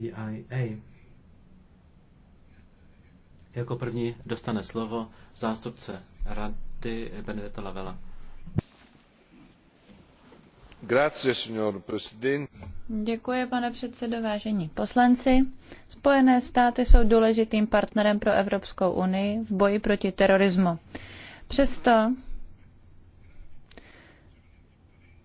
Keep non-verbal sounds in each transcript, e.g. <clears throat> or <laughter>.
EIA. Jako první dostane slovo zástupce rady Benedetta Lavela. Děkuji, pane předsedo, vážení poslanci. Spojené státy jsou důležitým partnerem pro Evropskou unii v boji proti terorismu. Přesto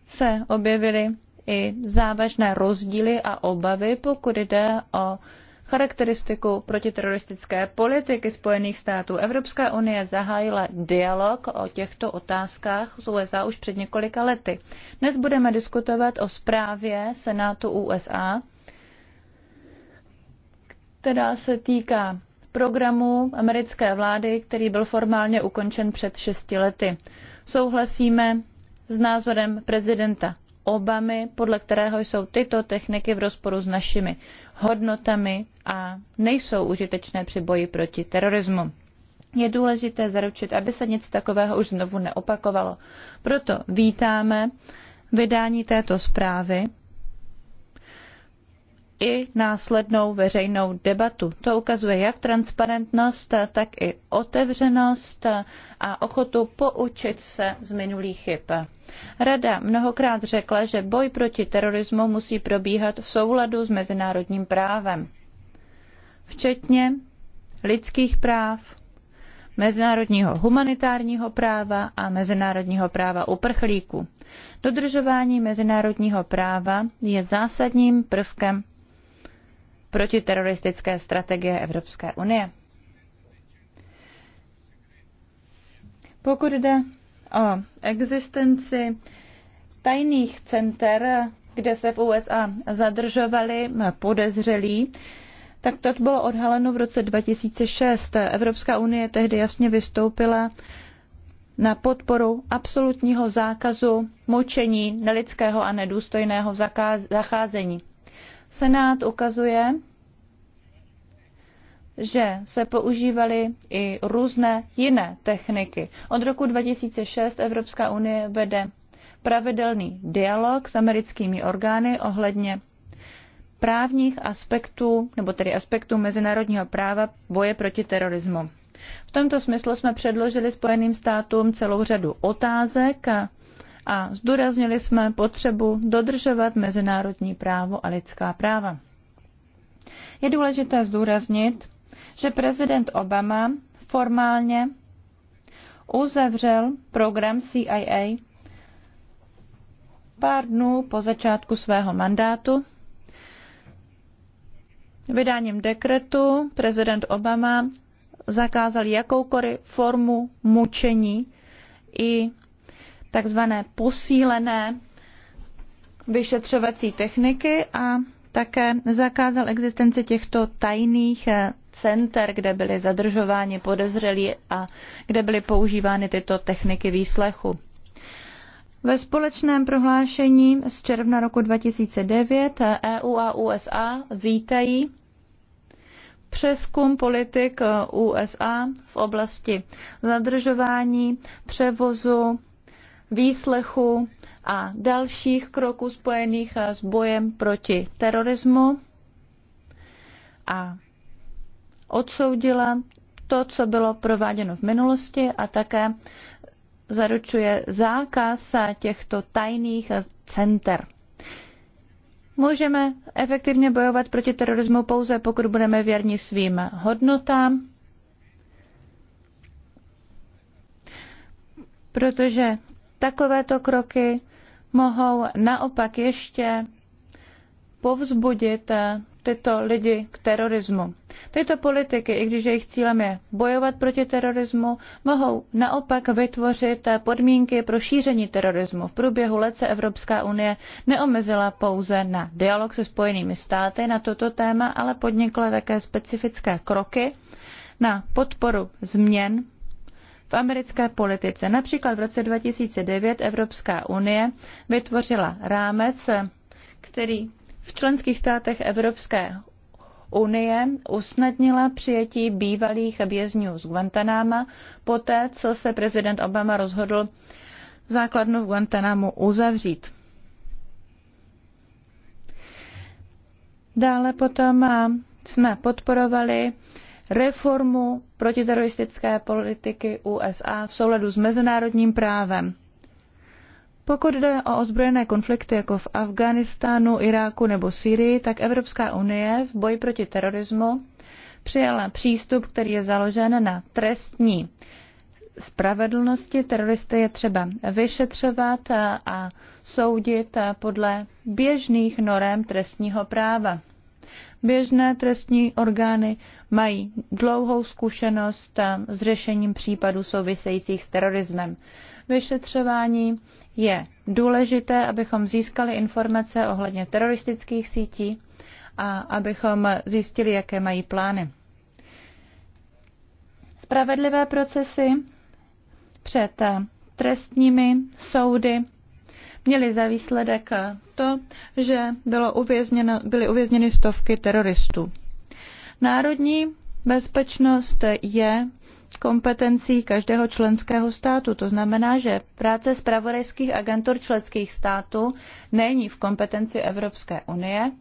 se objevily i závažné rozdíly a obavy, pokud jde o charakteristiku protiteroristické politiky Spojených států. Evropská unie zahájila dialog o těchto otázkách z USA už před několika lety. Dnes budeme diskutovat o zprávě Senátu USA, která se týká programu americké vlády, který byl formálně ukončen před šesti lety. Souhlasíme s názorem prezidenta Obamy, podle kterého jsou tyto techniky v rozporu s našimi hodnotami a nejsou užitečné při boji proti terorismu. Je důležité zaručit, aby se nic takového už znovu neopakovalo. Proto vítáme vydání této zprávy i následnou veřejnou debatu. To ukazuje jak transparentnost, tak i otevřenost a ochotu poučit se z minulých chyb. Rada mnohokrát řekla, že boj proti terorismu musí probíhat v souladu s mezinárodním právem, včetně lidských práv, mezinárodního humanitárního práva a mezinárodního práva uprchlíků. Dodržování mezinárodního práva je zásadním prvkem protiteroristické strategie Evropské unie. Pokud jde o existenci tajných center, kde se v USA zadržovali podezřelí, tak to bylo odhaleno v roce 2006. Evropská unie tehdy jasně vystoupila na podporu absolutního zákazu mučení nelidského a nedůstojného zacházení. Senát ukazuje, že se používaly i různé jiné techniky. Od roku 2006 Evropská unie vede pravidelný dialog s americkými orgány ohledně právních aspektů, nebo tedy aspektů mezinárodního práva boje proti terorismu. V tomto smyslu jsme předložili Spojeným státům celou řadu otázek a, a zdůraznili jsme potřebu dodržovat mezinárodní právo a lidská práva. Je důležité zdůraznit, že prezident Obama formálně uzavřel program CIA pár dnů po začátku svého mandátu. Vydáním dekretu prezident Obama zakázal jakoukoliv formu mučení i takzvané posílené vyšetřovací techniky a také zakázal existenci těchto tajných eh, center, kde byli zadržováni podezřelí a kde byly používány tyto techniky výslechu. Ve společném prohlášení z června roku 2009 EU a USA vítají přeskum politik USA v oblasti zadržování, převozu, výslechu a dalších kroků spojených s bojem proti terorismu a odsoudila to, co bylo prováděno v minulosti a také zaručuje zákaz těchto tajných center. Můžeme efektivně bojovat proti terorismu pouze, pokud budeme věrni svým hodnotám, protože takovéto kroky mohou naopak ještě povzbudit tyto lidi k terorismu. Tyto politiky, i když jejich cílem je bojovat proti terorismu, mohou naopak vytvořit podmínky pro šíření terorismu. V průběhu let se Evropská unie neomezila pouze na dialog se spojenými státy na toto téma, ale podnikla také specifické kroky na podporu změn v americké politice. Například v roce 2009 Evropská unie vytvořila rámec, který v členských státech Evropské unie usnadnila přijetí bývalých vězňů z Guantanama poté, co se prezident Obama rozhodl základnu v Guantanamu uzavřít. Dále potom jsme podporovali reformu protiteroristické politiky USA v souladu s mezinárodním právem. Pokud jde o ozbrojené konflikty jako v Afghánistánu, Iráku nebo Syrii, tak Evropská unie v boji proti terorismu přijala přístup, který je založen na trestní spravedlnosti. Teroristy je třeba vyšetřovat a soudit podle běžných norem trestního práva. Běžné trestní orgány mají dlouhou zkušenost s řešením případů souvisejících s terorismem vyšetřování je důležité, abychom získali informace ohledně teroristických sítí a abychom zjistili, jaké mají plány. Spravedlivé procesy před trestními soudy měly za výsledek to, že bylo uvězněno, byly uvězněny stovky teroristů. Národní bezpečnost je kompetencí každého členského státu. To znamená, že práce zpravodajských agentur členských států není v kompetenci Evropské unie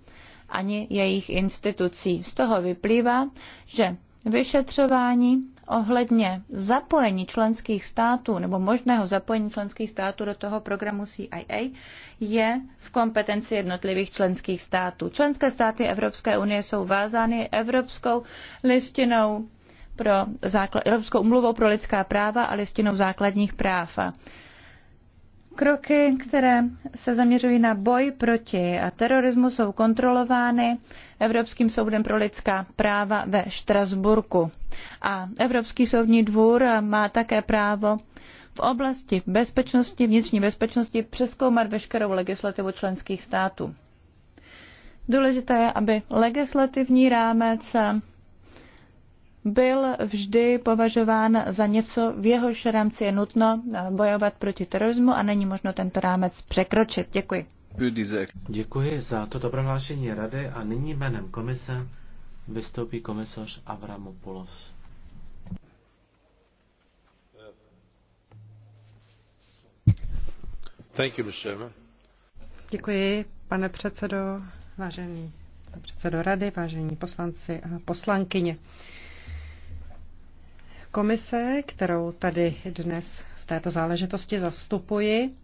ani jejich institucí. Z toho vyplývá, že vyšetřování ohledně zapojení členských států nebo možného zapojení členských států do toho programu CIA je v kompetenci jednotlivých členských států. Členské státy Evropské unie jsou vázány Evropskou listinou pro základ, Evropskou umluvou pro lidská práva a listinou základních práv. Kroky, které se zaměřují na boj proti a terorismu, jsou kontrolovány Evropským soudem pro lidská práva ve Štrasburku. A Evropský soudní dvůr má také právo v oblasti bezpečnosti, vnitřní bezpečnosti přeskoumat veškerou legislativu členských států. Důležité je, aby legislativní rámec byl vždy považován za něco, v jehož rámci je nutno eh, bojovat proti terorismu a není možno tento rámec překročit. Děkuji. Děkuji za toto prohlášení rady a nyní jménem komise vystoupí komisař Avramopoulos. Děkuji, pane předsedo, vážený pane předsedo rady, vážení poslanci a poslankyně. Komise, kterou tady dnes v této záležitosti zastupuji,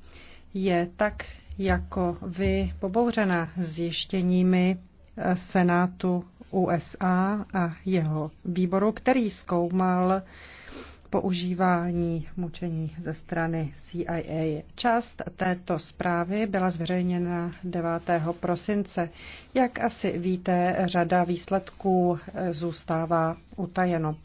je tak jako vy pobouřena zjištěními eh, Senátu USA a jeho výboru, který zkoumal používání mučení ze strany CIA. Část této zprávy byla zveřejněna 9. prosince. Jak asi víte, řada výsledků eh, zůstává utajeno.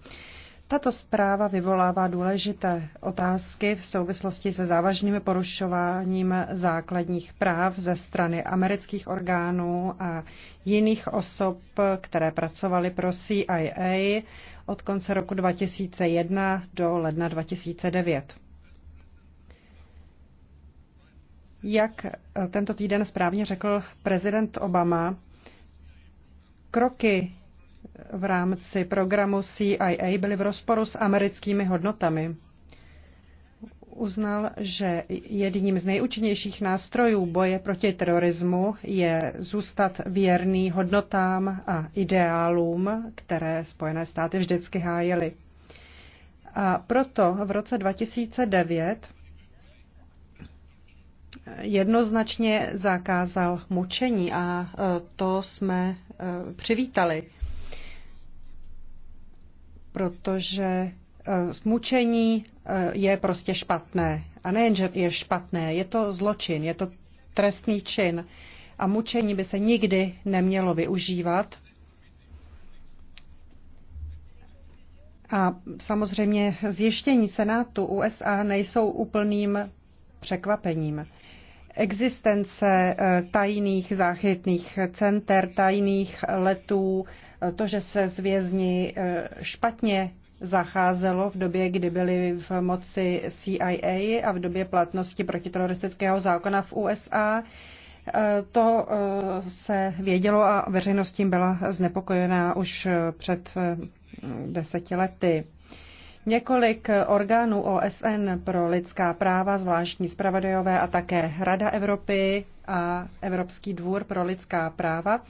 Tato zpráva vyvolává důležité otázky v souvislosti se závažným porušováním základních práv ze strany amerických orgánů a jiných osob, které pracovaly pro CIA od konce roku 2001 do ledna 2009. Jak tento týden správně řekl prezident Obama, kroky v rámci programu CIA byly v rozporu s americkými hodnotami. Uznal, že jedním z nejúčinnějších nástrojů boje proti terorismu je zůstat věrný hodnotám a ideálům, které Spojené státy vždycky hájily. A proto v roce 2009 jednoznačně zakázal mučení a e, to jsme e, přivítali protože smučení eh, eh, je prostě špatné. A nejen, že je špatné, je to zločin, je to trestný čin. A mučení by se nikdy nemělo využívat. A samozřejmě zjištění Senátu USA nejsou úplným překvapením. Existence eh, tajných záchytných center, tajných letů, to, že se z vězni e, špatně zacházelo v době, kdy byly v moci CIA a v době platnosti protiteroristického zákona v USA. E, to e, se vědělo a veřejnost tím byla znepokojená už před deseti lety. Několik orgánů OSN pro lidská práva, zvláštní zpravodajové a také Rada Evropy a Evropský dvůr pro lidská práva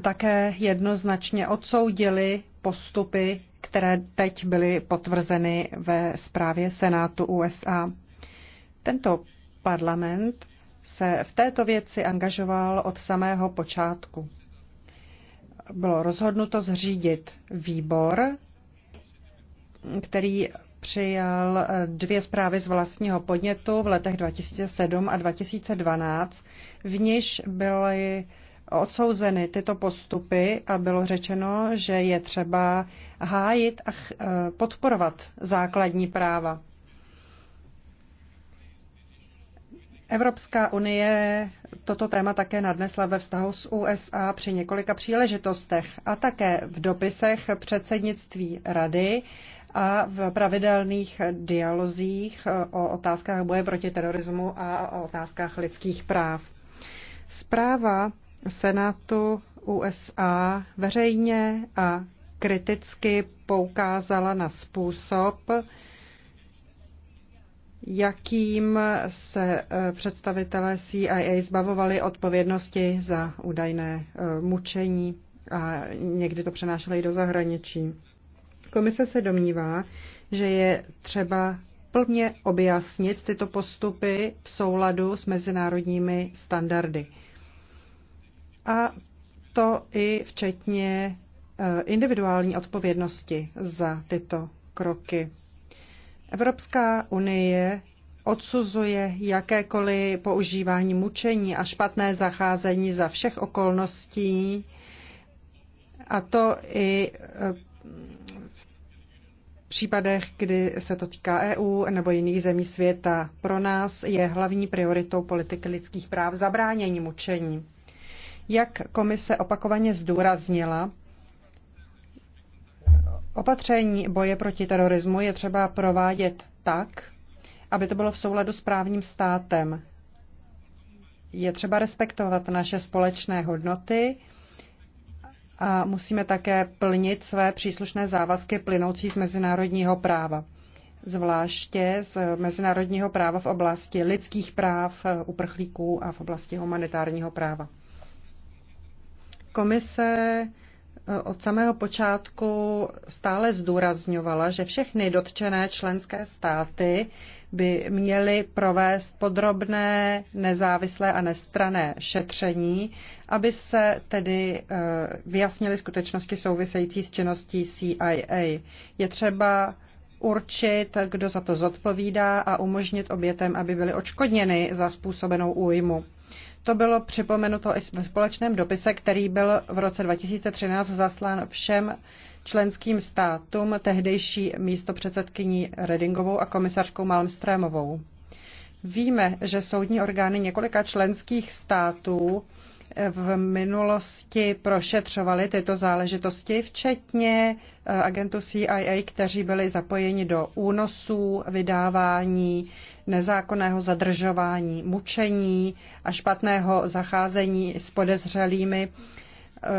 také jednoznačně odsoudili postupy, které teď byly potvrzeny ve zprávě Senátu USA. Tento parlament se v této věci angažoval od samého počátku. Bylo rozhodnuto zřídit výbor, který přijal dvě zprávy z vlastního podnětu v letech 2007 a 2012, v níž byly odsouzeny tyto postupy a bylo řečeno, že je třeba hájit a eh, podporovat základní práva. Evropská unie toto téma také nadnesla ve vztahu s USA při několika příležitostech a také v dopisech předsednictví Rady a v pravidelných dialozích eh, o otázkách boje proti terorismu a o otázkách lidských práv. Zpráva Senátu USA veřejně a kriticky poukázala na způsob, jakým se eh, představitelé CIA zbavovali odpovědnosti za údajné eh, mučení a někdy to přenášeli do zahraničí. Komise se domnívá, že je třeba plně objasnit tyto postupy v souladu s mezinárodními standardy a to i včetně e, individuální odpovědnosti za tyto kroky. Evropská unie odsuzuje jakékoliv používání mučení a špatné zacházení za všech okolností, a to i e, v případech, kdy se to týká EU nebo jiných zemí světa. Pro nás je hlavní prioritou politiky lidských práv zabránění mučení. Jak komise opakovaně zdůraznila, opatření boje proti terorismu je třeba provádět tak, aby to bylo v souladu s právním státem. Je třeba respektovat naše společné hodnoty a musíme také plnit své příslušné závazky plynoucí z mezinárodního práva zvláště z mezinárodního práva v oblasti lidských práv, uprchlíků a v oblasti humanitárního práva. Komise eh, od samého počátku stále zdůrazňovala, že všechny dotčené členské státy by měly provést podrobné, nezávislé a nestrané šetření, aby se tedy eh, vyjasnily skutečnosti související s činností CIA. Je třeba určit, kdo za to zodpovídá a umožnit obětem, aby byly očkodněny za způsobenou újmu. To bylo připomenuto i ve společném dopise, který byl v roce 2013 zaslán všem členským státům tehdejší místo předsedkyní Redingovou a komisařkou Malmströmovou. Víme, že soudní orgány několika členských států v minulosti prošetřovaly tyto záležitosti, včetně eh, agentů CIA, kteří byli zapojeni do únosů, vydávání nezákonného zadržování, mučení a špatného zacházení s podezřelými, eh,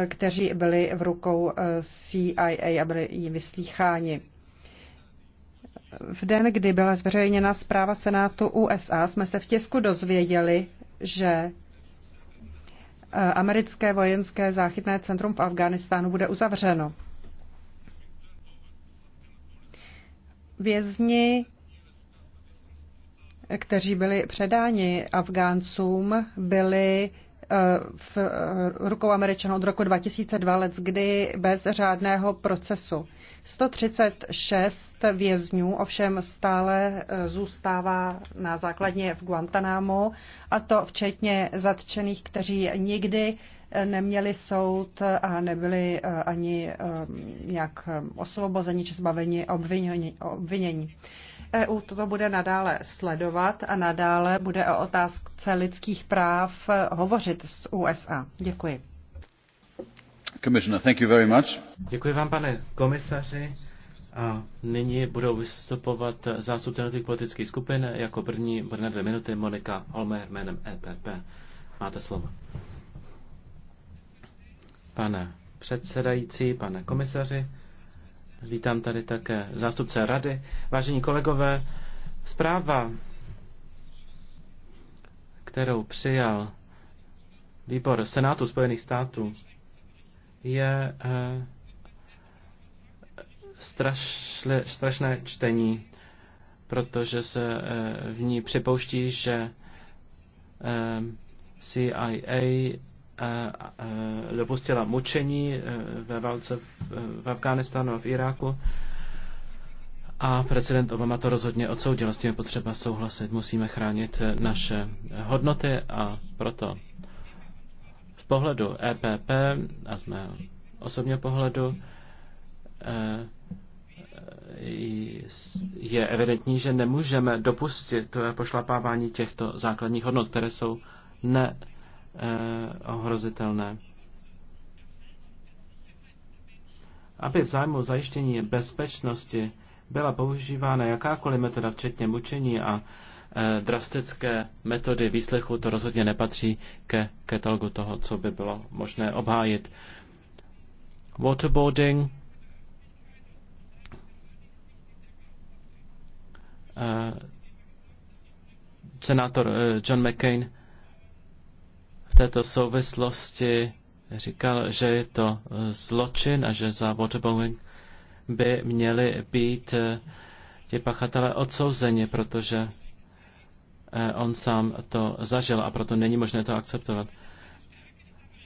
kteří byli v rukou eh, CIA a byli jí vyslýcháni. V den, kdy byla zveřejněna zpráva Senátu USA, jsme se v tisku dozvěděli, že eh, americké vojenské záchytné centrum v Afghánistánu bude uzavřeno. Vězni kteří byli předáni Afgáncům, byli eh, v eh, rukou Američanů od roku 2002 let, kdy bez řádného procesu. 136 vězňů ovšem stále eh, zůstává na základně v Guantanamo, a to včetně zatčených, kteří nikdy neměli soud a nebyli ani nějak osvobozeni či zbaveni obvinění. EU toto bude nadále sledovat a nadále bude o otázce lidských práv eh, hovořit s USA. Děkuji. Thank you very much. Děkuji vám, pane komisaři. A nyní budou vystupovat eh, zástupci jednotlivých politických skupin. Jako první bude na dvě minuty Monika Olmer, jménem EPP. Máte slovo. Pane předsedající, pane komisaři, Vítám tady také zástupce rady. Vážení kolegové, zpráva, kterou přijal výbor Senátu Spojených států, je eh, strašle, strašné čtení, protože se eh, v ní připouští, že eh, CIA E, dopustila mučení e, ve válce v e, Afganistánu a v Iráku. A prezident Obama to rozhodně odsoudil, s tím je potřeba souhlasit. Musíme chránit naše hodnoty a proto z pohledu EPP a z mého osobního pohledu je evidentní, že nemůžeme dopustit pošlapávání těchto základních hodnot, které jsou ne Eh, ohrozitelné. Aby v zájmu zajištění bezpečnosti byla používána jakákoliv metoda, včetně mučení a eh, drastické metody výslechu, to rozhodně nepatří ke katalogu toho, co by bylo možné obhájit. Waterboarding, eh, senátor John McCain této souvislosti říkal, že je to eh, zločin a že za waterbombing by měli být eh, ti pachatelé odsouzeni, protože eh, on sám to zažil a proto není možné to akceptovat.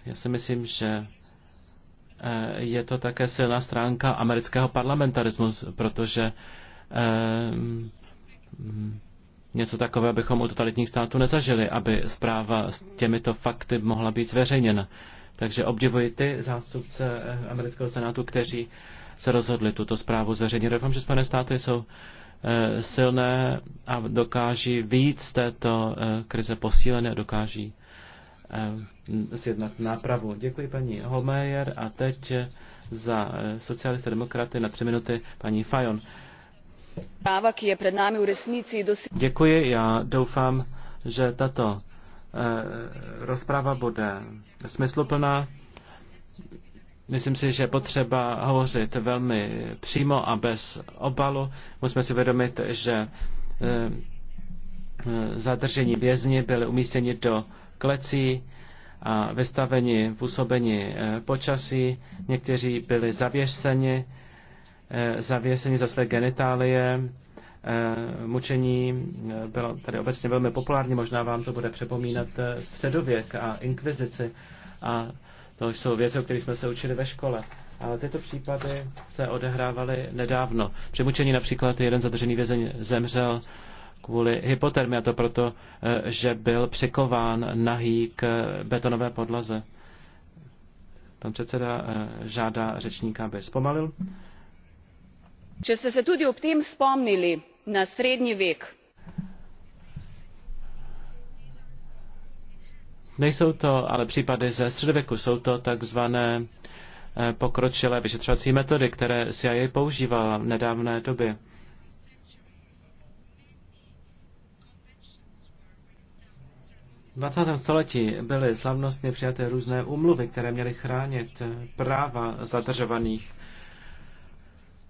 Já si myslím, že je to také silná stránka amerického parlamentarismu, protože mm, Něco takového bychom u totalitních států nezažili, aby zpráva s těmito fakty mohla být zveřejněna. Takže obdivuji ty zástupce eh, amerického senátu, kteří se rozhodli tuto zprávu zveřejnit. Doufám, že Spojené státy jsou eh, silné a dokáží víc z této eh, krize posílené a dokáží zjednat nápravu. Děkuji paní Holmeyer a teď za socialisté demokraty na tři minuty paní Fajon. Děkuji, já doufám, že tato eh, rozprava bude smysluplná. Myslím si, že potřeba hovořit velmi přímo a bez obalu. Musíme si uvědomit, že eh, zadržení vězni byly umístěni do klecí a vystaveni působení eh, počasí. Někteří byli zavěšeni Eh, zavěsení za své genitálie, eh, mučení eh, bylo tady obecně velmi populární, možná vám to bude připomínat středověk a inkvizici a to jsou věci, o kterých jsme se učili ve škole. Ale tyto případy se odehrávaly nedávno. Při mučení například jeden zadržený vězeň zemřel kvůli hypotermii, a to proto, že byl přikován nahý k betonové podlaze. Pan předseda žádá řečníka, aby zpomalil če ste se tudi ob tem spomnili na srednji vek Nejsou to ale případy ze středověku, jsou to takzvané eh, pokročilé vyšetřovací metody, které CIA používala v nedávné době. V 20. století byly slavnostně přijaté různé úmluvy, které měly chránit eh, práva zadržovaných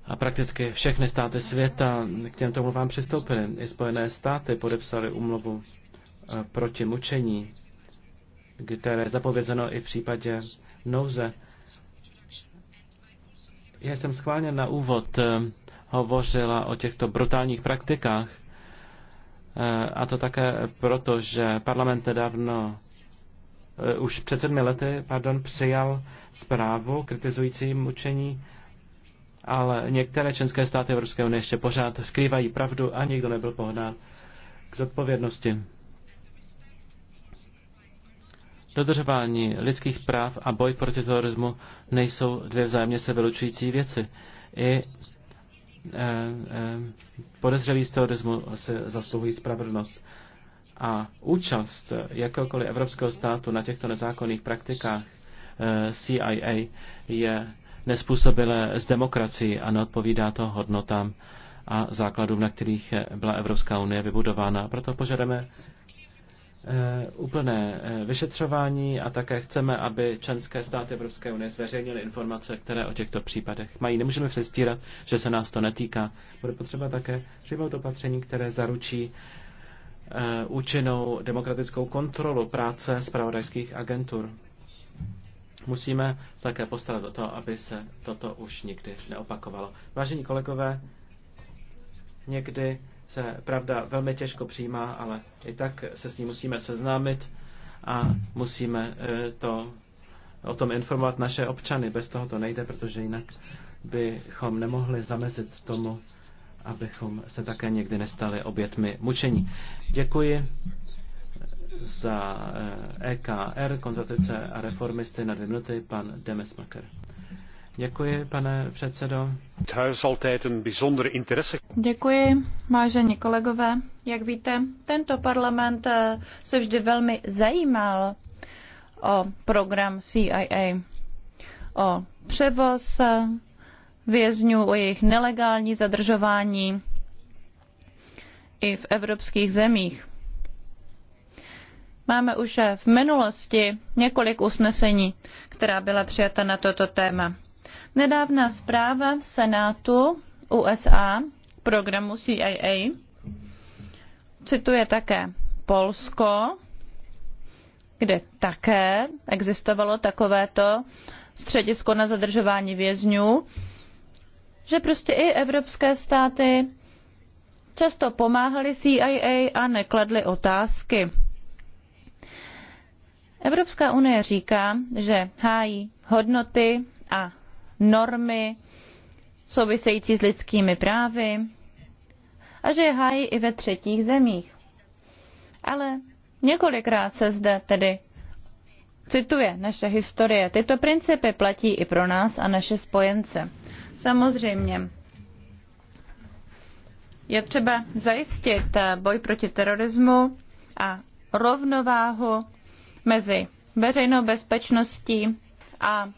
a prakticky všechny státy světa k těmto umluvám přistoupily. I Spojené státy podepsaly umluvu eh, proti mučení, které je zapovězeno i v případě nouze. Já jsem schválně na úvod eh, hovořila o těchto brutálních praktikách, eh, a to také proto, že parlament nedávno už před sedmi lety pardon, přijal zprávu kritizující mučení ale některé členské státy Evropské unie ještě pořád skrývají pravdu a nikdo nebyl pohnán k zodpovědnosti. Dodržování lidských práv a boj proti terorismu nejsou dvě vzájemně se vylučující věci. I e, e, podezřelí z terorismu se zasluhují spravedlnost. A účast jakéhokoliv evropského státu na těchto nezákonných praktikách e, CIA je nespůsobilé s demokracií a neodpovídá to hodnotám a základům, na kterých byla Evropská unie vybudována. Proto požadujeme eh, úplné eh, vyšetřování a také chceme, aby členské státy Evropské unie zveřejnily informace, které o těchto případech mají. Nemůžeme přestírat, že se nás to netýká. Bude potřeba také přijmout opatření, které zaručí eh, účinnou demokratickou kontrolu práce zpravodajských agentur musíme také postarat o to, aby se toto už nikdy neopakovalo. Vážení kolegové, někdy se pravda velmi těžko přijímá, ale i tak se s ní musíme seznámit a musíme eh, to, o tom informovat naše občany. Bez toho to nejde, protože jinak bychom nemohli zamezit tomu, abychom se také někdy nestali obětmi mučení. Děkuji za EKR, eh, e konzultace a reformisty na dvě minuty, pan Demesmaker. Děkuji, pane předsedo. Děkuji, vážení kolegové. Jak víte, tento parlament eh, se vždy velmi zajímal o program CIA, o převoz eh, vězňů, o jejich nelegální zadržování i v evropských zemích Máme už v minulosti několik usnesení, která byla přijata na toto téma. Nedávná zpráva Senátu USA programu CIA cituje také Polsko, kde také existovalo takovéto středisko na zadržování vězňů, že prostě i evropské státy často pomáhali CIA a nekladly otázky. Evropská unie říká, že hájí hodnoty a normy související s lidskými právy a že je hájí i ve třetích zemích. Ale několikrát se zde tedy cituje naše historie. Tyto principy platí i pro nás a naše spojence. Samozřejmě. Je třeba zajistit boj proti terorismu a rovnováhu mezi veřejnou bezpečností a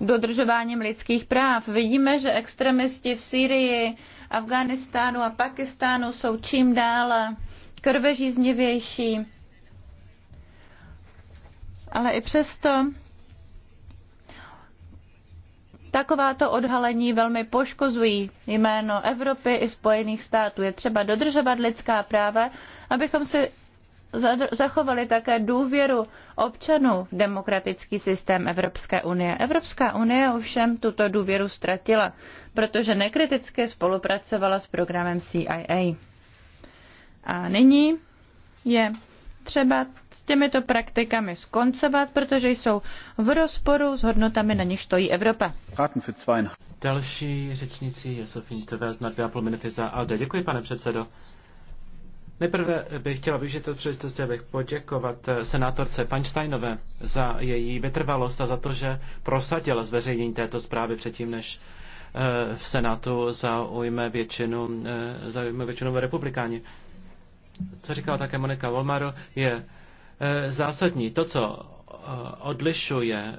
dodržováním lidských práv. Vidíme, že extremisti v Sýrii, Afghánistánu a Pakistánu jsou čím dál krvežíznivější. Ale i přesto takováto odhalení velmi poškozují jméno Evropy i Spojených států. Je třeba dodržovat lidská práva, abychom si zachovali také důvěru občanů v demokratický systém Evropské unie. Evropská unie ovšem tuto důvěru ztratila, protože nekriticky spolupracovala s programem CIA. A nyní je třeba s těmito praktikami skoncovat, protože jsou v rozporu s hodnotami, na nich stojí Evropa. Další řečnici je Sofín Tvelt na dvě a půl minuty za ALDE. Děkuji, pane předsedo. Nejprve bych chtěla využít to příležitosti, abych poděkovat eh, senátorce Feinsteinové za její vytrvalost a za to, že prosadila zveřejnění této zprávy předtím, než eh, v Senátu zaujme většinu, eh, zaujme většinu republikáni. Co říkala také Monika Volmaro, je zásadní. To, co odlišuje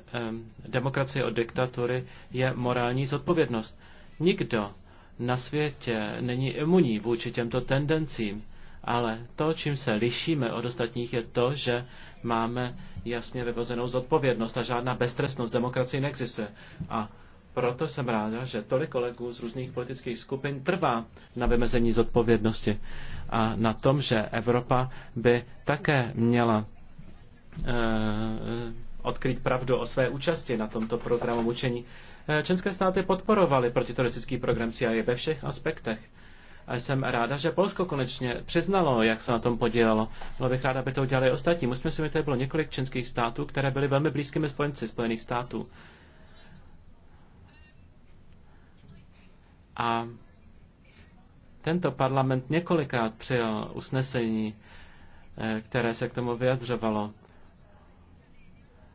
demokracii od diktatury, je morální zodpovědnost. Nikdo na světě není imunní vůči těmto tendencím ale to, čím se lišíme od ostatních, je to, že máme jasně vyvozenou zodpovědnost a žádná beztrestnost demokracii neexistuje. A proto jsem ráda, že tolik kolegů z různých politických skupin trvá na vymezení zodpovědnosti a na tom, že Evropa by také měla eh, odkryt pravdu o své účasti na tomto programu učení. Eh, České státy podporovaly protiteroristický program CIA ve všech aspektech. A jsem ráda, že Polsko konečně přiznalo, jak se na tom podílelo. Bylo bych ráda, aby to udělali ostatní. Musíme si tady bylo několik členských států, které byly velmi blízkými spojenci Spojených států. A tento parlament několikrát přijal usnesení, eh, které se k tomu vyjadřovalo.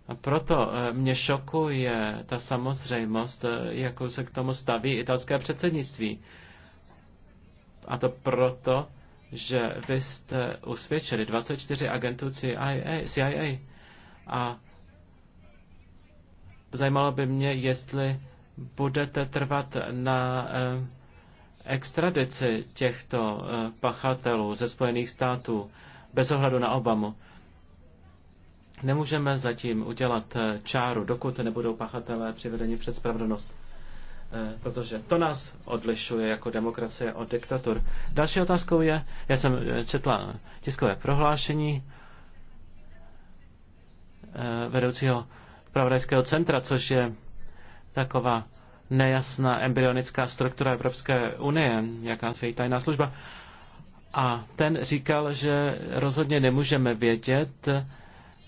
A proto eh, mě šokuje ta samozřejmost, eh, jakou se k tomu staví italské předsednictví. A to proto, že vy jste usvědčili 24 agentů CIA, CIA. A zajímalo by mě, jestli budete trvat na eh, extradici těchto eh, pachatelů ze Spojených států bez ohledu na Obamu. Nemůžeme zatím udělat eh, čáru, dokud nebudou pachatelé přivedeni před spravedlnost. Eh, protože to nás odlišuje jako demokracie od diktatur. Další otázkou je, já jsem eh, četla tiskové prohlášení eh, vedoucího pravodajského centra, což je taková nejasná embryonická struktura Evropské unie, jaká se její tajná služba. A ten říkal, že rozhodně nemůžeme vědět,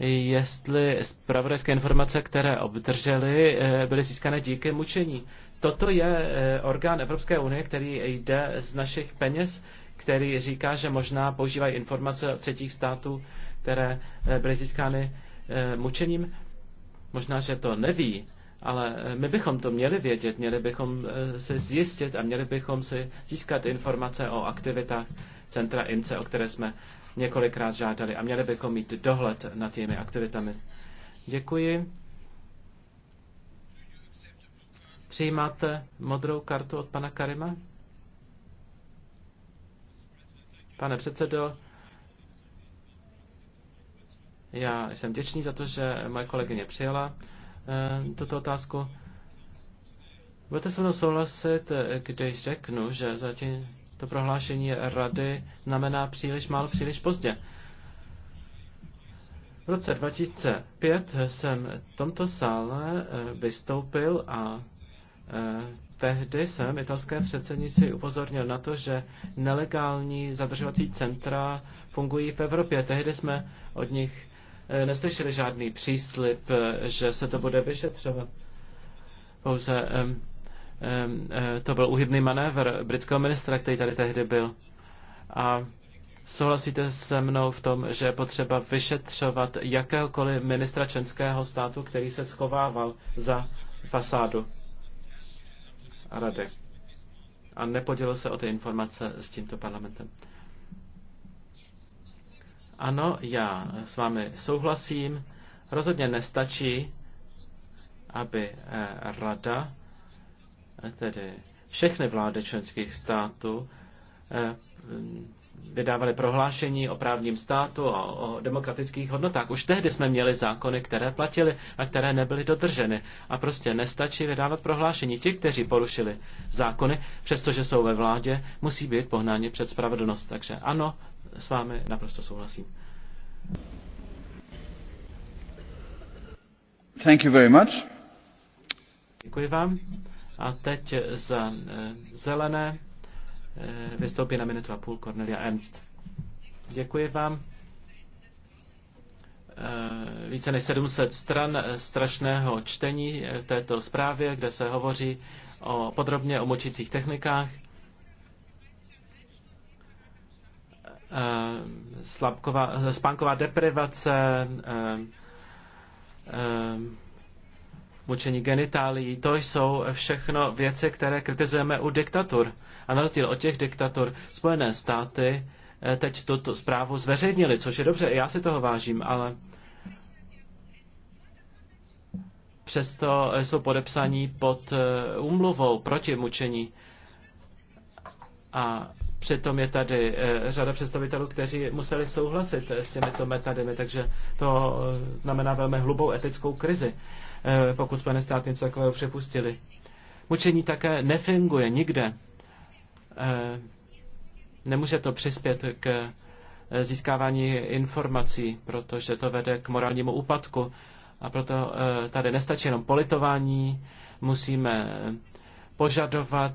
jestli zpravodajské informace, které obdrželi, byly získané díky mučení. Toto je eh, orgán Evropské unie, který jde z našich peněz, který říká, že možná používají informace od třetích států, které eh, byly získány eh, mučením. Možná, že to neví, ale my bychom to měli vědět, měli bychom se zjistit a měli bychom si získat informace o aktivitách centra IMCE, o které jsme několikrát žádali a měli bychom mít dohled nad těmi aktivitami. Děkuji. Přijímáte modrou kartu od pana Karima? Pane předsedo, já jsem těčný za to, že moje kolegyně přijala e, tuto otázku. Budete se mnou souhlasit, když řeknu, že zatím to prohlášení rady znamená příliš málo, příliš pozdě. V roce 2005 jsem v tomto sále eh, vystoupil a Eh, tehdy jsem italské předsednici upozornil na to, že nelegální zadržovací centra fungují v Evropě. Tehdy jsme od nich eh, neslyšeli žádný příslip, eh, že se to bude vyšetřovat. Pouze um, um, to byl uhybný manévr britského ministra, který tady tehdy byl. A souhlasíte se mnou v tom, že je potřeba vyšetřovat jakéhokoliv ministra členského státu, který se schovával za fasádu rady a nepodělil se o ty informace s tímto parlamentem. Ano, já s vámi souhlasím. Rozhodně nestačí, aby eh, rada, eh, tedy všechny vlády členských států, eh, vydávali prohlášení o právním státu a o demokratických hodnotách. Už tehdy jsme měli zákony, které platily a které nebyly dodrženy. A prostě nestačí vydávat prohlášení. Ti, kteří porušili zákony, přestože jsou ve vládě, musí být pohnáni před spravedlnost. Takže ano, s vámi naprosto souhlasím. Thank you very much. Děkuji vám. A teď za eh, zelené. Eh, vystoupí na minutu a půl Cornelia Ernst. Děkuji vám. Eh, více než 700 stran strašného čtení v eh, této zprávě, kde se hovoří o, podrobně o močících technikách. Slabková, spánková deprivace, mučení genitálií, to jsou všechno věci, které kritizujeme u diktatur. A na rozdíl od těch diktatur Spojené státy eh, teď tuto zprávu zveřejnili, což je dobře, já si toho vážím, ale přesto jsou podepsaní pod eh, úmluvou proti mučení. A Přitom je tady eh, řada představitelů, kteří museli souhlasit eh, s těmito metodami, takže to eh, znamená velmi hlubou etickou krizi, pokud Spojené státy něco takového přepustili. Mučení také nefunguje nikde. Nemůže to přispět k získávání informací, protože to vede k morálnímu úpadku. A proto tady nestačí jenom politování, musíme požadovat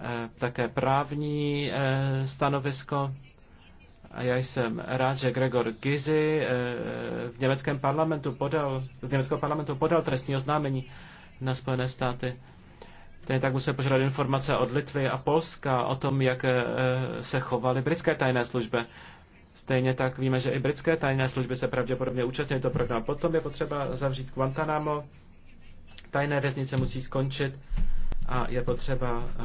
Eh, také právní eh, stanovisko. A já jsem rád, že Gregor Gysi eh, v německém parlamentu podal, z německého parlamentu podal trestní oznámení na Spojené státy. Ten tak musel požádat informace od Litvy a Polska o tom, jak se chovaly britské tajné služby. Stejně tak víme, že i britské tajné služby se pravděpodobně účastnily do programu. Potom je potřeba zavřít Guantanamo. Tajné věznice musí skončit a je potřeba eh,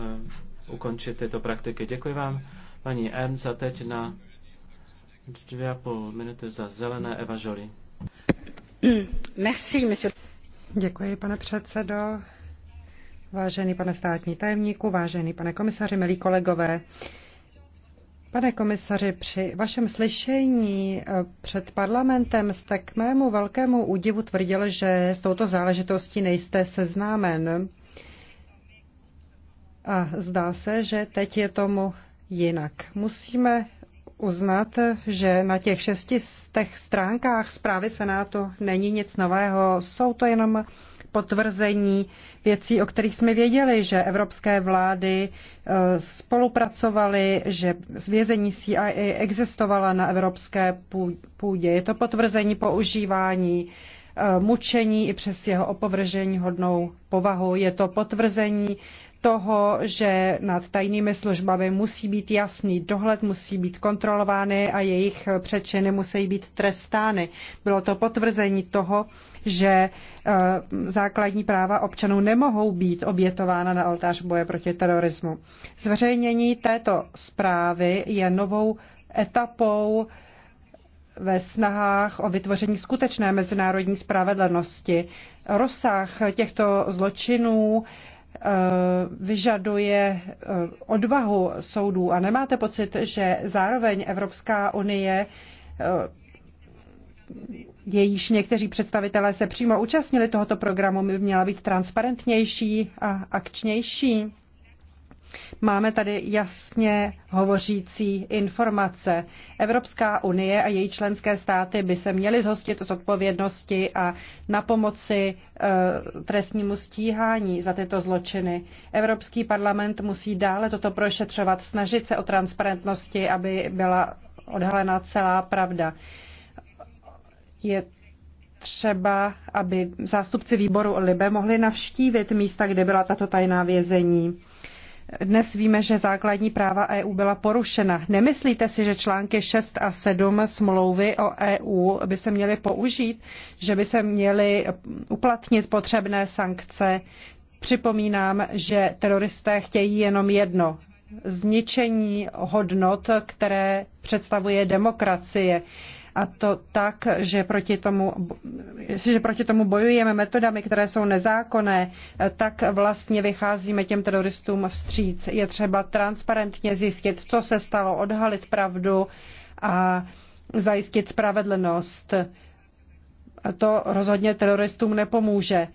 ukončit tyto praktiky. Děkuji vám, paní N. za teď na dvě a půl minuty za zelené Eva Jolie. Merci, monsieur. Děkuji, pane předsedo. Vážený pane státní tajemníku, vážený pane komisaři, milí kolegové, Pane komisaři, při vašem slyšení eh, před parlamentem jste k mému velkému údivu tvrdil, že s touto záležitostí nejste seznámen. A zdá se, že teď je tomu jinak. Musíme uznat, že na těch šesti těch stránkách zprávy Senátu není nic nového. Jsou to jenom potvrzení věcí, o kterých jsme věděli, že evropské vlády e, spolupracovaly, že zvězení CIA existovala na evropské půdě. Je to potvrzení používání e, mučení i přes jeho opovržení hodnou povahu. Je to potvrzení toho, že nad tajnými službami musí být jasný dohled, musí být kontrolovány a jejich přečiny musí být trestány. Bylo to potvrzení toho, že e, základní práva občanů nemohou být obětována na oltář boje proti terorismu. Zveřejnění této zprávy je novou etapou ve snahách o vytvoření skutečné mezinárodní spravedlnosti. Rozsah těchto zločinů Eh, vyžaduje eh, odvahu soudů a nemáte pocit, že zároveň Evropská unie eh, jejíž někteří představitelé se přímo účastnili tohoto programu, by měla být transparentnější a akčnější. Máme tady jasně hovořící informace. Evropská unie a její členské státy by se měly zhostit z odpovědnosti a na pomoci e, trestnímu stíhání za tyto zločiny. Evropský parlament musí dále toto prošetřovat, snažit se o transparentnosti, aby byla odhalena celá pravda. Je třeba, aby zástupci výboru LIBE mohli navštívit místa, kde byla tato tajná vězení dnes víme, že základní práva EU byla porušena. Nemyslíte si, že články 6 a 7 smlouvy o EU by se měly použít, že by se měly uplatnit potřebné sankce? Připomínám, že teroristé chtějí jenom jedno zničení hodnot, které představuje demokracie a to tak, že proti tomu, že proti tomu bojujeme metodami, které jsou nezákonné, tak vlastně vycházíme těm teroristům vstříc. Je třeba transparentně zjistit, co se stalo, odhalit pravdu a zajistit spravedlnost. A to rozhodně teroristům nepomůže.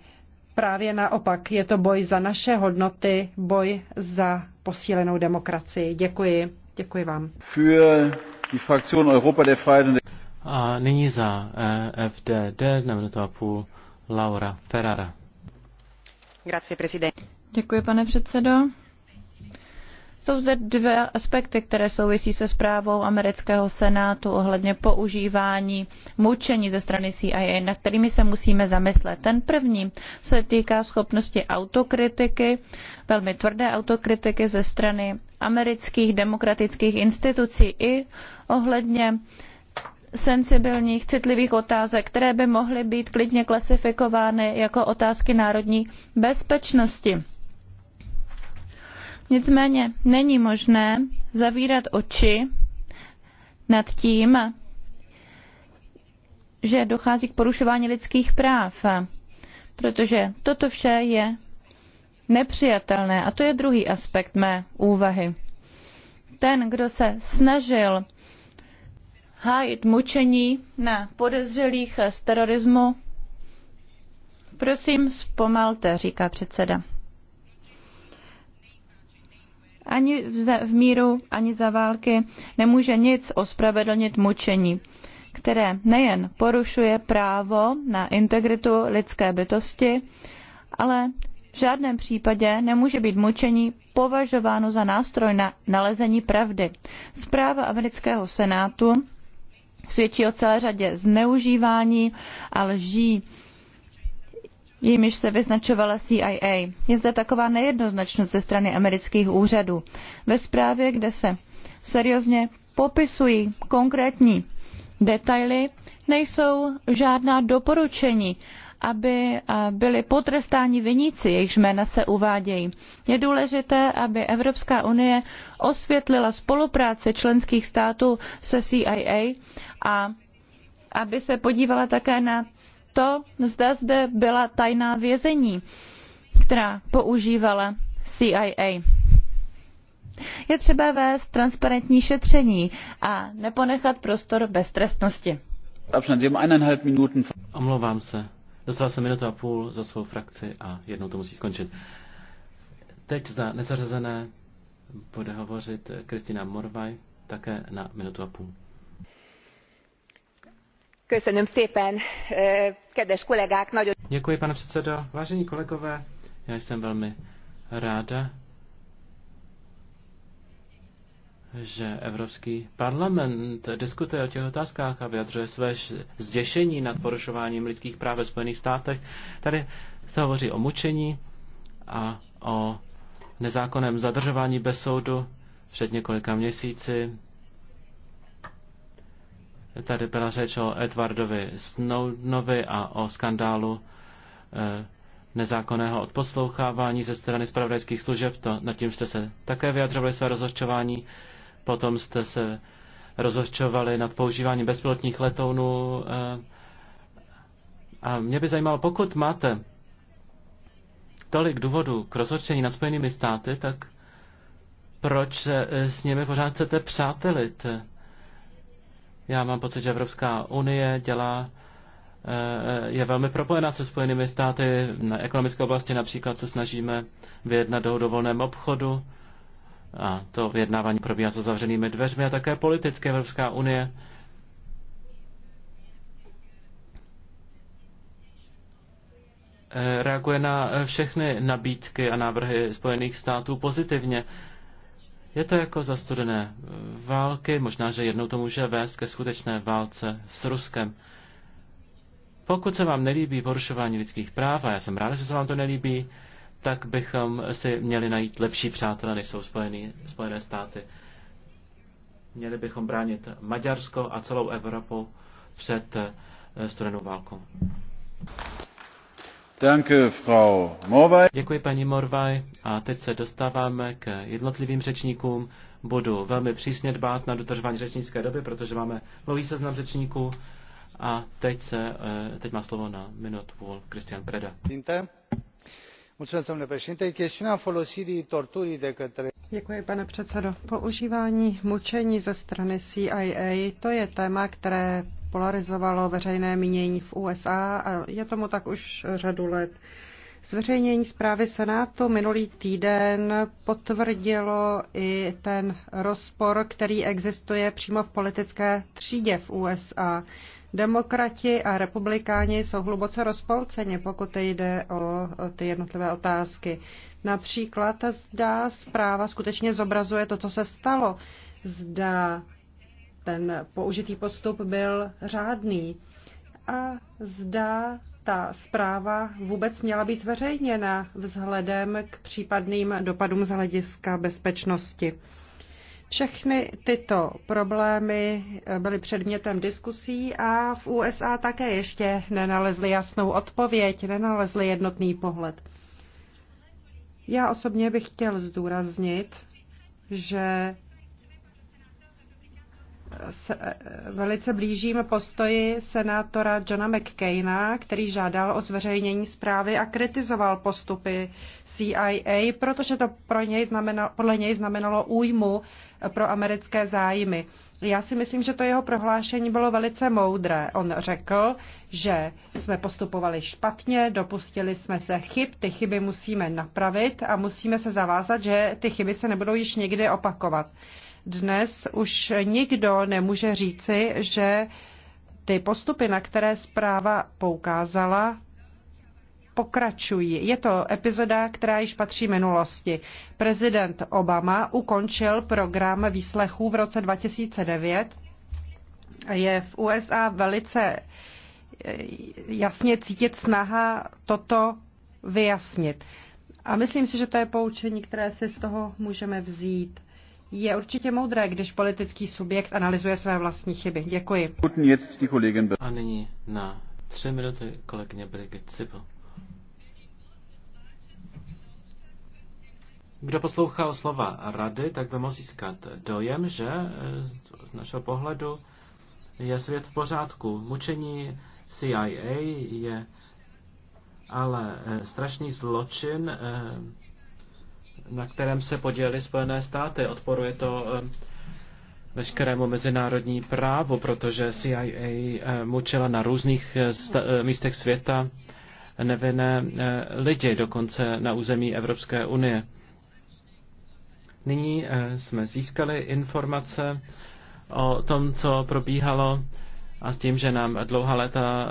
Právě naopak, je to boj za naše hodnoty, boj za posílenou demokracii. Děkuji. Děkuji vám. Für die Fraktion Europa der Freiheit a nyní za eh, FDD na minutu a půl Laura Ferrara. Děkuji, pane předsedo. Jsou zde dva aspekty, které souvisí se zprávou amerického senátu ohledně používání mučení ze strany CIA, Na kterými se musíme zamyslet. Ten první se týká schopnosti autokritiky, velmi tvrdé autokritiky ze strany amerických demokratických institucí i ohledně senzibilních, citlivých otázek, které by mohly být klidně klasifikovány jako otázky národní bezpečnosti. Nicméně není možné zavírat oči nad tím, že dochází k porušování lidských práv, protože toto vše je nepřijatelné. A to je druhý aspekt mé úvahy. Ten, kdo se snažil hájit mučení na podezřelých z terorismu. Prosím, zpomalte, říká předseda. Ani v míru, ani za války nemůže nic ospravedlnit mučení, které nejen porušuje právo na integritu lidské bytosti, ale v žádném případě nemůže být mučení považováno za nástroj na nalezení pravdy. Zpráva amerického senátu svědčí o celé řadě zneužívání a lží jimiž se vyznačovala CIA. Je zde taková nejednoznačnost ze strany amerických úřadů. Ve zprávě, kde se seriózně popisují konkrétní detaily, nejsou žádná doporučení aby byli potrestáni viníci, jejichž jména se uvádějí. Je důležité, aby Evropská unie osvětlila spolupráci členských států se CIA a aby se podívala také na to, zda zde byla tajná vězení, která používala CIA. Je třeba vést transparentní šetření a neponechat prostor beztrestnosti. Omlouvám se. Dostal jsem minutu a půl za svou frakci a jednou to musí skončit. Teď za nezařazené bude hovořit Kristina Morvaj také na minutu a půl. Děkuji, pane předsedo. Vážení kolegové, já jsem velmi ráda, že Evropský parlament diskutuje o těch otázkách a vyjadřuje své zděšení nad porušováním lidských práv ve Spojených státech. Tady se hovoří o mučení a o nezákonném zadržování bez soudu před několika měsíci. Tady byla řeč o Edwardovi Snowdenovi a o skandálu eh, nezákonného odposlouchávání ze strany spravodajských služeb. To, nad tím jste se také vyjadřovali své rozhořčování. Potom jste se rozhořčovali nad používáním bezpilotních letounů. Eh, a mě by zajímalo, pokud máte tolik důvodů k rozhořčení nad Spojenými státy, tak proč se eh, s nimi pořád chcete přátelit? Já mám pocit, že Evropská unie dělá eh, je velmi propojená se Spojenými státy. Na ekonomické oblasti například se snažíme vyjednat dohodu o volném obchodu. A to vyjednávání probíhá za zavřenými dveřmi a také politické Evropská unie eh, reaguje na eh, všechny nabídky a návrhy Spojených států pozitivně. Je to jako za studené eh, války, možná, že jednou to může vést ke skutečné válce s Ruskem. Pokud se vám nelíbí porušování lidských práv, a já jsem rád, že se vám to nelíbí, tak bychom si měli najít lepší přátelé, než jsou spojený, Spojené státy. Měli bychom bránit Maďarsko a celou Evropu před eh, studenou válkou. Danke, Frau Morvaj. Děkuji, paní Morvaj. A teď se dostáváme k jednotlivým řečníkům. Budu velmi přísně dbát na dodržování řečnické doby, protože máme nový seznam řečníků. A teď, se, eh, teď má slovo na minutu půl Kristian Preda. Dinte domnule președinte chestiunea folosirii torturii de către. Děkuji, pane předsedo. Používání mučení ze strany CIA, to je téma, které polarizovalo veřejné mínění v USA a je tomu tak už řadu let. Zveřejnění zprávy Senátu minulý týden potvrdilo i ten rozpor, který existuje přímo v politické třídě v USA. Demokrati a republikáni jsou hluboce rozpolceni, pokud jde o ty jednotlivé otázky. Například zda zpráva skutečně zobrazuje to, co se stalo. Zda ten použitý postup byl řádný. A zda ta zpráva vůbec měla být zveřejněna vzhledem k případným dopadům z hlediska bezpečnosti. Všechny tyto problémy eh, byly předmětem diskusí a v USA také ještě nenalezli jasnou odpověď, nenalezli jednotný pohled. Já osobně bych chtěl zdůraznit, že se velice blížím postoji senátora Johna McCaina, který žádal o zveřejnění zprávy a kritizoval postupy CIA, protože to pro něj znamenalo, podle něj znamenalo újmu pro americké zájmy. Já si myslím, že to jeho prohlášení bylo velice moudré. On řekl, že jsme postupovali špatně, dopustili jsme se chyb, ty chyby musíme napravit a musíme se zavázat, že ty chyby se nebudou již nikdy opakovat. Dnes už nikdo nemůže říci, že ty postupy, na které zpráva poukázala, pokračují. Je to epizoda, která již patří minulosti. Prezident Obama ukončil program výslechů v roce 2009. Je v USA velice eh, jasně cítit snaha toto vyjasnit. A myslím si, že to je poučení, které si z toho můžeme vzít je určitě moudré, když politický subjekt analyzuje své vlastní chyby. Děkuji. A nyní na tři minuty kolegyně Brigitte Cipel. Kdo poslouchal slova rady, tak by mohl získat dojem, že eh, z našeho pohledu je svět v pořádku. Mučení CIA je ale eh, strašný zločin eh, na kterém se podělily Spojené státy. Odporuje to eh, veškerému mezinárodní právu, protože CIA eh, mučila na různých eh, místech světa nevinné lidi, dokonce na území Evropské unie. Nyní jsme získali informace o tom, co probíhalo a s tím, že nám dlouhá léta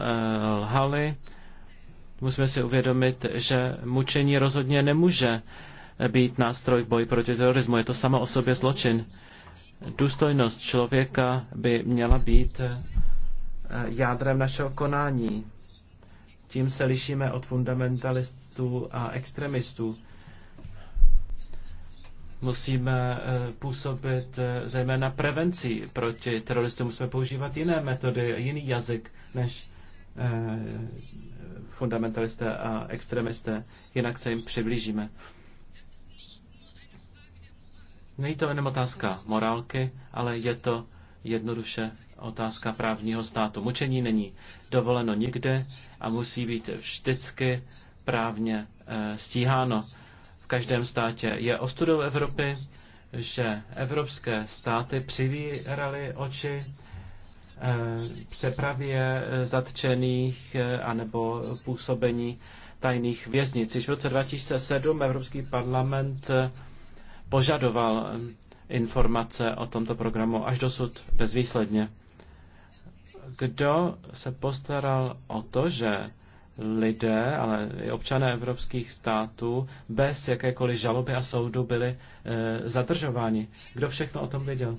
lhali, musíme si uvědomit, že mučení rozhodně nemůže být nástroj v boji proti terorismu. Je to sama o sobě zločin. Důstojnost člověka by měla být eh, jádrem našeho konání. Tím se lišíme od fundamentalistů a extremistů. Musíme eh, působit eh, zejména prevencí proti teroristům. Musíme používat jiné metody, jiný jazyk než fundamentalisté a extremisté. Jinak se jim přiblížíme. Není to jenom otázka morálky, ale je to jednoduše otázka právního státu. Mučení není dovoleno nikde a musí být vždycky právně eh, stíháno. V každém státě je ostudou Evropy, že evropské státy přivíraly oči eh, přepravě eh, zatčených anebo působení tajných věznic. Již v roce 2007 Evropský parlament požadoval informace o tomto programu až dosud bezvýsledně. Kdo se postaral o to, že lidé, ale i občané evropských států bez jakékoliv žaloby a soudu byli e, zadržováni. Kdo všechno o tom věděl?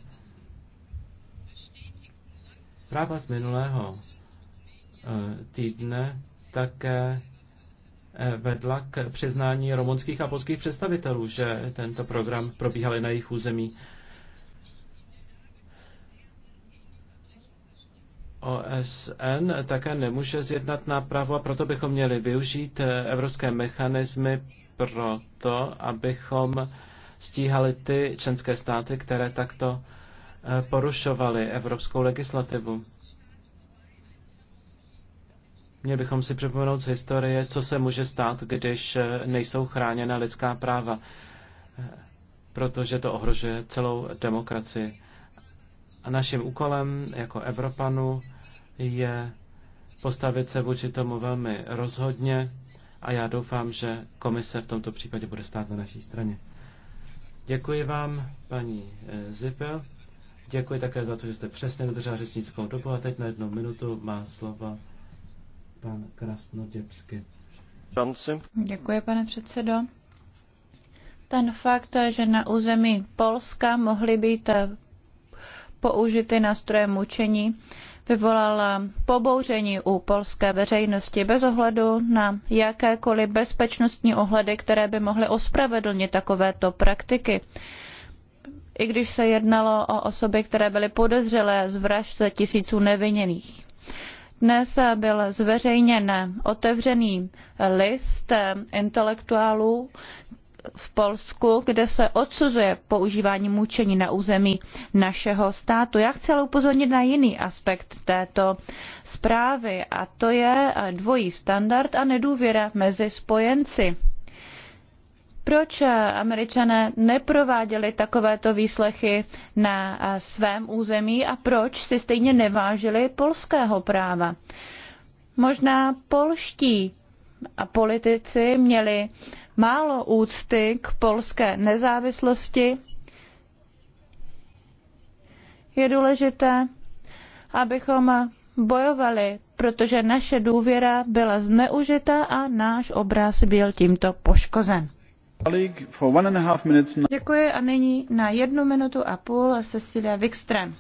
Práva z minulého e, týdne také vedla k přiznání romonských a polských představitelů, že tento program probíhal na jejich území. OSN také nemůže zjednat nápravu a proto bychom měli využít evropské mechanismy pro to, abychom stíhali ty členské státy, které takto eh, porušovaly evropskou legislativu. Měli bychom si připomenout z historie, co se může stát, když eh, nejsou chráněna lidská práva, eh, protože to ohrožuje celou demokracii. A naším úkolem jako Evropanů je postavit se vůči tomu velmi rozhodně a já doufám, že komise v tomto případě bude stát na naší straně. Děkuji vám, paní eh, Zipel. Děkuji také za to, že jste přesně dodržela řečnickou dobu a teď na jednu minutu má slova pan Krasnoděpsky. Děkuji, pane předsedo. Ten fakt, že na území Polska mohly být eh, použity nástroje mučení, vyvolal eh, pobouření u polské veřejnosti bez ohledu na jakékoliv bezpečnostní ohledy, které by mohly ospravedlnit takovéto praktiky. I když se jednalo o osoby, které byly podezřelé z vražd tisíců nevinných. Dnes byl zveřejněn otevřený list intelektuálů v Polsku, kde se odsuzuje používání mučení na území našeho státu. Já chci ale upozornit na jiný aspekt této zprávy a to je dvojí standard a nedůvěra mezi spojenci proč eh, američané neprováděli takovéto výslechy na eh, svém území a proč si stejně nevážili polského práva? Možná polští a politici měli málo úcty k polské nezávislosti. Je důležité, abychom bojovali, protože naše důvěra byla zneužita a náš obraz byl tímto poškozen. Děkuji a nyní na jednu minutu a půl Cecilia Wikström.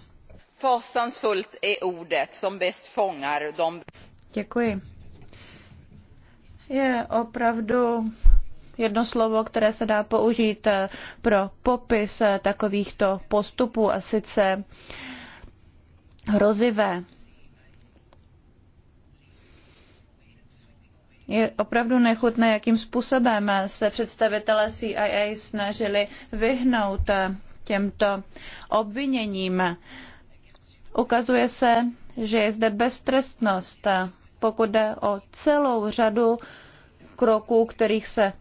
Fasansfullt är ordet som bäst fångar de... Děkuji. Je opravdu jedno slovo, které se dá použít eh, pro popis eh, takovýchto postupů a sice hrozivé. Je opravdu nechutné, jakým způsobem se představitelé CIA snažili vyhnout eh, těmto obviněním. Ukazuje se, že je zde beztrestnost, eh, pokud jde o celou řadu kroků, kterých se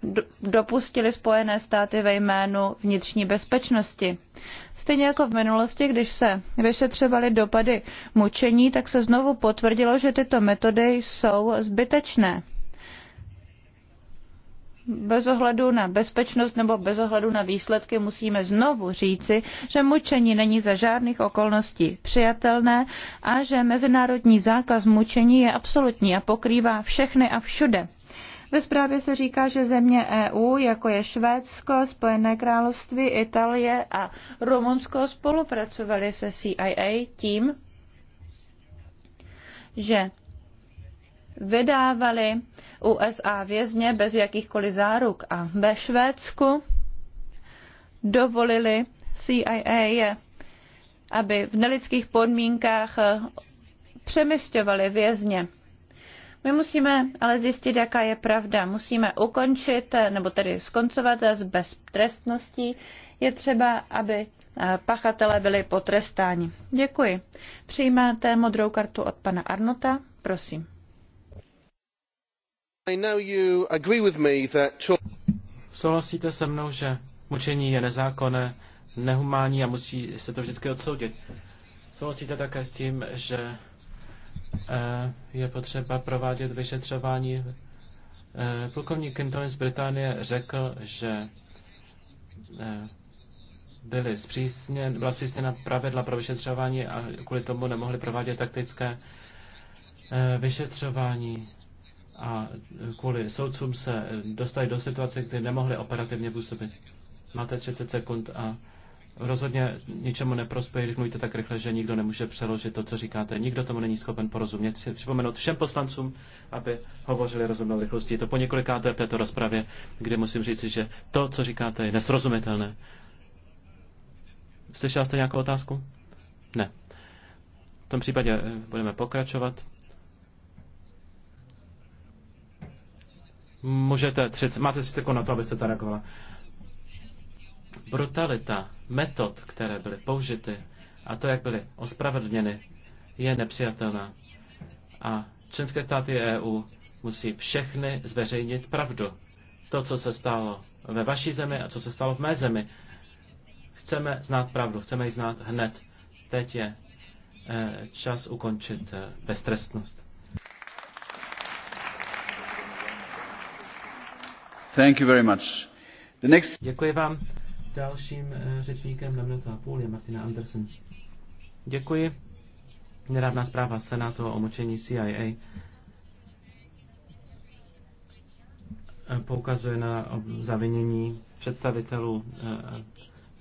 dopustily Spojené státy ve jménu vnitřní bezpečnosti. Stejně jako v minulosti, když se vyšetřovaly dopady mučení, tak se znovu potvrdilo, že tyto metody jsou zbytečné bez ohledu na bezpečnost nebo bez ohledu na výsledky musíme znovu říci, že mučení není za žádných okolností přijatelné a že mezinárodní zákaz mučení je absolutní a pokrývá všechny a všude. Ve zprávě se říká, že země EU, jako je Švédsko, Spojené království, Itálie a Rumunsko, spolupracovaly se CIA tím, že vydávali USA vězně bez jakýchkoliv záruk a ve Švédsku dovolili CIA, aby v nelidských podmínkách eh, přemysťovali vězně. My musíme ale zjistit, jaká je pravda. Musíme ukončit, eh, nebo tedy skoncovat s beztrestností. Je třeba, aby eh, pachatele byli potrestáni. Děkuji. Přijímáte modrou kartu od pana Arnota? Prosím. Souhlasíte se mnou, že mučení je nezákonné, nehumánní a musí se to vždycky odsoudit. Souhlasíte také s tím, že eh, je potřeba provádět vyšetřování. Eh, plukovník Clinton z Británie řekl, že eh, byly zpřísněn, byla zpřísněna pravidla pro vyšetřování a kvůli tomu nemohli provádět taktické vyšetřování a kvůli soudcům se dostali do situace, kdy nemohli operativně působit. Máte 30 sekund a rozhodně ničemu neprospěje, když mluvíte tak rychle, že nikdo nemůže přeložit to, co říkáte. Nikdo tomu není schopen porozumět. Chci připomenout všem poslancům, aby hovořili rozumnou rychlostí. Je to po několikáté v této rozpravě, kde musím říci, že to, co říkáte, je nesrozumitelné. Slyšela jste nějakou otázku? Ne. V tom případě eh, budeme pokračovat. Můžete 30, máte 30 sekund na to, abyste zareagovala. Brutalita metod, které byly použity a to, jak byly ospravedlněny, je nepřijatelná. A členské státy EU musí všechny zveřejnit pravdu. To, co se stalo ve vaší zemi a co se stalo v mé zemi. Chceme znát pravdu, chceme ji znát hned. Teď je eh, čas ukončit eh, beztrestnost. Thank you very much. The next... Děkuji vám. Dalším eh, řečníkem na minutu a půl je Martina Andersen. Děkuji. Nedávná zpráva Senátu o močení CIA eh, poukazuje na zavinění představitelů eh,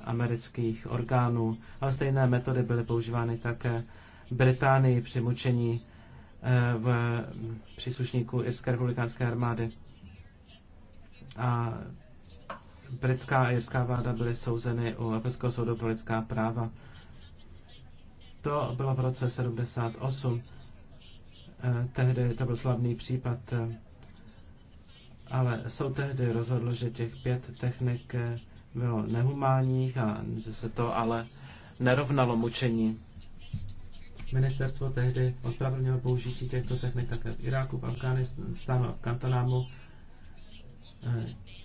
amerických orgánů, ale stejné metody byly používány také Británii při mučení v příslušníků irské republikánské armády a britská a jirská vláda byly souzeny u Evropského soudu pro lidská práva. To bylo v roce 78. Eh, tehdy to byl slavný případ, eh, ale soud tehdy rozhodl, že těch pět technik eh, bylo nehumánních a že se to ale nerovnalo mučení. Ministerstvo tehdy ospravedlnilo použití těchto technik také v Iráku, v Afganistánu a v Kantonámu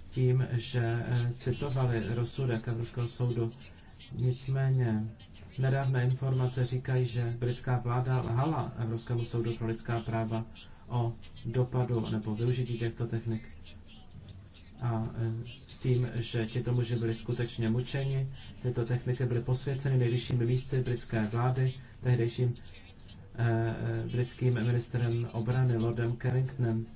tím, že eh, citovali rozsudek Evropského soudu. Nicméně nedávné informace říkají, že britská vláda lhala Evropskému soudu pro lidská práva o dopadu nebo využití těchto technik. A eh, s tím, že tito muži byli skutečně mučeni, tyto techniky byly posvěceny nejvyššími místy britské vlády, tehdejším eh, eh britským ministrem obrany Lordem Carringtonem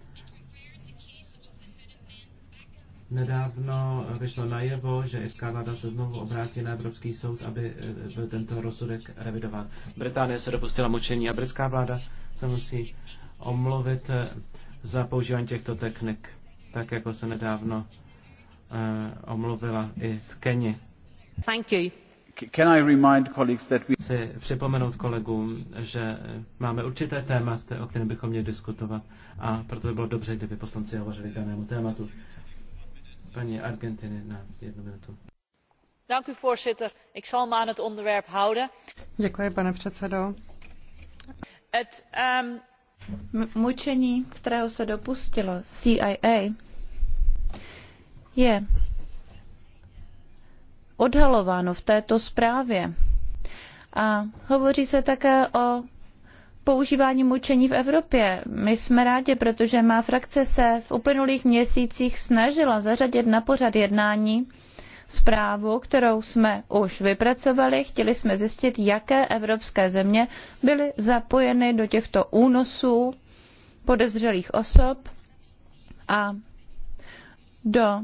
Nedávno eh, vyšlo najevo, že irská vláda se znovu obrátí na Evropský soud, aby eh, byl tento rozsudek revidován. Británie se dopustila mučení a britská vláda se musí omluvit eh, za používání těchto technik, tak jako se nedávno uh, omluvila i v Keni. Thank you. Can I remind colleagues that we... Chci připomenout kolegům, že máme určité téma, o kterém bychom měli diskutovat a proto by bylo dobře, kdyby poslanci hovořili k danému tématu na voorzitter. Ik zal me aan het onderwerp houden. Děkuji, pane Het ehm, mučení, kterého se dopustilo CIA, je odhalováno v této zprávě. A hovoří se také o používání mučení v Evropě. My jsme rádi, protože má frakce se v uplynulých měsících snažila zařadit na pořad jednání zprávu, kterou jsme už vypracovali. Chtěli jsme zjistit, jaké evropské země byly zapojeny do těchto únosů podezřelých osob a do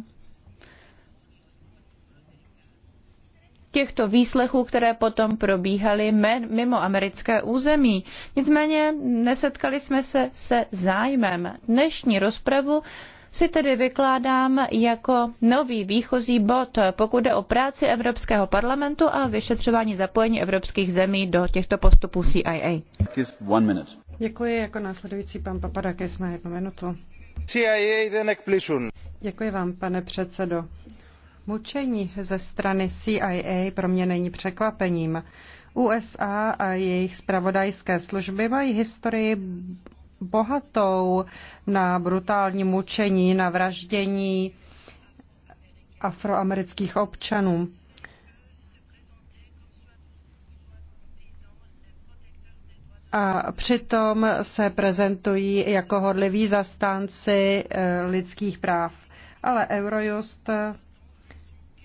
těchto výslechů, které potom probíhaly mimo americké území. Nicméně nesetkali jsme se se zájmem. Dnešní rozpravu si tedy vykládám jako nový výchozí bod, pokud jde o práci Evropského parlamentu a vyšetřování zapojení evropských zemí do těchto postupů CIA. Děkuji jako následující pan Papadakis na jednu minutu. CIA Děkuji vám, pane předsedo. Mučení ze strany CIA pro mě není překvapením. USA a jejich spravodajské služby mají historii bohatou na brutální mučení, na vraždění afroamerických občanů. A přitom se prezentují jako hodliví zastánci eh, lidských práv. Ale Eurojust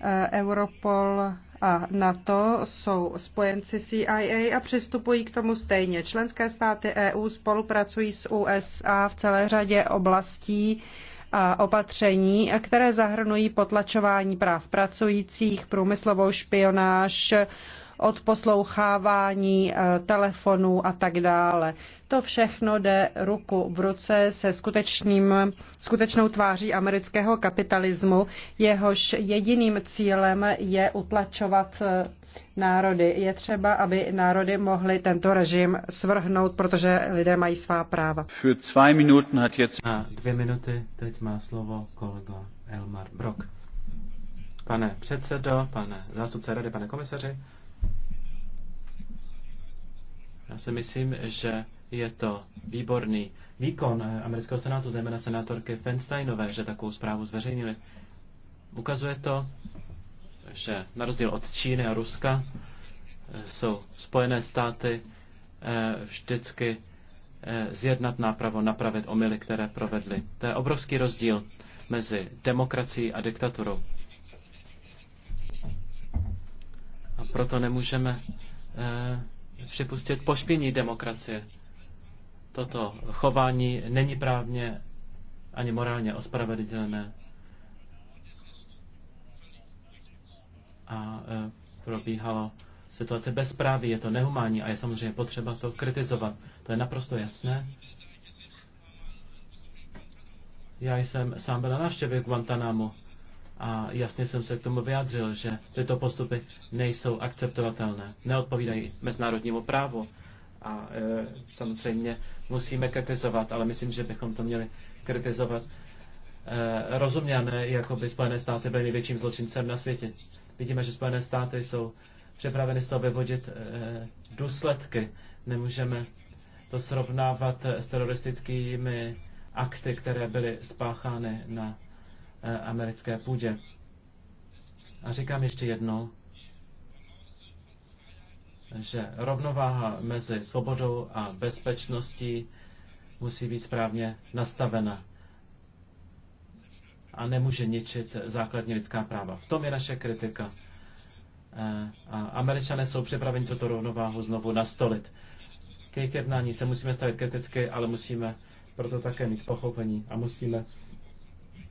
Eh, Europol a NATO jsou spojenci CIA a přistupují k tomu stejně. Členské státy EU spolupracují s USA v celé řadě oblastí a opatření, které zahrnují potlačování práv pracujících, průmyslovou špionáž, od poslouchávání eh, telefonů a tak dále. To všechno jde ruku v ruce se skutečným, skutečnou tváří amerického kapitalismu, jehož jediným cílem je utlačovat eh, národy. Je třeba, aby národy mohly tento režim svrhnout, protože lidé mají svá práva. Na dvě minuty teď má slovo kolega Elmar Brok. Pane předsedo, pane zástupce rady, pane komisaři, já si myslím, že je to výborný výkon amerického senátu, zejména senátorky Feinsteinové, že takovou zprávu zveřejnili. Ukazuje to, že na rozdíl od Číny a Ruska eh, jsou Spojené státy eh, vždycky eh, zjednat nápravo, napravit omily, které provedly. To je obrovský rozdíl mezi demokracií a diktaturou. A proto nemůžeme připustit pošpění demokracie. Toto chování není právně ani morálně ospravedlitelné. A e, probíhalo situace bezpráví, je to nehumání a je samozřejmě potřeba to kritizovat. To je naprosto jasné. Já jsem sám byl na návštěvě Guantanamo a jasně jsem se k tomu vyjádřil, že tyto postupy nejsou akceptovatelné, neodpovídají mezinárodnímu právu a e, samozřejmě musíme kritizovat, ale myslím, že bychom to měli kritizovat e, rozumně, jako by Spojené státy byly největším zločincem na světě. Vidíme, že Spojené státy jsou připraveny z toho vyvodit e, důsledky. Nemůžeme to srovnávat s teroristickými akty, které byly spáchány na Eh, americké půdě. A říkám ještě jednou, že rovnováha mezi svobodou a bezpečností musí být správně nastavena a nemůže ničit základní lidská práva. V tom je naše kritika. Eh, a američané jsou připraveni tuto rovnováhu znovu nastolit. K jejich jednání se musíme stavit kriticky, ale musíme proto také mít pochopení a musíme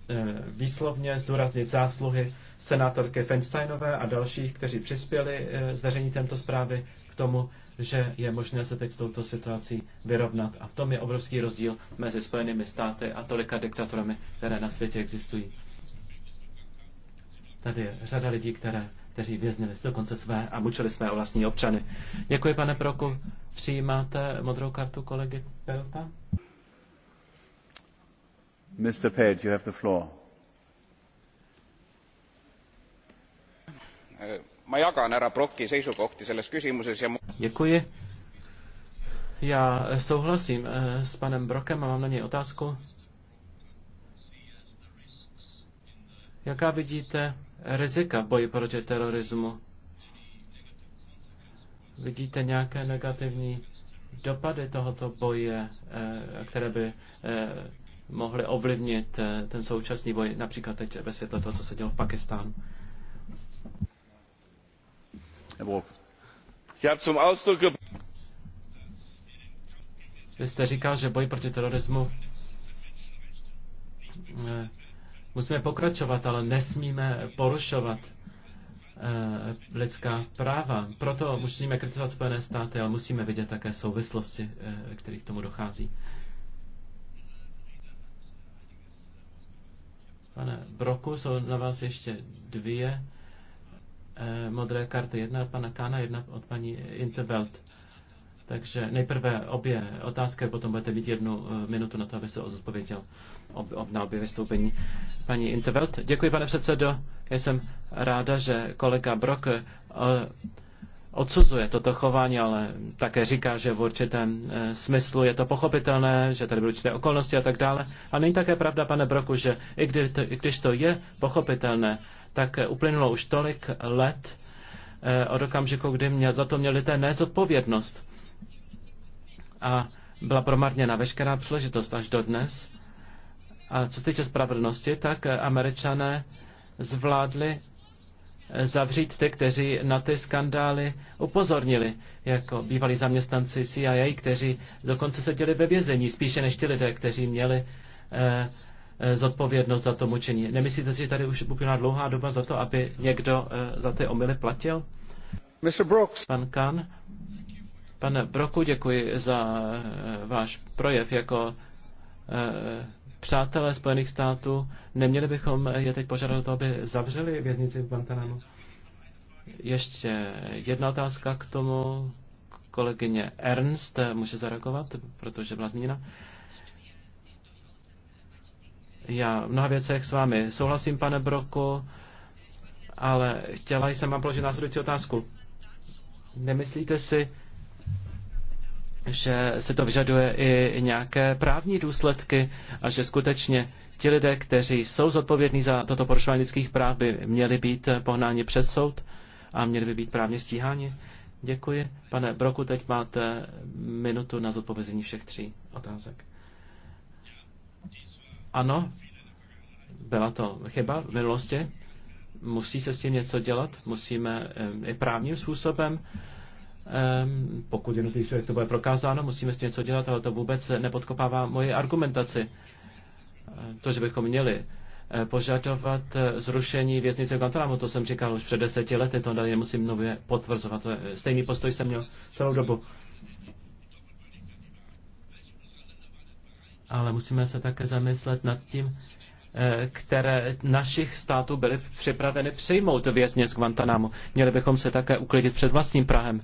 Eh, výslovně zdůraznit zásluhy senátorky Feinsteinové a dalších, kteří přispěli eh, zveřejnit této zprávy k tomu, že je možné se teď s touto situací vyrovnat. A v tom je obrovský rozdíl mezi Spojenými státy a tolika diktaturami, které na světě existují. Tady je řada lidí, které, kteří věznili dokonce své a mučili své vlastní občany. Děkuji, pane Proku. Přijímáte modrou kartu kolegy Pelta? ma jagan härra Brocki seisukohti selles küsimuses ja Děkuji. Já souhlasím eh, s panem Brokem a mám na něj otázku. Jaká vidíte rizika v boji proti terorismu? Vidíte nějaké negativní dopady tohoto boje, eh, které by eh, mohli ovlivnit eh, ten současný boj, například teď ve světle toho, co se dělo v Pakistánu. Vy jste říkal, že boj proti terorismu eh, musíme pokračovat, ale nesmíme porušovat eh, lidská práva. Proto musíme kritizovat Spojené státy, ale musíme vidět také souvislosti, kterých tomu dochází. Pane Broku, jsou na vás ještě dvě eh, modré karty. Jedna od pana Kána, jedna od paní Intervelt. Takže nejprve obě otázky, potom budete mít jednu eh, minutu na to, aby se odpověděl ob, ob, na obě vystoupení. Paní Intervelt, děkuji pane předsedo. Já jsem ráda, že kolega Brok eh, odsuzuje toto chování, ale také říká, že v určitém eh, smyslu je to pochopitelné, že tady byly určité okolnosti a tak dále. A není také pravda, pane Broku, že i, kdy to, i když to je pochopitelné, tak eh, uplynulo už tolik let eh, od okamžiku, kdy mě, za to měli té nezodpovědnost. A byla promarněna veškerá příležitost až do dnes. A co se týče spravedlnosti, tak američané zvládli zavřít ty, kteří na ty skandály upozornili, jako bývalí zaměstnanci CIA, kteří dokonce seděli ve vězení, spíše než ti lidé, kteří měli eh, eh, zodpovědnost za to mučení. Nemyslíte si, že tady už uplynula dlouhá doba za to, aby někdo eh, za ty omily platil? Mr. Brooks. Pan Kahn. Pane Broku, děkuji za eh, váš projev jako eh, přátelé Spojených států, neměli bychom je teď požádat o to, aby zavřeli věznici v Guantanamo. Ještě jedna otázka k tomu. Kolegyně Ernst může zareagovat, protože byla zmíněna. Já v mnoha věcech s vámi souhlasím, pane Broku, ale chtěla jsem vám položit následující otázku. Nemyslíte si, že se to vyžaduje i nějaké právní důsledky a že skutečně ti lidé, kteří jsou zodpovědní za toto porušování lidských práv, by měli být pohnáni před soud a měli by být právně stíháni. Děkuji. Pane Broku, teď máte minutu na zodpovězení všech tří otázek. Ano, byla to chyba v minulosti. Musí se s tím něco dělat, musíme eh, i právním způsobem pokud jednotlivý člověk to bude prokázáno, musíme s tím něco dělat, ale to vůbec nepodkopává moji argumentaci. To, že bychom měli eh, požadovat eh, zrušení věznice Guantanamo, to jsem říkal už před deseti lety, to nemusím nově potvrzovat. Stejný postoj jsem měl celou dobu. Ale musíme se také zamyslet nad tím, eh, které našich států byly připraveny přijmout vězně z Guantanamo. Měli bychom se také uklidit před vlastním Prahem.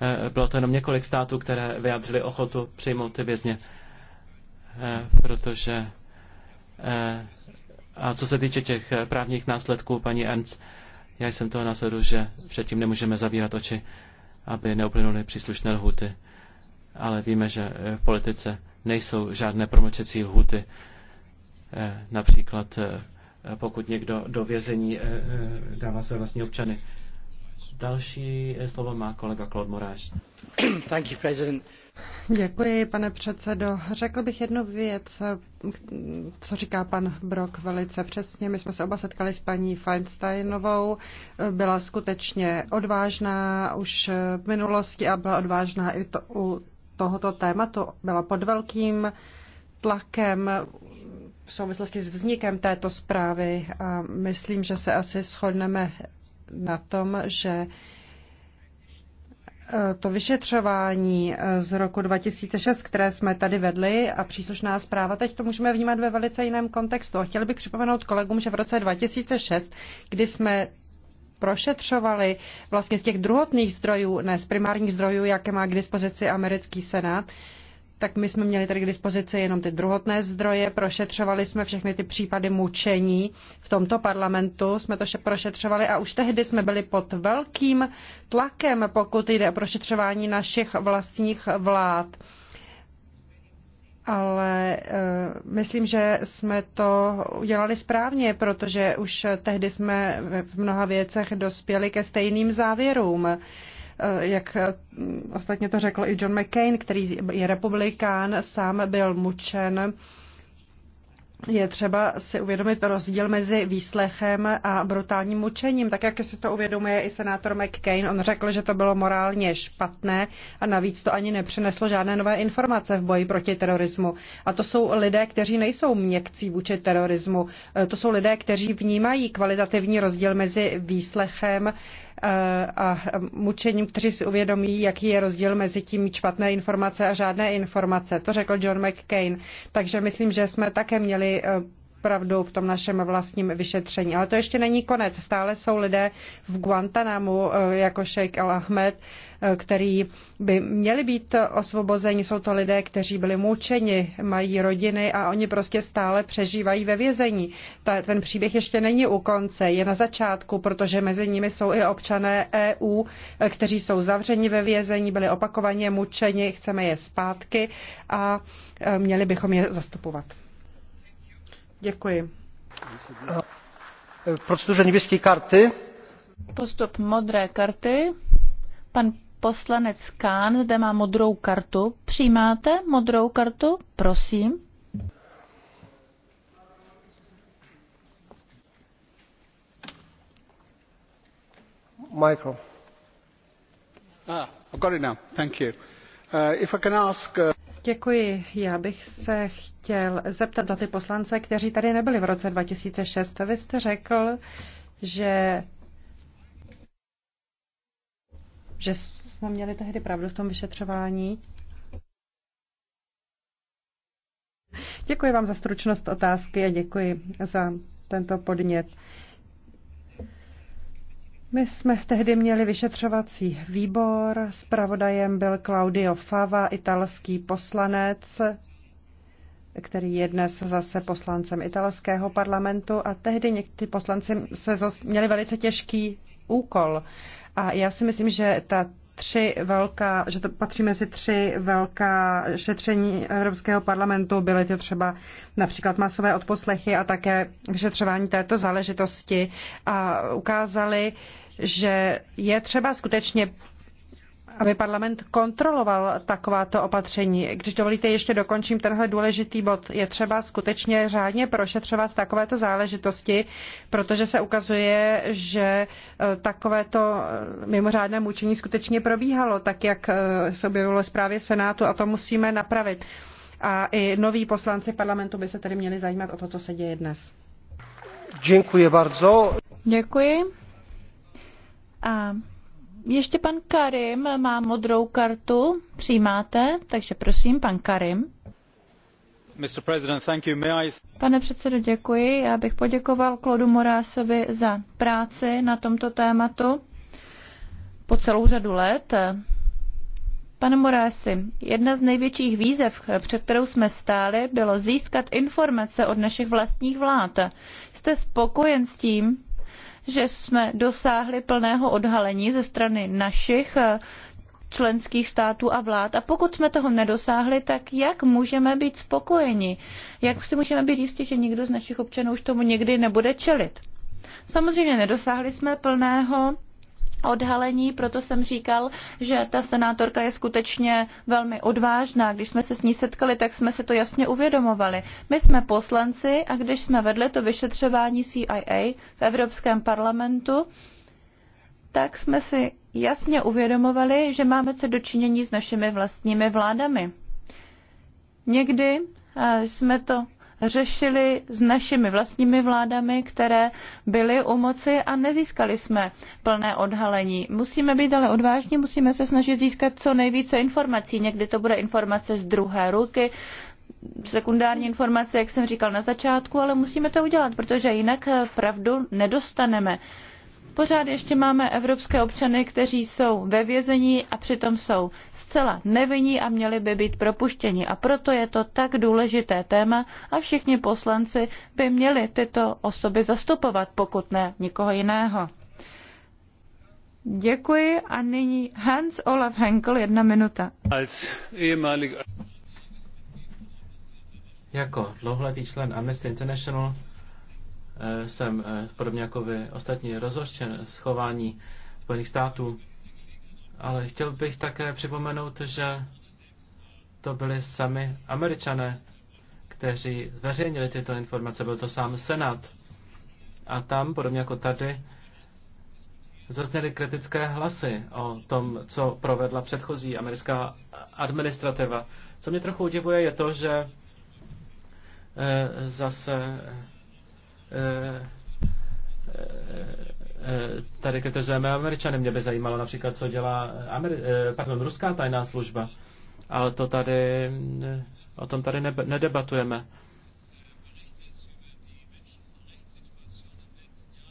Eh, bylo to jenom několik států, které vyjádřili ochotu přijmout ty vězně. Eh, protože eh, a co se týče těch právních následků, paní Ernst, já jsem toho následu, že předtím nemůžeme zavírat oči, aby neuplynuly příslušné lhuty. Ale víme, že v politice nejsou žádné promlčecí lhuty. Například pokud někdo do vězení dává své vlastní občany, Další eh, slovo má kolega Claude Moraes. <clears throat> Thank you, President. Děkuji, pane předsedo. Řekl bych jednu věc, co říká pan Brok velice přesně. My jsme se oba setkali s paní Feinsteinovou. Byla skutečně odvážná už v minulosti a byla odvážná i to, u tohoto tématu. Byla pod velkým tlakem v souvislosti s vznikem této zprávy a myslím, že se asi shodneme na tom, že e, to vyšetřování e, z roku 2006, které jsme tady vedli a příslušná zpráva, teď to můžeme vnímat ve velice jiném kontextu. A chtěl bych připomenout kolegům, že v roce 2006, kdy jsme prošetřovali vlastně z těch druhotných zdrojů, ne z primárních zdrojů, jaké má k dispozici americký senát, tak my jsme měli tady k dispozici jenom ty druhotné zdroje, prošetřovali jsme všechny ty případy mučení v tomto parlamentu, jsme to prošetřovali a už tehdy jsme byli pod velkým tlakem, pokud jde o prošetřování našich vlastních vlád. Ale e, myslím, že jsme to udělali správně, protože už tehdy jsme v mnoha věcech dospěli ke stejným závěrům. E, Eh, jak eh, ostatně to řekl i John McCain, který je republikán, sám byl mučen. Je třeba si uvědomit rozdíl mezi výslechem a brutálním mučením. Tak, jak si to uvědomuje i senátor McCain, on řekl, že to bylo morálně špatné a navíc to ani nepřineslo žádné nové informace v boji proti terorismu. A to jsou lidé, kteří nejsou měkcí vůči terorismu. Eh, to jsou lidé, kteří vnímají kvalitativní rozdíl mezi výslechem a mučením, kteří si uvědomí, jaký je rozdíl mezi tím špatné informace a žádné informace. To řekl John McCain. Takže myslím, že jsme také měli eh, pravdu v tom našem vlastním vyšetření. Ale to ještě není konec. Stále jsou lidé v Guantanamu, eh, jako Sheikh Al Ahmed, který by měli být osvobozeni. Jsou to lidé, kteří byli mučeni, mají rodiny a oni prostě stále přežívají ve vězení. Ta, ten příběh ještě není u konce, je na začátku, protože mezi nimi jsou i občané EU, kteří jsou zavřeni ve vězení, byli opakovaně mučeni, chceme je zpátky a e, měli bychom je zastupovat. Děkuji. V e, proceduře karty. Postup modré karty. Pan poslanec Kán zde má modrou kartu. Přijímáte modrou kartu? Prosím. Micro. Ah, got it now. Thank you. Uh, if I can ask, uh... Děkuji. Já bych se chtěl zeptat za ty poslance, kteří tady nebyli v roce 2006. Vy jste řekl, že že jsme měli tehdy pravdu v tom vyšetřování. Děkuji vám za stručnost otázky a děkuji za tento podnět. My jsme tehdy měli vyšetřovací výbor, Spravodajem byl Claudio Fava, italský poslanec, který je dnes zase poslancem italského parlamentu a tehdy někteří poslanci se měli velice těžký úkol. A já si myslím, že ta tři velká, že to patří mezi tři velká šetření Evropského parlamentu. Byly to třeba například masové odposlechy a také vyšetřování této záležitosti a ukázali, že je třeba skutečně aby parlament kontroloval takováto opatření. Když dovolíte, ještě dokončím tenhle důležitý bod. Je třeba skutečně řádně prošetřovat takovéto záležitosti, protože se ukazuje, že eh, takovéto eh, mimořádné mučení skutečně probíhalo, tak jak eh, se objevilo zprávě Senátu a to musíme napravit. A i noví poslanci parlamentu by se tedy měli zajímat o to, co se děje dnes. Děkuji bardzo. Děkuji. A ještě pan Karim má modrou kartu. Přijímáte? Takže prosím, pan Karim. Pane předsedo, děkuji. Já bych poděkoval Klodu Morásovi za práci na tomto tématu po celou řadu let. Pane Morási, jedna z největších výzev, před kterou jsme stáli, bylo získat informace od našich vlastních vlád. Jste spokojen s tím, že jsme dosáhli plného odhalení ze strany našich eh, členských států a vlád. A pokud jsme toho nedosáhli, tak jak můžeme být spokojeni? Jak si můžeme být jistí, že nikdo z našich občanů už tomu někdy nebude čelit? Samozřejmě nedosáhli jsme plného odhalení, proto jsem říkal, že ta senátorka je skutečně velmi odvážná. Když jsme se s ní setkali, tak jsme se to jasně uvědomovali. My jsme poslanci a když jsme vedli to vyšetřování CIA v Evropském parlamentu, tak jsme si jasně uvědomovali, že máme co dočinění s našimi vlastními vládami. Někdy eh, jsme to řešili s našimi vlastními vládami, které byly u moci a nezískali jsme plné odhalení. Musíme být ale odvážní, musíme se snažit získat co nejvíce informací. Někdy to bude informace z druhé ruky, sekundární informace, jak jsem říkal na začátku, ale musíme to udělat, protože jinak pravdu nedostaneme. Pořád ještě máme evropské občany, kteří jsou ve vězení a přitom jsou zcela nevinní a měli by být propuštěni. A proto je to tak důležité téma a všichni poslanci by měli tyto osoby zastupovat, pokud ne nikoho jiného. Děkuji a nyní Hans Olaf Henkel, jedna minuta. Jako dlouholetý člen Amnesty International Eh, jsem eh, podobně jako vy ostatní rozhořčen z chování Spojených států. Ale chtěl bych také připomenout, že to byli sami američané, kteří zveřejnili tyto informace. Byl to sám Senát. A tam, podobně jako tady, zazněly kritické hlasy o tom, co provedla předchozí americká administrativa. Co mě trochu udivuje, je to, že eh, zase Eh, eh, eh, tady kritizujeme Američany. Mě by zajímalo například, co dělá Ameri- pardon, ruská tajná služba. Ale to tady, o tom tady nedebatujeme.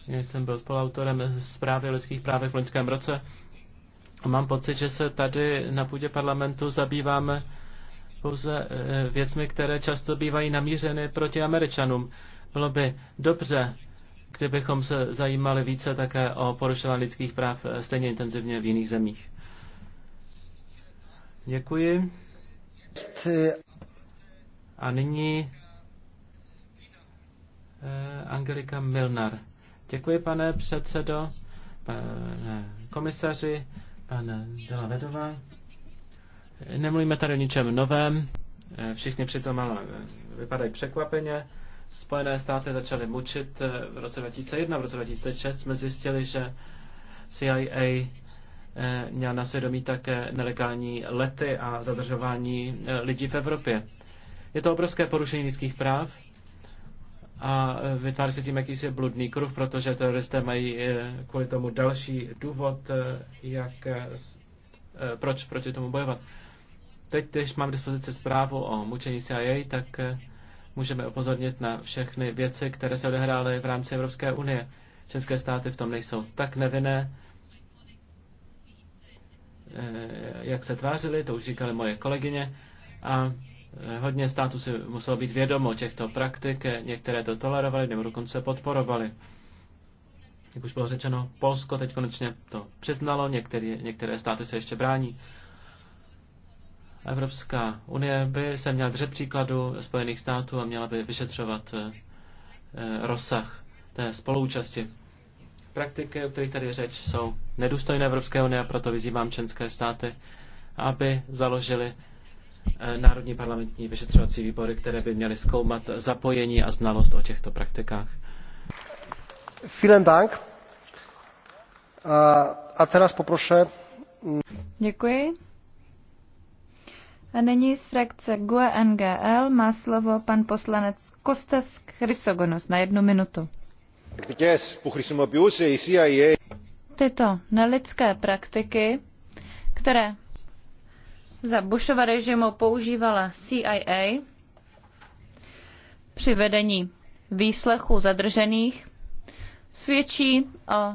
Já jsem byl spoluautorem zprávy o lidských právech v loňském roce. Mám pocit, že se tady na půdě parlamentu zabýváme pouze věcmi, které často bývají namířeny proti Američanům. Bylo by dobře, kdybychom se zajímali více také o porušování lidských práv eh, stejně intenzivně v jiných zemích. Děkuji. A nyní eh, Angelika Milnar. Děkuji, pane předsedo, pane komisaři, pane Delavedova. Nemluvíme tady o ničem novém, eh, všichni přitom ale vypadají překvapeně. Spojené státy začaly mučit eh, v roce 2001, v roce 2006 jsme zjistili, že CIA eh, měl na svědomí také nelegální lety a zadržování eh, lidí v Evropě. Je to obrovské porušení lidských práv a vytváří se tím jakýsi bludný kruh, protože teroristé mají kvůli tomu další důvod, jak, proč proti tomu bojovat. Teď, když mám k dispozici zprávu o mučení CIA, tak můžeme upozornit na všechny věci, které se odehrály v rámci Evropské unie. České státy v tom nejsou tak nevinné, eh, jak se tvářili, to už říkali moje kolegyně. A eh, hodně států si muselo být vědomo těchto praktik, některé to tolerovali nebo dokonce podporovali. Jak už bylo řečeno, Polsko teď konečně to přiznalo, některé, některé státy se ještě brání. Evropská unie by se měla držet příkladu Spojených států a měla by vyšetřovat eh, rozsah té spoluúčasti. Praktiky, o kterých tady řeč, jsou nedůstojné Evropské unie a proto vyzývám členské státy, aby založili eh, národní parlamentní vyšetřovací výbory, které by měly zkoumat zapojení a znalost o těchto praktikách. Vielen Dank. Eh, a teraz poproše. Mm, Děkuji. A nyní z frakce GUE NGL má slovo pan poslanec Kostas Chrysogonos na jednu minutu. Tyto nelidské praktiky, které za Bushova režimu používala CIA při vedení výslechu zadržených, svědčí o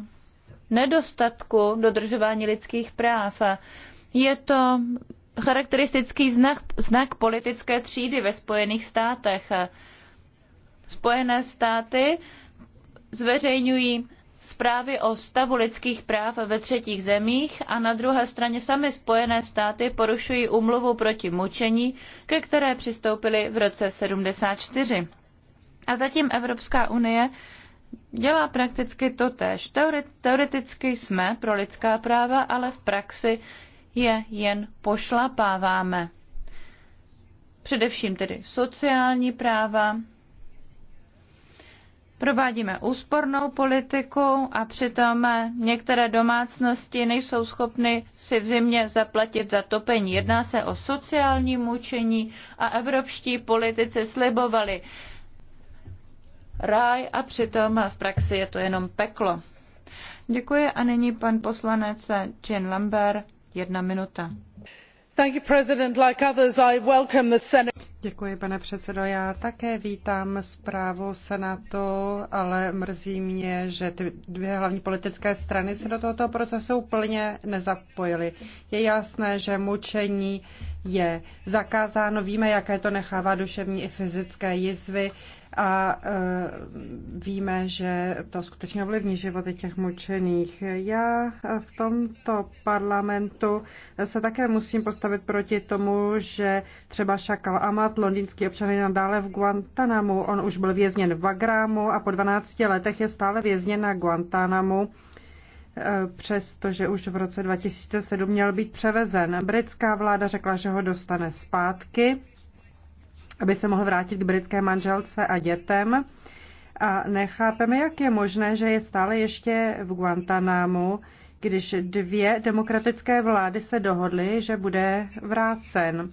nedostatku dodržování lidských práv. Je to charakteristický znak, znak politické třídy ve Spojených státech. Spojené státy zveřejňují zprávy o stavu lidských práv ve třetích zemích a na druhé straně sami Spojené státy porušují umluvu proti mučení, ke které přistoupili v roce 74. A zatím Evropská unie dělá prakticky to tež. Teoreticky jsme pro lidská práva, ale v praxi je jen pošlapáváme. Především tedy sociální práva, provádíme úspornou politiku a přitom některé domácnosti nejsou schopny si v zimě zaplatit za topení. Jedná se o sociální mučení a evropští politici slibovali ráj a přitom v praxi je to jenom peklo. Děkuji a nyní pan poslanec Jean Lambert Děkuji, pane předsedo. Já také vítám zprávu Senátu, ale mrzí mě, že ty dvě hlavní politické strany se do tohoto procesu plně nezapojily. Je jasné, že mučení je zakázáno. Víme, jaké to nechává duševní i fyzické jizvy a e, víme, že to skutečně ovlivní životy těch mučených. Já v tomto parlamentu se také musím postavit proti tomu, že třeba Šakal Amat, londýnský občan, je nadále v Guantanamu. On už byl vězněn v Bagrámu a po 12 letech je stále vězněn na Guantanamu e, přestože už v roce 2007 měl být převezen. Britská vláda řekla, že ho dostane zpátky aby se mohl vrátit k britské manželce a dětem. A nechápeme, jak je možné, že je stále ještě v Guantanamu, když dvě demokratické vlády se dohodly, že bude vrácen.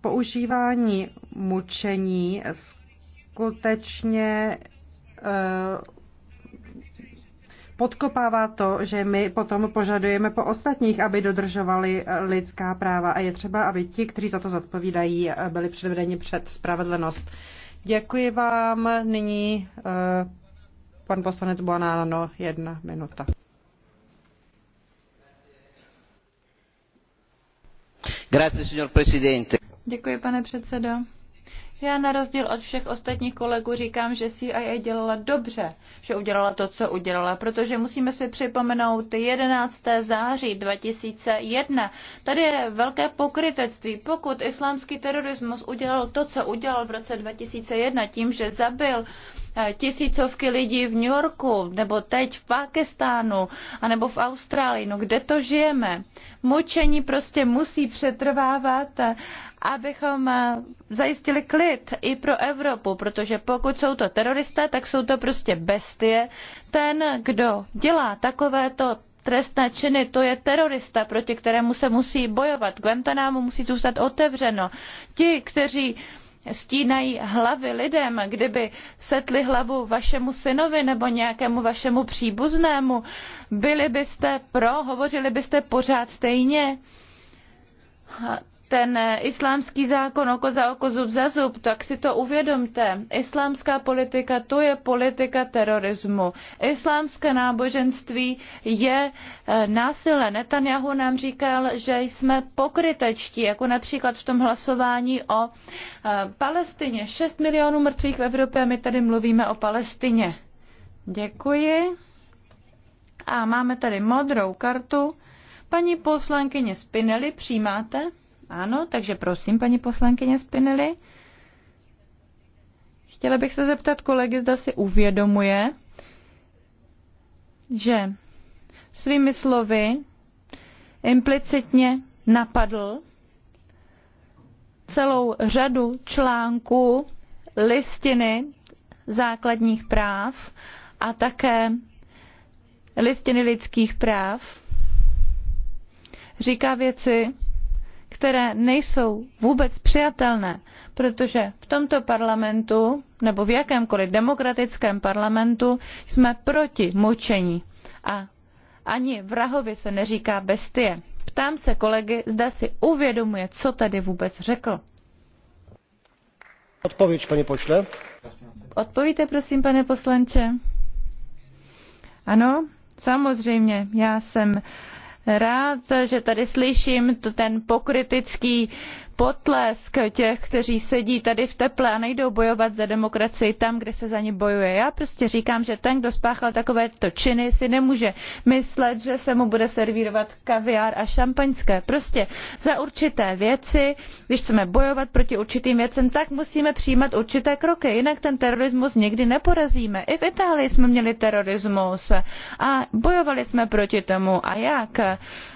Používání mučení skutečně eh, podkopává to, že my potom požadujeme po ostatních, aby dodržovali lidská práva a je třeba, aby ti, kteří za to zodpovídají, byli předvedeni před spravedlnost. Děkuji vám. Nyní eh, pan poslanec Buanáno, jedna minuta. Grazie, signor Presidente. Děkuji, pane předsedo. Já na rozdíl od všech ostatních kolegů říkám, že CIA dělala dobře, že udělala to, co udělala, protože musíme si připomenout 11. září 2001. Tady je velké pokrytectví. Pokud islámský terorismus udělal to, co udělal v roce 2001 tím, že zabil Eh, tisícovky lidí v New Yorku, nebo teď v Pákistánu, anebo v Austrálii. No kde to žijeme? Mučení prostě musí přetrvávat, eh, abychom eh, zajistili klid i pro Evropu, protože pokud jsou to teroristé, tak jsou to prostě bestie. Ten, kdo dělá takovéto trestné činy, to je terorista, proti kterému se musí bojovat. Guantánamo musí zůstat otevřeno. Ti, kteří uh, stínají hlavy lidem kdyby setli hlavu vašemu synovi nebo nějakému vašemu příbuznému byli byste pro hovořili byste pořád stejně? ten islámský zákon oko za oko, zub za zub, tak si to uvědomte. Islámská politika, to je politika terorismu. Islámské náboženství je eh, násilné. Netanyahu nám říkal, že jsme pokrytečtí, jako například v tom hlasování o eh, Palestině. 6 milionů mrtvých v Evropě a my tady mluvíme o Palestině. Děkuji. A máme tady modrou kartu. Paní poslankyně Spinelli, přijímáte? Ano, takže prosím, paní poslankyně Spinelli. Chtěla bych se zeptat kolegy, zda si uvědomuje, že svými slovy implicitně napadl celou řadu článků listiny základních práv a také listiny lidských práv. Říká věci, které nejsou vůbec přijatelné, protože v tomto parlamentu nebo v jakémkoliv demokratickém parlamentu jsme proti mučení a ani vrahovi se neříká bestie. Ptám se kolegy, zda si uvědomuje, co tady vůbec řekl. Odpověď, paní pošle. Odpovíte, prosím, pane poslanče. Ano, samozřejmě, já jsem rád že tady slyším ten pokrytecký potlesk těch, kteří sedí tady v teple a nejdou bojovat za demokracii tam, kde se za ně bojuje. Já prostě říkám, že ten, kdo spáchal takovéto činy, si nemůže myslet, že se mu bude servírovat kaviár a šampaňské. Prostě za určité věci, když chceme bojovat proti určitým věcem, tak musíme přijímat určité kroky, jinak ten terorismus nikdy neporazíme. I v Itálii jsme měli terorismus a bojovali jsme proti tomu. A jak?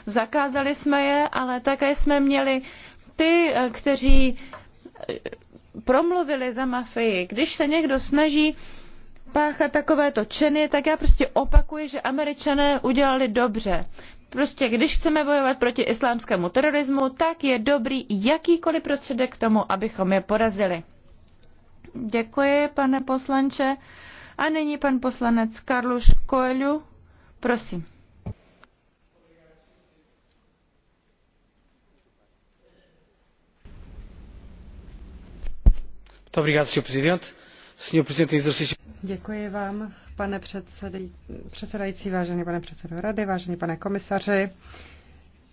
Zakázali jsme je, ale také jsme měli ty, eh, kteří eh, promluvili za mafii, když se někdo snaží páchat takovéto činy, tak já prostě opakuji, že američané udělali dobře. Prostě když chceme bojovat proti islámskému terorismu, tak je dobrý jakýkoliv prostředek k tomu, abychom je porazili. Děkuji, pane poslanče. A nyní pan poslanec Karluš Koelu. Prosím. Děkuji vám, pane předsedající, vážený pane předsedo rady, vážený pane komisaři.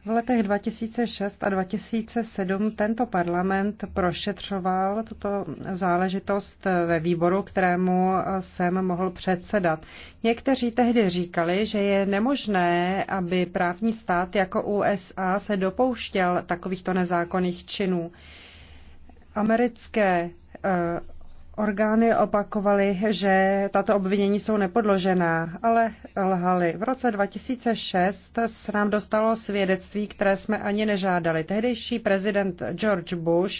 V letech 2006 a 2007 tento parlament prošetřoval tuto záležitost ve výboru, kterému jsem mohl předsedat. Někteří tehdy říkali, že je nemožné, aby právní stát jako USA se dopouštěl takovýchto nezákonných činů. Americké Eh, orgány opakovaly, že tato obvinění jsou nepodložená, ale lhali. V roce 2006 se nám dostalo svědectví, které jsme ani nežádali. Tehdejší prezident George Bush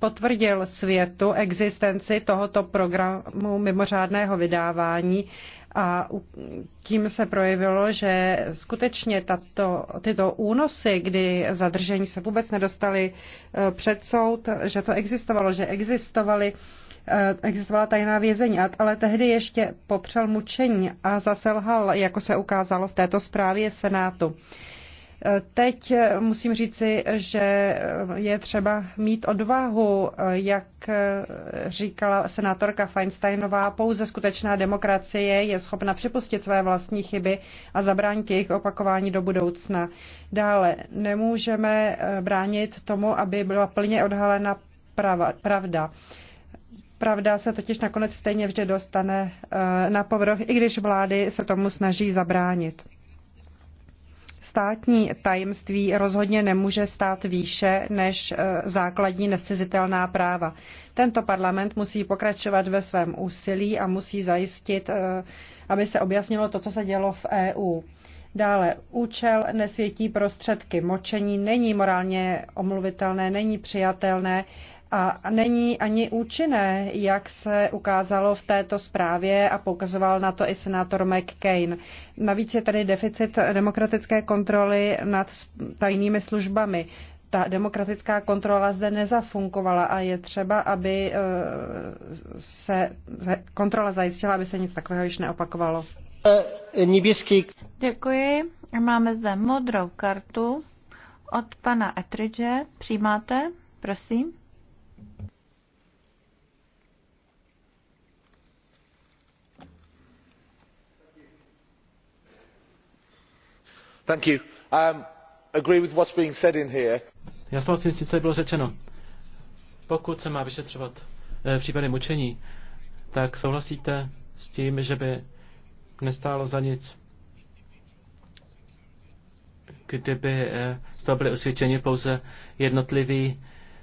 potvrdil světu existenci tohoto programu mimořádného vydávání a tím se projevilo, že skutečně tato, tyto únosy, kdy zadržení se vůbec nedostali e, před soud, že to existovalo, že existovaly e, existovala tajná vězení, ale tehdy ještě popřel mučení a zaselhal, jako se ukázalo v této zprávě Senátu. Teď musím říci, že je třeba mít odvahu, jak říkala senátorka Feinsteinová, pouze skutečná demokracie je schopna připustit své vlastní chyby a zabránit jejich opakování do budoucna. Dále nemůžeme bránit tomu, aby byla plně odhalena pravda. Pravda se totiž nakonec stejně vždy dostane eh, na povrch, i když vlády se tomu snaží zabránit státní tajemství rozhodně nemůže stát výše než e, základní nescizitelná práva. Tento parlament musí pokračovat ve svém úsilí a musí zajistit, e, aby se objasnilo to, co se dělo v EU. Dále účel nesvětí prostředky. Močení není morálně omluvitelné, není přijatelné a není ani účinné, jak se ukázalo v této zprávě a poukazoval na to i senátor McCain. Navíc je tady deficit demokratické kontroly nad tajnými službami. Ta demokratická kontrola zde nezafunkovala a je třeba, aby eh, se kontrola zajistila, aby se nic takového již neopakovalo. Eh, Děkuji. Máme zde modrou kartu od pana Etridge. Přijímáte? Prosím. Um, Já souhlasím s tím, co bylo řečeno. Pokud se má vyšetřovat eh, případy mučení, tak souhlasíte s tím, že by nestálo za nic, kdyby eh, z toho byli osvědčeni pouze jednotliví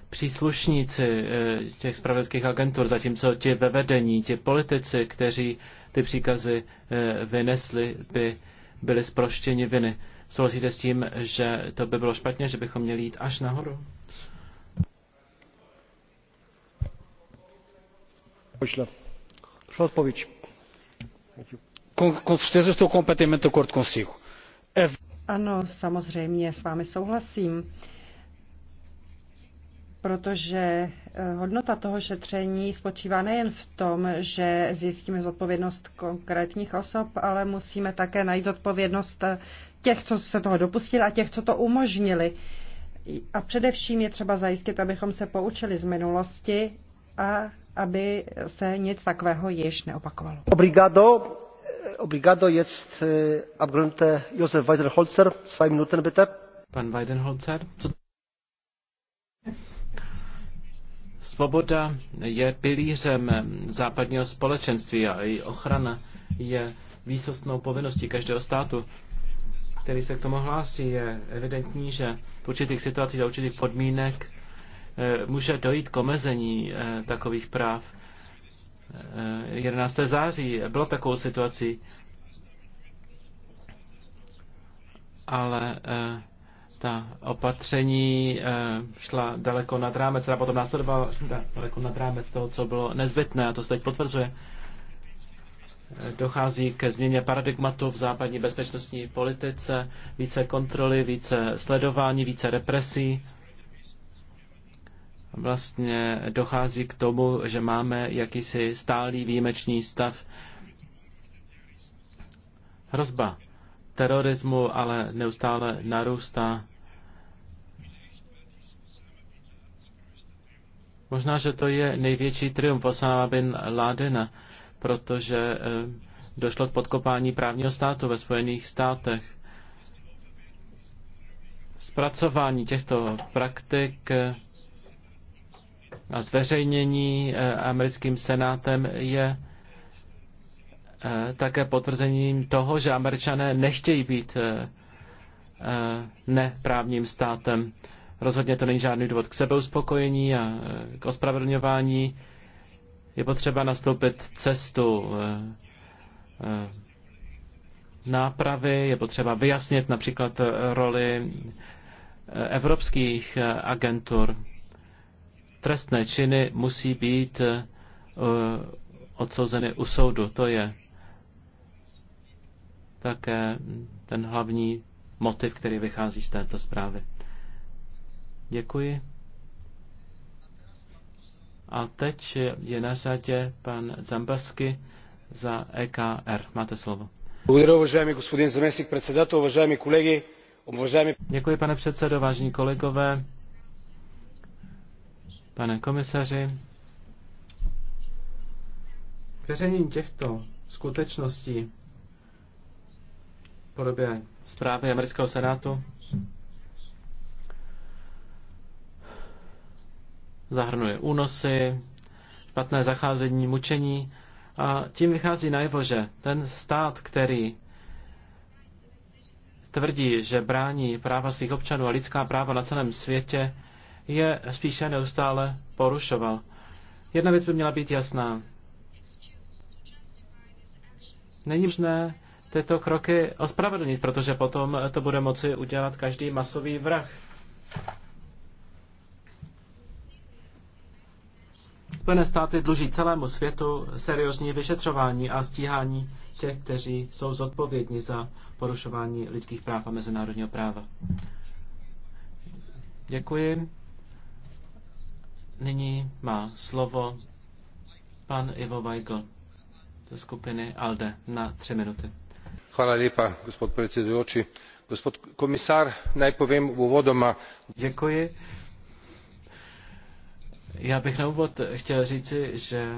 příslušníci eh, těch spravedlských agentur, zatímco ti ve vedení, ti politici, kteří ty příkazy eh, vynesli, by byli zproštěni viny. Souhlasíte s tím, že to by bylo špatně, že bychom měli jít až nahoru? Pošle. Pošle odpověď. Com, com certeza estou completamente de Ano, samozřejmě s vámi souhlasím, protože eh, hodnota toho šetření spočívá nejen v tom, že zjistíme zodpovědnost konkrétních osob, ale musíme také najít zodpovědnost eh, těch, co se toho dopustili a těch, co to umožnili. A především je třeba zajistit, abychom se poučili z minulosti a aby se nic takového již neopakovalo. Obrigado. Obrigado jest e, abgrunte Josef Weidenholzer. Zwei Minuten bitte. Pan Weidenholzer. Co... Svoboda je pilířem západního společenství a její ochrana je výsostnou povinností každého státu který se k tomu hlásí. Je evidentní, že v určitých situacích a určitých podmínek eh, může dojít k omezení eh, takových práv. 11. Eh, září bylo takovou situací, ale ta opatření šla daleko nad rámec, a potom následovala daleko nad rámec toho, co bylo nezbytné, a to se teď potvrzuje dochází ke změně paradigmatu v západní bezpečnostní politice, více kontroly, více sledování, více represí. Vlastně dochází k tomu, že máme jakýsi stálý výjimečný stav. Hrozba terorismu ale neustále narůstá. Možná, že to je největší triumf Osama bin Ládena protože eh, došlo k podkopání právního státu ve Spojených státech. Zpracování těchto praktik eh, a zveřejnění eh, americkým senátem je také potvrzením toho, že američané nechtějí být neprávním státem. Rozhodně to není žádný důvod k sebeuspokojení a k ospravedlňování je potřeba nastoupit cestu eh, eh, nápravy, je potřeba vyjasnit například roli eh, evropských agentur. Trestné činy musí být odsouzeny u soudu. To je také ten hlavní motiv, který vychází z této zprávy. Děkuji. A teď je na řadě pan Zambasky za EKR. Máte slovo. Děkuji, pane předsedo, vážení kolegové, pane komisaři. Veřejnění těchto skutečností v podobě zprávy amerického senátu zahrnuje únosy, špatné zacházení, mučení. A tím vychází najevo, že ten stát, který tvrdí, že brání práva svých občanů a lidská práva na celém světě, je spíše neustále porušoval. Jedna věc by měla být jasná. Není možné tyto kroky ospravedlnit, protože potom to bude moci udělat každý masový vrah. Spojené státy dluží celému světu seriózní vyšetřování a stíhání těch, kteří jsou zodpovědní za porušování lidských práv a mezinárodního práva. Děkuji. Nyní má slovo pan Ivo Weigl ze skupiny ALDE na tři minuty. Hvala lepa, gospod predsedujoči. Gospod komisár, najpovím povem Děkuji. Já bych na úvod chtěl říci, že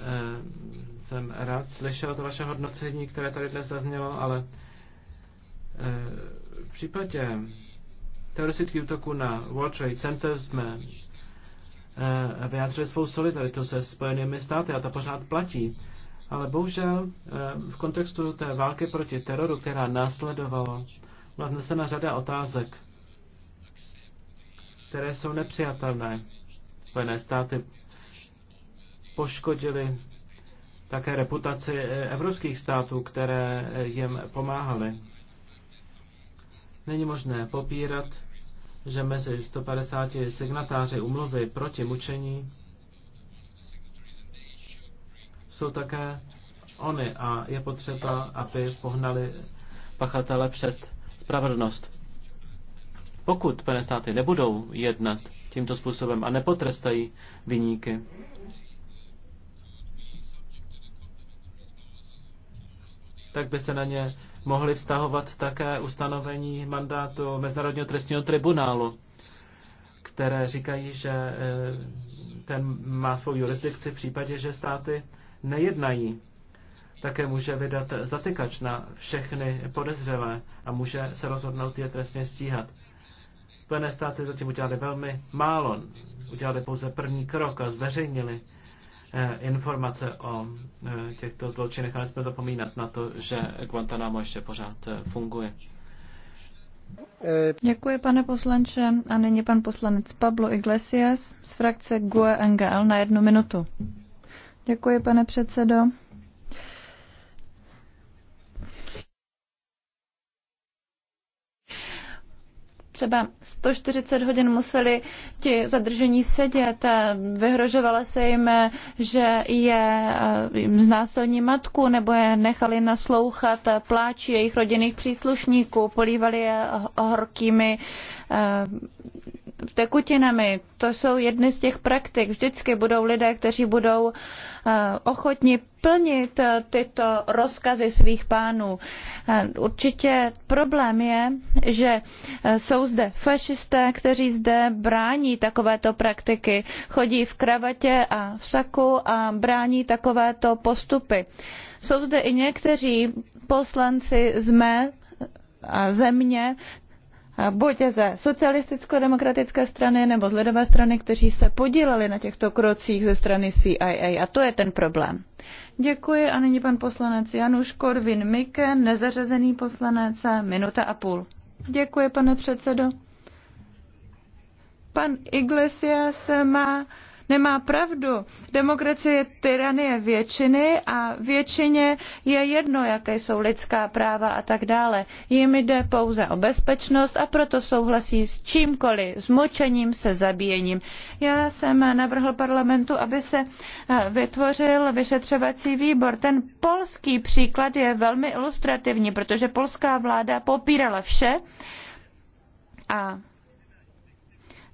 eh, jsem rád slyšel to vaše hodnocení, které tady dnes zaznělo, ale eh, v případě teroristických útoků na World Trade Center jsme eh, vyjádřili svou solidaritu se Spojenými státy a to pořád platí. Ale bohužel v kontextu té války proti teroru, která následovala, byla na řada otázek které jsou nepřijatelné. Spojené státy poškodili také reputaci eh, evropských států, které eh, jim pomáhaly. Není možné popírat, že mezi 150 signatáři umluvy proti mučení jsou také oni a je potřeba, aby pohnali pachatele před spravedlnost. Pokud Spojené státy nebudou jednat tímto způsobem a nepotrestají vyníky, tak by se na ně mohly vztahovat také ustanovení mandátu Mezinárodního trestního tribunálu, které říkají, že eh, ten má svou jurisdikci v případě, že státy nejednají. Také může vydat zatykač na všechny podezřelé a může se rozhodnout je trestně stíhat. Spojené státy zatím udělali velmi málo. Udělali pouze první krok a zveřejnili eh, informace o eh, těchto zločinech, ale jsme zapomínat na to, že Guantanamo ještě pořád eh, funguje. Děkuji, pane poslanče. A nyní pan poslanec Pablo Iglesias z frakce GUE NGL na jednu minutu. Děkuji, pane předsedo. třeba 140 hodin museli ti zadržení sedět. Vyhrožovala se jim, že je eh, jim znásilní matku nebo je nechali naslouchat pláči jejich rodinných příslušníků, polívali je horkými Eh, tekutinami. To jsou jedny z těch praktik. Vždycky budou lidé, kteří budou eh, ochotni plnit eh, tyto rozkazy svých pánů. Určitě problém je, že jsou zde fašisté, kteří zde brání takovéto praktiky. Chodí v kravatě a v saku a brání takovéto postupy. Jsou zde i někteří poslanci z mé a země, buď ze socialisticko-demokratické strany nebo z lidové strany, kteří se podíleli na těchto krocích ze strany CIA. A to je ten problém. Děkuji a nyní pan poslanec Januš Korvin Mike, nezařazený poslanec, minuta a půl. Děkuji, pane předsedo. Pan Iglesias má nemá pravdu. Demokracie je tyranie většiny a většině je jedno, jaké jsou lidská práva a tak dále. Jim jde pouze o bezpečnost a proto souhlasí s čímkoliv, s močením, se zabíjením. Já jsem navrhl parlamentu, aby se eh, vytvořil vyšetřovací výbor. Ten polský příklad je velmi ilustrativní, protože polská vláda popírala vše a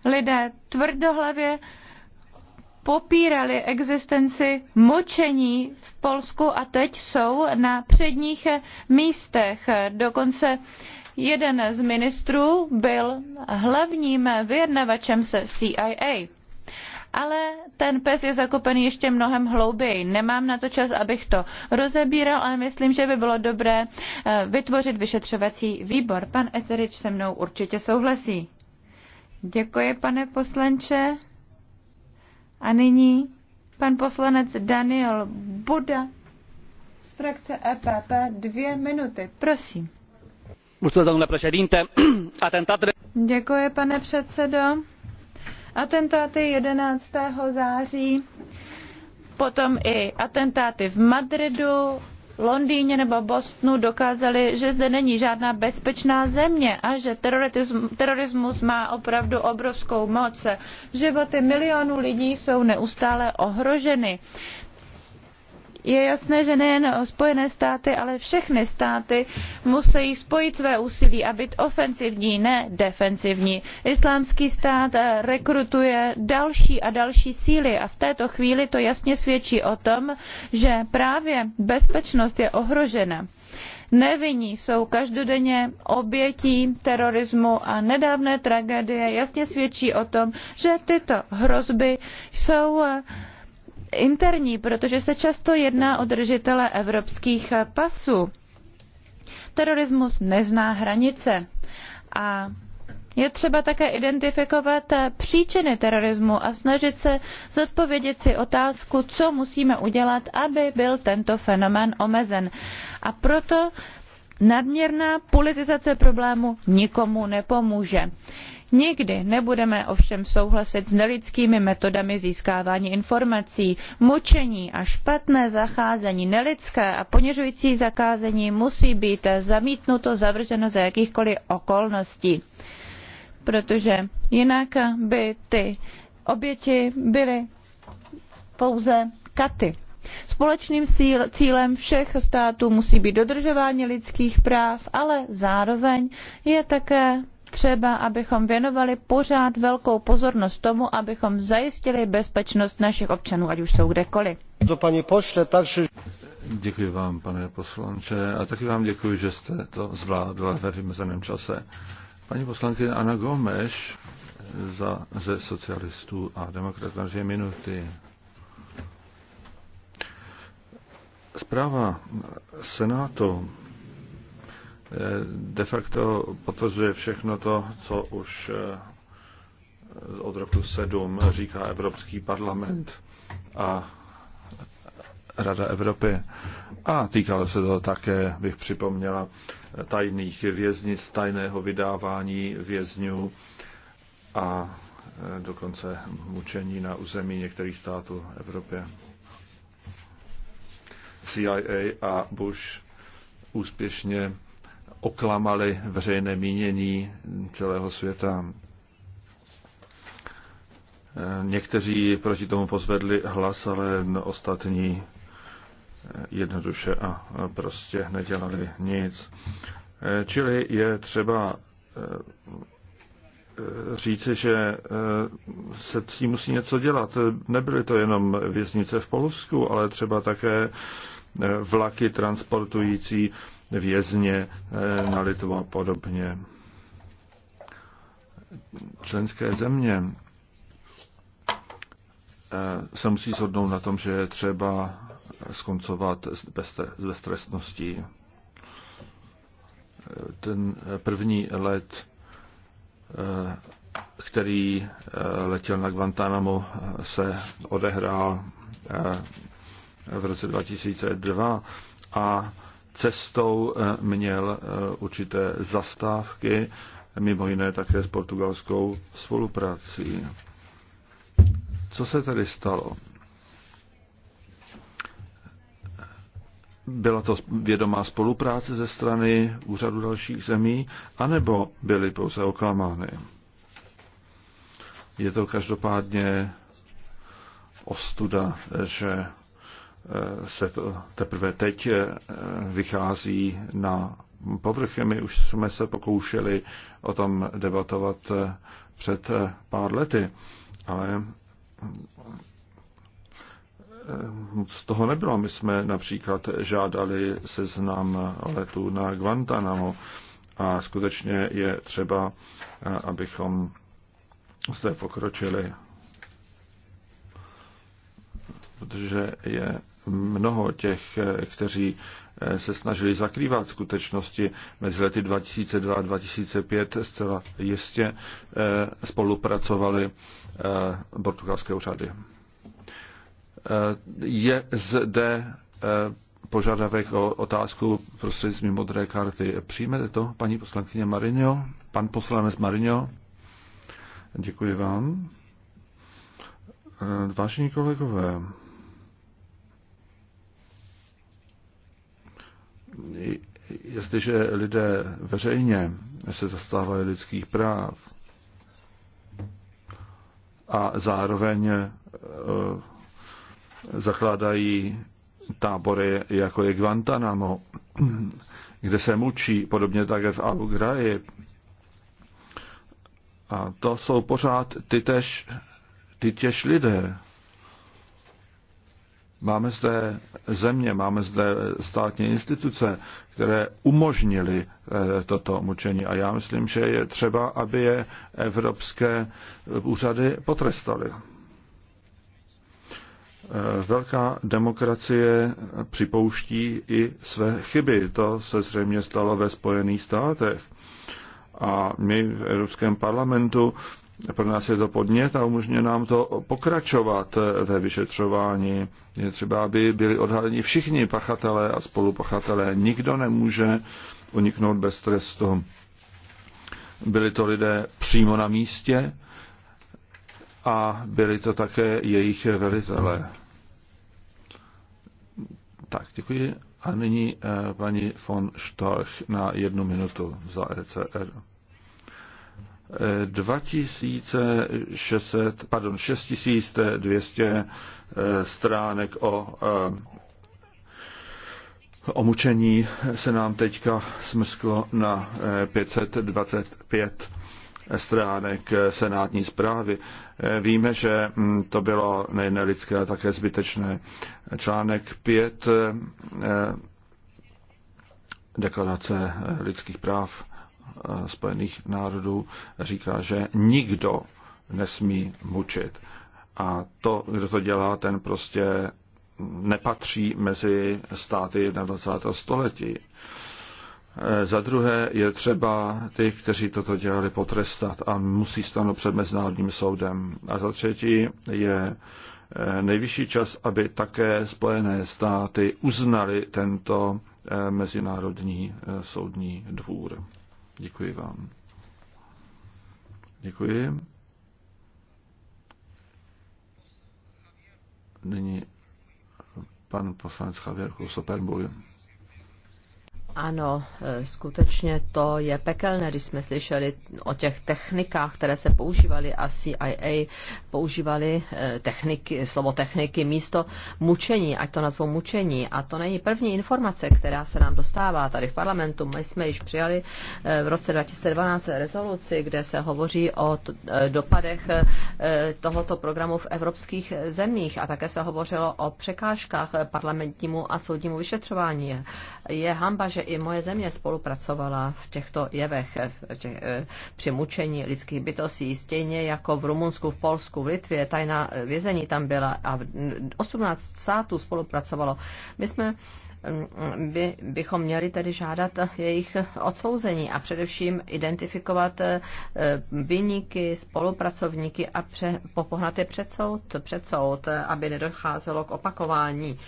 lidé tvrdohlavě popírali existenci mučení v Polsku a teď jsou na předních místech. Dokonce jeden z ministrů byl hlavním vyjednavačem se CIA. Ale ten pes je zakopený ještě mnohem hlouběji. Nemám na to čas, abych to rozebíral, ale myslím, že by bylo dobré eh, vytvořit vyšetřovací výbor. Pan Eterič se mnou určitě souhlasí. Děkuji, pane poslanče. A nyní pan poslanec Daniel Buda z frakce EPP dvě minuty. Prosím. <clears throat> Děkuji, pane předsedo. Atentáty 11. září, potom i atentáty v Madridu Londýně nebo Bostonu dokázali, že zde není žádná bezpečná země a že terorismus má opravdu obrovskou moc. Životy milionů lidí jsou neustále ohroženy je jasné, že nejen Spojené státy, ale všechny státy musí spojit své úsilí a být ofenzivní, ne defenzivní. Islámský stát eh, rekrutuje další a další síly a v této chvíli to jasně svědčí o tom, že právě bezpečnost je ohrožena nevinní jsou každodenně obětí terorismu a nedávné tragédie jasně svědčí o tom že tyto hrozby jsou eh, interní, protože se často jedná o držitele evropských pasů. Terorismus nezná hranice a je třeba také identifikovat příčiny terorismu a snažit se zodpovědět si otázku, co musíme udělat, aby byl tento fenomén omezen. A proto nadměrná politizace problému nikomu nepomůže Nikdy nebudeme ovšem souhlasit s nelidskými metodami získávání informací. Mučení a špatné zacházení, nelidské a ponižující zakázení musí být zamítnuto, zavrženo za jakýchkoliv okolností. Protože jinak by ty oběti byly pouze katy. Společným cílem všech států musí být dodržování lidských práv, ale zároveň je také třeba, abychom věnovali pořád velkou pozornost tomu, abychom zajistili bezpečnost našich občanů, ať už jsou kdekoliv. To paní pošle, takže... Děkuji vám, pane poslanče, a taky vám děkuji, že jste to zvládla ve vymezeném čase. Paní poslankyně Ana Gomeš za, ze socialistů a demokratů na dvě minuty. Zpráva Senátu Eh, de facto potvrzuje všechno to, co už eh, od roku 7 říká Evropský parlament a Rada Evropy. A týkalo se to také, bych připomněla, tajných věznic, tajného vydávání vězňů a eh, dokonce mučení na území některých států Evropy. CIA a Bush úspěšně oklamali veřejné mínění celého světa. Někteří proti tomu pozvedli hlas, ale ostatní jednoduše a prostě nedělali nic. Čili je třeba eh, říci, že eh, se s tím musí něco dělat. Nebyly to jenom věznice v Polsku, ale třeba také eh, vlaky transportující vězně eh, na Litvu a podobně. Členské země eh, se musí shodnout na tom, že je třeba skoncovat s beztrestností. Ten první let, eh, který letěl na Guantánamo, se odehrál v roce 2002 a cestou eh, měl eh, určité zastávky, mimo jiné také s portugalskou spoluprací. Co se tedy stalo? Byla to vědomá spolupráce ze strany úřadu dalších zemí, anebo byly pouze oklamány? Je to každopádně ostuda, že Eh, se to teprve teď eh, vychází na povrch. My už jsme se pokoušeli o tom debatovat eh, před pár lety, ale z toho nebylo. My jsme například žádali seznam letů na Guantanamo a skutečně je třeba, abychom zde pokročili, protože je mnoho těch, eh, kteří eh, se snažili zakrývat skutečnosti mezi lety 2002 a 2005, zcela jistě eh, spolupracovali portugalské úřady. Je zde požadavek o otázku prostřednictvím modré karty. Přijmete to, paní poslankyně Marino? Pan poslanec Marino? Děkuji vám. Vážení kolegové, jestliže lidé veřejně se zastávají lidských práv a zároveň eh, zakládají tábory, jako je Guantanamo, kde se mučí, podobně také v Ghraib. A to jsou pořád ty tež, ty těž lidé. Máme zde země, máme zde státní instituce, které umožnili eh, toto mučení. A já myslím, že je třeba, aby je evropské úřady potrestaly. Eh, velká demokracie připouští i své chyby. To se zřejmě stalo ve Spojených státech. A my v Evropském parlamentu pro nás je to podnět a umožňuje nám to pokračovat ve vyšetřování. Je třeba, aby byli odhaleni všichni pachatelé a spolupachatelé. Nikdo nemůže uniknout bez trestu. Byli to lidé přímo na místě a byli to také jejich velitelé. Tak, děkuji. A nyní eh, paní von Storch na jednu minutu za ECR. 2600, pardon, 6200 eh, stránek o, eh, o mučení se nám teďka smrsklo na 525 eh, stránek senátní zprávy. Víme, že hm, to bylo nejen lidské, ale také zbytečné. Článek 5 deklarace lidských práv Eh, Spojených národů říká, že nikdo nesmí mučit. A to, kdo to dělá, ten prostě nepatří mezi státy 21. století. Eh, za druhé je třeba ty, kteří toto dělali, potrestat a musí stanout před Mezinárodním soudem. A za třetí je eh, nejvyšší čas, aby také Spojené státy uznali tento Mezinárodní soudní dvůr. Děkuji vám. Děkuji. Nyní pan poslanec Javier Kusoperbuj. Ano, e, skutečně to je pekelné, když jsme slyšeli o těch technikách, které se používaly a CIA používali e, techniky, slovo techniky místo mučení, ať to nazvou mučení. A to není první informace, která se nám dostává tady v parlamentu. My jsme již přijali e, v roce 2012 rezoluci, kde se hovoří o dopadech tohoto programu v evropských zemích a také se hovořilo o překážkách parlamentnímu a soudnímu vyšetřování. Je hamba, že že i moje země spolupracovala v těchto jevech v těch, eh, při mučení lidských bytostí, stejně jako v Rumunsku, v Polsku, v Litvě, tajná eh, vězení tam byla a 18 států spolupracovalo. My jsme by, bychom měli tedy žádat jejich odsouzení a především identifikovat eh, vyníky, spolupracovníky a pře, popohnat je před soud, před soud, aby nedocházelo k opakování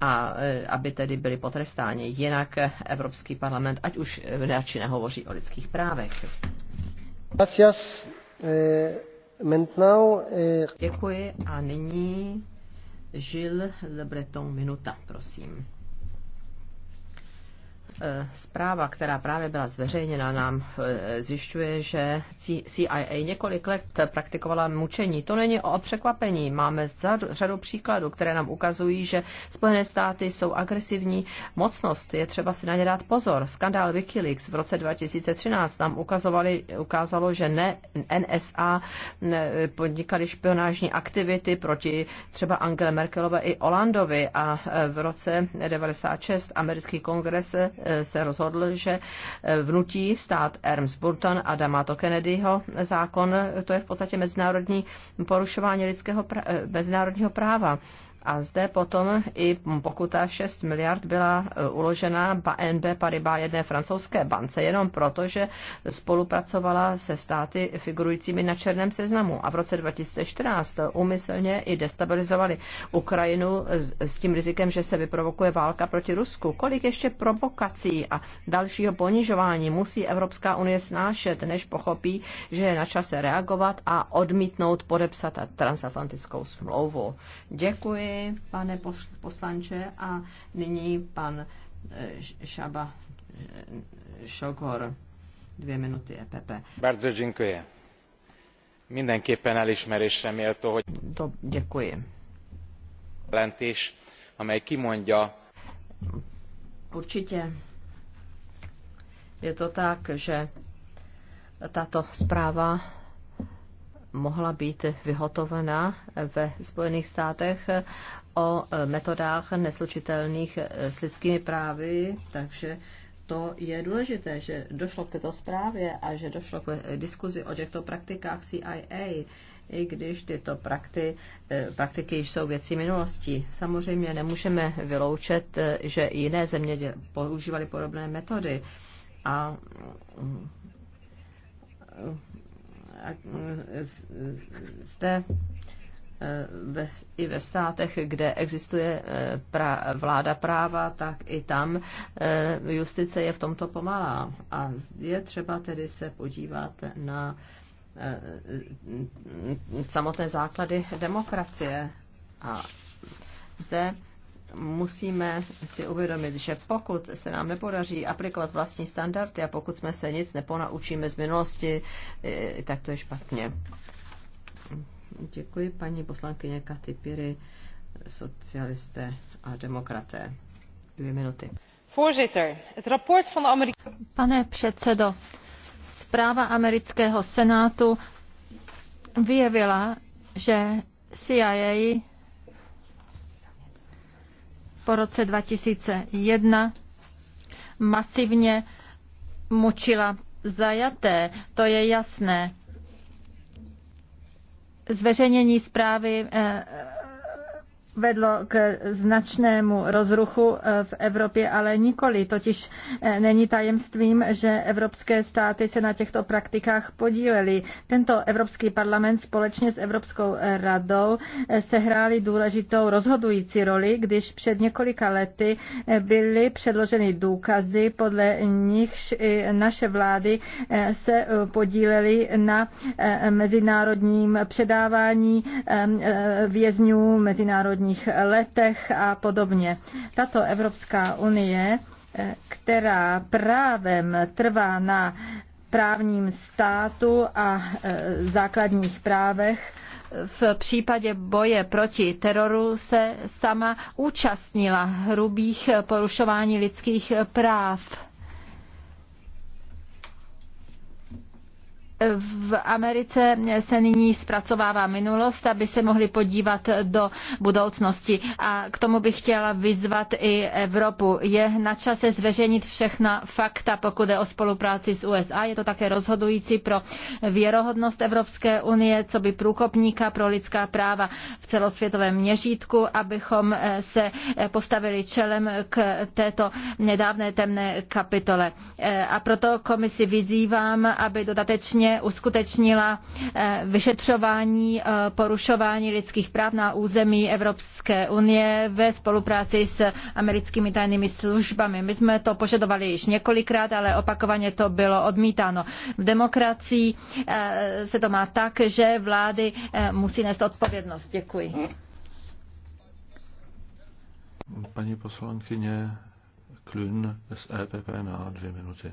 a eh, aby tedy byli potrestáni. Jinak Evropský parlament, ať už eh, radši nehovoří o lidských právech. Gracias. Děkuji a nyní žil Le Breton minuta, prosím. Eh, zpráva, která právě byla zveřejněna, nám eh, zjišťuje, že CIA několik let praktikovala mučení. To není o překvapení. Máme řadu příkladů, které nám ukazují, že Spojené státy jsou agresivní mocnost. Je třeba si na ně dát pozor. Skandál Wikileaks v roce 2013 nám ukazovali, ukázalo, že ne NSA podnikali špionážní aktivity proti třeba Angele Merkelové i Olandovi a eh, v roce 1996 americký kongres se rozhodl, že eh, vnutí stát Ernst Burton a Damato Kennedyho zákon, to je v podstatě mezinárodní porušování lidského eh, mezinárodního práva. A zde potom i pokuta 6 miliard byla e, uložena BNB, Paribas jedné francouzské bance, jenom proto, že spolupracovala se státy figurujícími na černém seznamu. A v roce 2014 umyslně i destabilizovali Ukrajinu s tím rizikem, že se vyprovokuje válka proti Rusku. Kolik ještě provokací a dalšího ponižování musí Evropská unie snášet, než pochopí, že je na čase reagovat a odmítnout podepsat transatlantickou smlouvu. Děkuji pane poslanče. A nyní pan eh, Šaba eh, Šokor. dvě minuty EPP. Bardzo děkuji. Mindenképpen elismerésre méltó, hogy to, děkuji. jelentés, amely kimondja. Určitě je to tak, že tato zpráva mohla být vyhotovena ve Spojených státech o metodách neslučitelných s lidskými právy, takže to je důležité, že došlo k této zprávě a že došlo k diskuzi o těchto praktikách CIA, i když tyto prakty, eh, praktiky již jsou věcí minulosti. Samozřejmě nemůžeme vyloučit, eh, že jiné země používaly podobné metody a mm, E, e, zde e, ve, i ve státech, kde existuje pra, vláda práva, tak i tam justice je v tomto pomalá. A je třeba tedy se podívat na samotné základy demokracie. A zde musíme si uvědomit, že pokud se nám nepodaří aplikovat vlastní standardy a pokud jsme se nic neponaučíme z minulosti, eh, tak to je špatně. Děkuji paní poslankyně Katy Piry, socialisté a demokraté. Dvě minuty. Pane předsedo, zpráva amerického senátu vyjevila, že CIA po roce 2001 masivně mučila zajaté, to je jasné. Zveřejnění zprávy eh, vedlo k značnému rozruchu eh, v Evropě, ale nikoli. Totiž eh, není tajemstvím, že evropské státy se na těchto praktikách podílely. Tento Evropský parlament společně s Evropskou eh, radou sehráli důležitou rozhodující roli, když před několika lety byly předloženy důkazy, podle nichž i naše vlády se podílely na mezinárodním předávání vězňů mezinárodní posledních letech a podobně. Tato Evropská unie, eh, která právem trvá na právním státu a eh, základních právech, v případě boje proti teroru se sama účastnila hrubých porušování lidských práv v Americe se nyní zpracovává minulost, aby se mohli podívat do budoucnosti. A k tomu bych chtěla vyzvat i Evropu. Je na čase zveřejnit všechna fakta, pokud je o spolupráci s USA. Je to také rozhodující pro věrohodnost Evropské unie, co by průkopníka pro lidská práva v celosvětovém měřítku, abychom se postavili čelem k této nedávné temné kapitole. A proto komisi vyzývám, aby dodatečně uskutečnila eh, vyšetřování eh, porušování lidských práv na území Evropské unie ve spolupráci s americkými tajnými službami. My jsme to požadovali již několikrát, ale opakovaně to bylo odmítáno. V demokracii eh, se to má tak, že vlády musí nést odpovědnost. Děkuji. Paní poslankyně Klün z EPP na dvě minuty.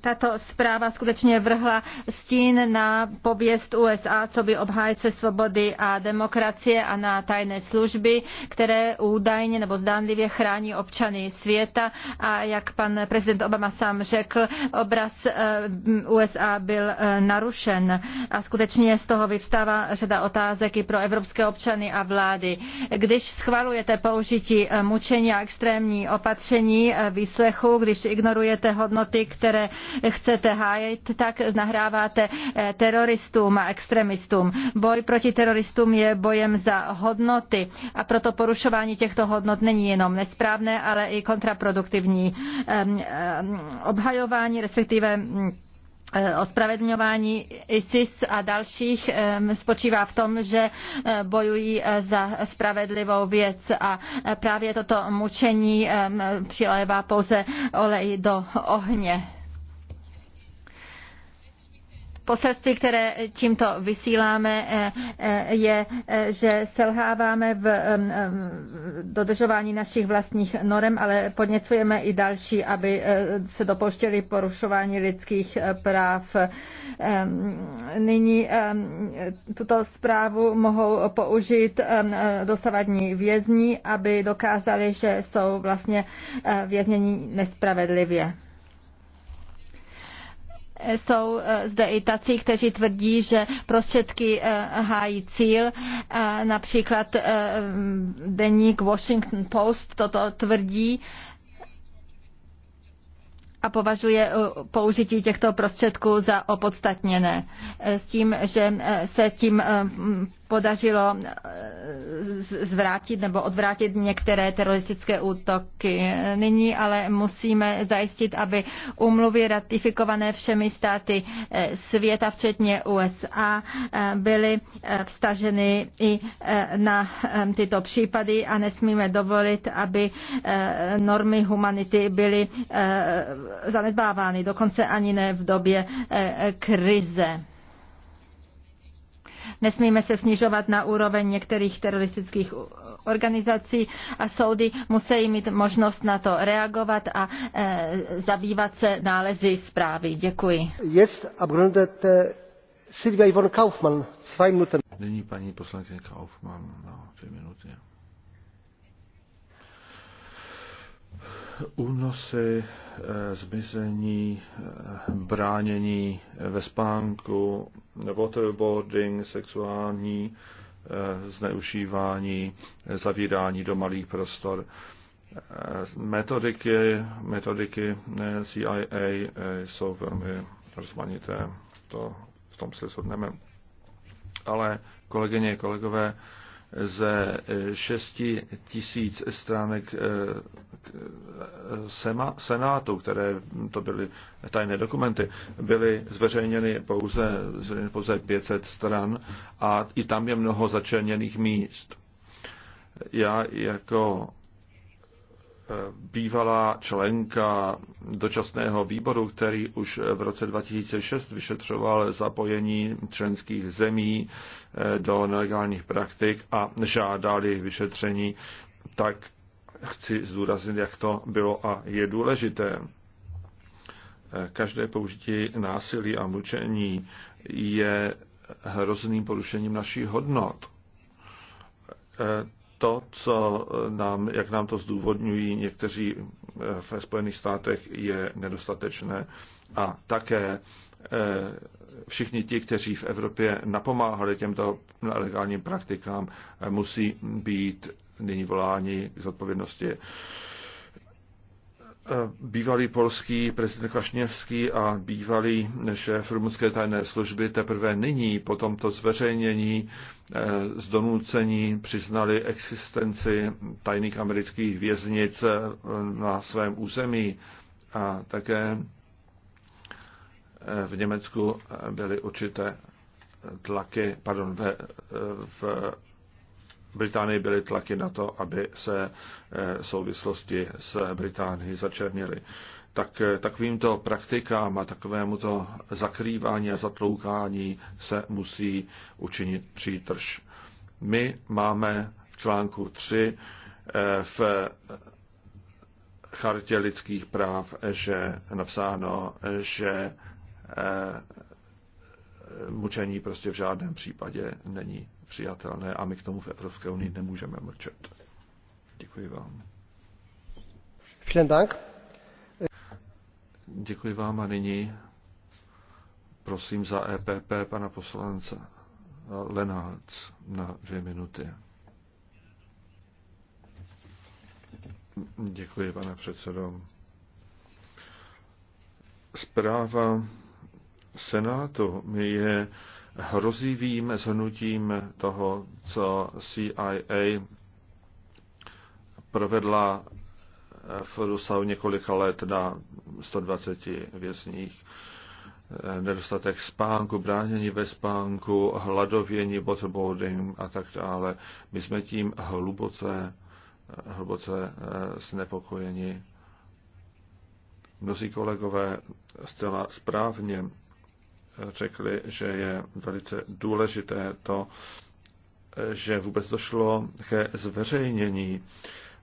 tato zpráva skutečně vrhla stín na pověst USA, co by obhájce svobody a demokracie a na tajné služby, které údajně nebo zdánlivě chrání občany světa a jak pan prezident Obama sám řekl, obraz eh, USA byl eh, narušen a skutečně z toho vyvstává řada otázek i pro evropské občany a vlády. Když schvalujete použití eh, mučení a extrémní opatření výslechu, když ignorujete hodnoty, které které chcete hájit, tak nahráváte eh, teroristům a extremistům. Boj proti teroristům je bojem za hodnoty a proto porušování těchto hodnot není jenom nesprávné, ale i kontraproduktivní. Obhajování, respektive mm, Eh, ospravedlňování ISIS a dalších ehm, spočívá v tom, že eh, bojují eh, za spravedlivou věc a právě toto mučení ehm, přilévá pouze olej do ohně. Poselství, které tímto vysíláme, eh, eh, je, eh, že selháváme v dodržování našich vlastních norem, ale podněcujeme i další, aby se dopouštěli porušování lidských práv. Nyní tuto zprávu mohou použít dosavadní vězni, aby dokázali, že jsou vlastně vězněni nespravedlivě jsou eh, zde i tací, kteří tvrdí, že prostředky eh, hájí cíl. Eh, například deník Washington Post toto tvrdí a považuje použití těchto prostředků za opodstatněné. S tím, že se tím podařilo eh, zvrátit nebo odvrátit některé teroristické útoky. Nyní ale musíme zajistit, aby umluvy ratifikované všemi státy eh, světa, včetně USA, eh, byly vstaženy i na tyto případy a nesmíme dovolit, aby normy humanity byly zanedbávány, dokonce ani ne v době krize. Nesmíme se snižovat na úroveň některých teroristických organizací a soudy musí mít možnost na to reagovat a e, zabývat se nálezy zprávy. Děkuji. Jest abgrundete Silvia Ivon Kaufmann, zwei Minuten. Nyní paní poslankyně Kaufmann na no, dvě minuty. únosy, eh, zmizení, eh, bránění ve spánku, waterboarding, sexuální eh, zneužívání, zavírání do malých prostor. Metodiky, metodiky CIA jsou velmi rozmanité, to v tom se shodneme. Ale kolegyně, kolegové, ze 6 tisíc stránek eh, eh, Senátu, které to byly tajné dokumenty, byly zveřejněny pouze, pouze 500 stran a i tam je mnoho začerněných míst. Já jako bývalá členka dočasného výboru, který už v roce 2006 vyšetřoval zapojení členských zemí eh, do nelegálních praktik a žádal jejich vyšetření, tak chci zdůraznit, jak to bylo a je důležité. Eh, každé použití násilí a mučení je hrozným porušením našich hodnot eh, to, co nám, jak nám to zdůvodňují někteří eh, ve Spojených státech, je nedostatečné. A také eh, všichni ti, kteří v Evropě napomáhali těmto nelegálním praktikám, eh, musí být nyní voláni k zodpovědnosti. Eh, bývalý polský prezident Kašněvský a bývalý šéf rumunské tajné služby teprve nyní po tomto zveřejnění eh, z donucení přiznali existenci tajných amerických věznic eh, na svém území a také v Německu byly určité tlaky, pardon, ve, v Británii byly tlaky na to, aby se eh, souvislosti s Británií začernily. Tak eh, takovýmto praktikám a takovému to zakrývání a zatloukání se musí učinit přítrž. My máme v článku 3 eh, v chartě lidských práv, že napsáno, že mučení prostě v žádném případě není přijatelné a my k tomu v Evropské unii nemůžeme mlčet. Děkuji vám. Vielen Dank. Děkuji vám a nyní prosím za EPP pana poslance Lenác na dvě minuty. Děkuji, pane předsedo. Zpráva Senátu je hrozivým zhnutím toho, co CIA provedla v dosahu několika let na 120 vězních. Nedostatek spánku, bránění ve spánku, hladovění, waterboarding a tak dále. My jsme tím hluboce, hluboce eh, znepokojeni. Mnozí kolegové zcela správně řekli, že je velice důležité to, že vůbec došlo ke zveřejnění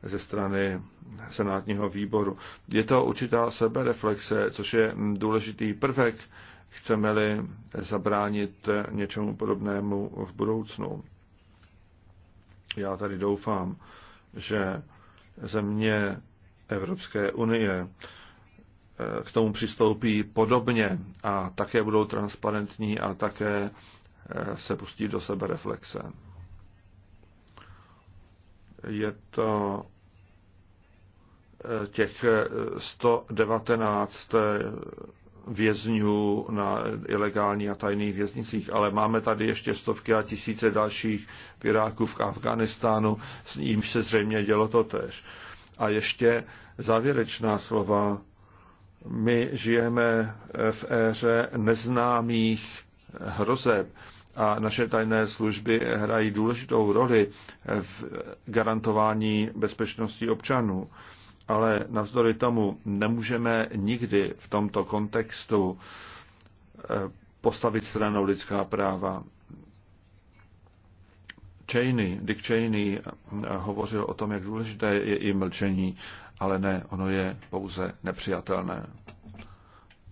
ze strany senátního výboru. Je to určitá sebereflexe, což je důležitý prvek, chceme-li zabránit něčemu podobnému v budoucnu. Já tady doufám, že země Evropské unie k tomu přistoupí podobně a také budou transparentní a také eh, se pustí do sebe reflexe. Je to eh, těch 119 eh, vězňů na ilegální a tajných věznicích, ale máme tady ještě stovky a tisíce dalších v v Afganistánu, s nímž se zřejmě dělo to tež. A ještě závěrečná slova my žijeme v éře neznámých hrozeb a naše tajné služby hrají důležitou roli v garantování bezpečnosti občanů. Ale navzdory tomu nemůžeme nikdy v tomto kontextu eh, postavit stranou lidská práva. Cheney, Dick Cheney eh, hovořil o tom, jak důležité je i mlčení ale ne, ono je pouze nepřijatelné.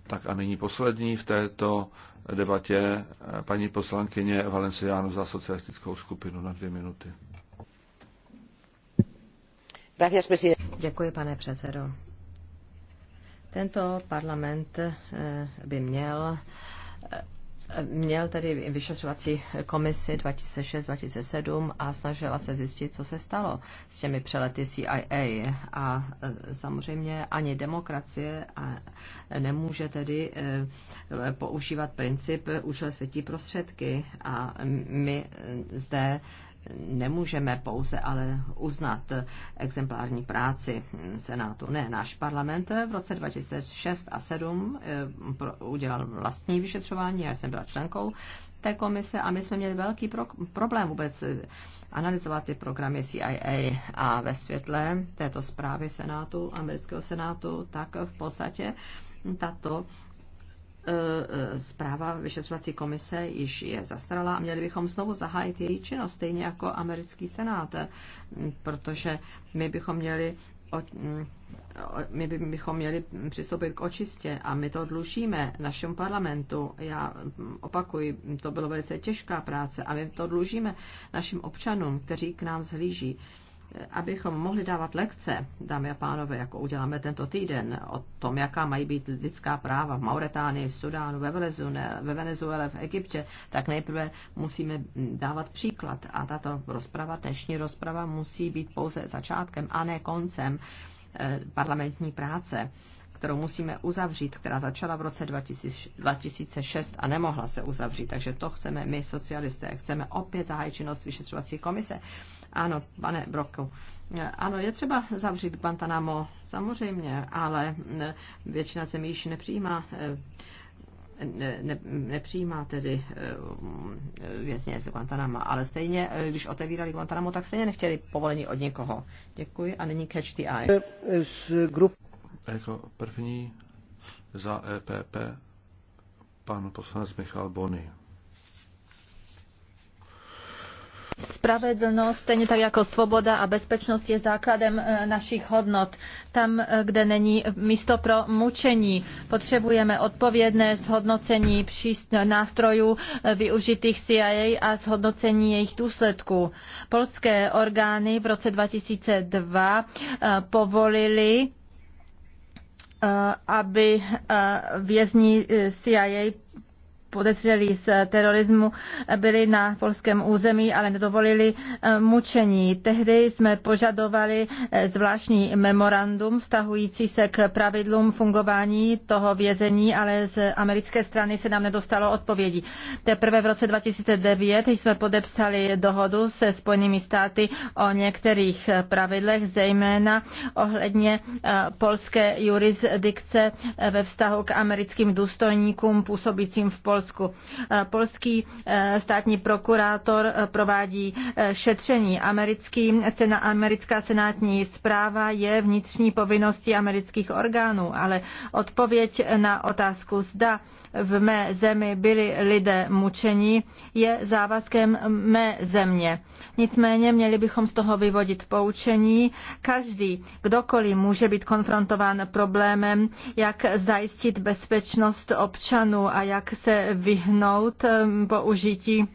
Tak a nyní poslední v této debatě eh, paní poslankyně Valenciánu za socialistickou skupinu na dvě minuty. Děkuji, pane předsedo. Tento parlament eh, by měl eh, měl tedy vyšetřovací komisi 2006-2007 a snažila se zjistit, co se stalo s těmi přelety CIA. A e, samozřejmě ani demokracie nemůže tedy e, používat princip e, účel světí prostředky. A my zde nemůžeme pouze ale uznat exemplární práci Senátu. Ne, náš parlament v roce 2006 a 2007 eh, udělal vlastní vyšetřování, já jsem byla členkou té komise a my jsme měli velký pro, problém vůbec eh, analyzovat ty programy CIA a ve světle této zprávy Senátu, amerického Senátu, tak v podstatě tato E, e, zpráva vyšetřovací komise již je zastarala a měli bychom znovu zahájit její činnost, stejně jako americký senát, protože my bychom měli mm, my bychom měli přistoupit k očistě a my to dlužíme našemu parlamentu. Já opakuji, to bylo velice těžká práce a my to dlužíme našim občanům, kteří k nám zhlíží abychom mohli dávat lekce, dámy a pánové, jako uděláme tento týden, o tom, jaká mají být lidská práva v Mauretánii, v Sudánu, ve Venezuele, ve Venezuele, v Egyptě, tak nejprve musíme dávat příklad. A tato rozprava, dnešní rozprava, musí být pouze začátkem a ne koncem eh, parlamentní práce kterou musíme uzavřít, která začala v roce 2006 a nemohla se uzavřít. Takže to chceme my, socialisté. Chceme opět zahájit činnost vyšetřovací komise ano, pane Broku. Ano, je třeba zavřít Guantanamo, samozřejmě, ale mm, většina zemí již nepřijímá eh, ne, ne, nepřijímá tedy eh, vězně z Guantanama, ale stejně, eh, když otevírali Guantanamo, tak stejně nechtěli povolení od někoho. Děkuji a nyní Catch the Eye. Z grup... Jako první za EPP pan poslanec Michal Bony. Spravedlnost, stejně tak jako svoboda a bezpečnost, je základem e, našich hodnot. Tam, e, kde není místo pro mučení, potřebujeme odpovědné zhodnocení nástrojů e, využitých CIA a zhodnocení jejich důsledků. Polské orgány v roce 2002 povolili aby vězni CIA podezřelí z terorismu byli na polském území, ale nedovolili eh, mučení. Tehdy jsme požadovali eh, zvláštní memorandum vztahující se k pravidlům fungování toho vězení, ale z americké strany se nám nedostalo odpovědi. Teprve v roce 2009 jsme podepsali dohodu se Spojenými státy o některých eh, pravidlech, zejména ohledně polské jurisdikce ve vztahu k americkým důstojníkům působícím v Polsku Polsku. Eh, polský eh, státní prokurátor eh, provádí šetření. Americký, americká senátní zpráva je vnitřní povinností amerických orgánů, ale odpověď na otázku, zda v mé zemi byli lidé mučeni, je závazkem mé země. Nicméně měli bychom z toho vyvodit poučení. Každý, kdokoliv může být konfrontován problémem, jak zajistit bezpečnost občanů a jak se vyhnout um, použití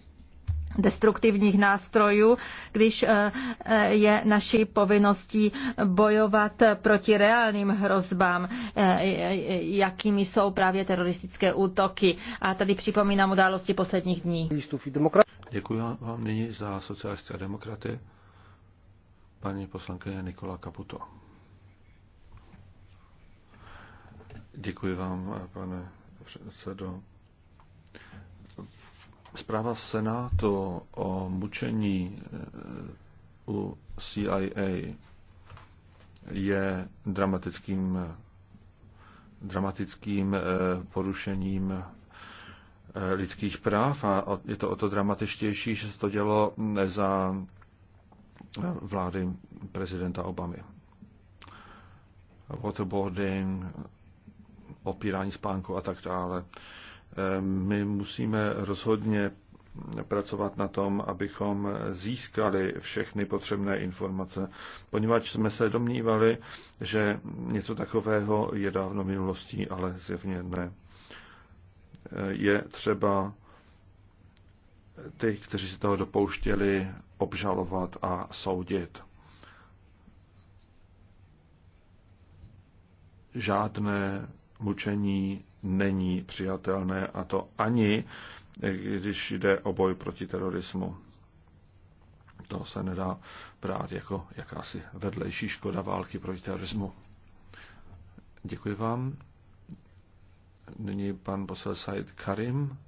destruktivních nástrojů, když uh, uh, je naší povinností bojovat proti reálným hrozbám, uh, jakými jsou právě teroristické útoky. A tady připomínám události posledních dní. Děkuji vám nyní za socialistické demokraty, paní poslankyně Nikola Kaputo. Děkuji vám, pane předsedo. Zpráva Senátu o mučení eh, u CIA je dramatickým, dramatickým eh, porušením eh, lidských práv a je to o to dramatičtější, že se to dělo mm, za vlády prezidenta Obamy. Waterboarding, opírání spánku a tak dále. My musíme rozhodně pracovat na tom, abychom získali všechny potřebné informace, poněvadž jsme se domnívali, že něco takového je dávno minulostí, ale zjevně ne. Je třeba ty, kteří se toho dopouštěli, obžalovat a soudit. Žádné mučení není přijatelné a to ani, když jde o boj proti terorismu. To se nedá brát jako jakási vedlejší škoda války proti terorismu. Děkuji vám. Nyní pan posel Said Karim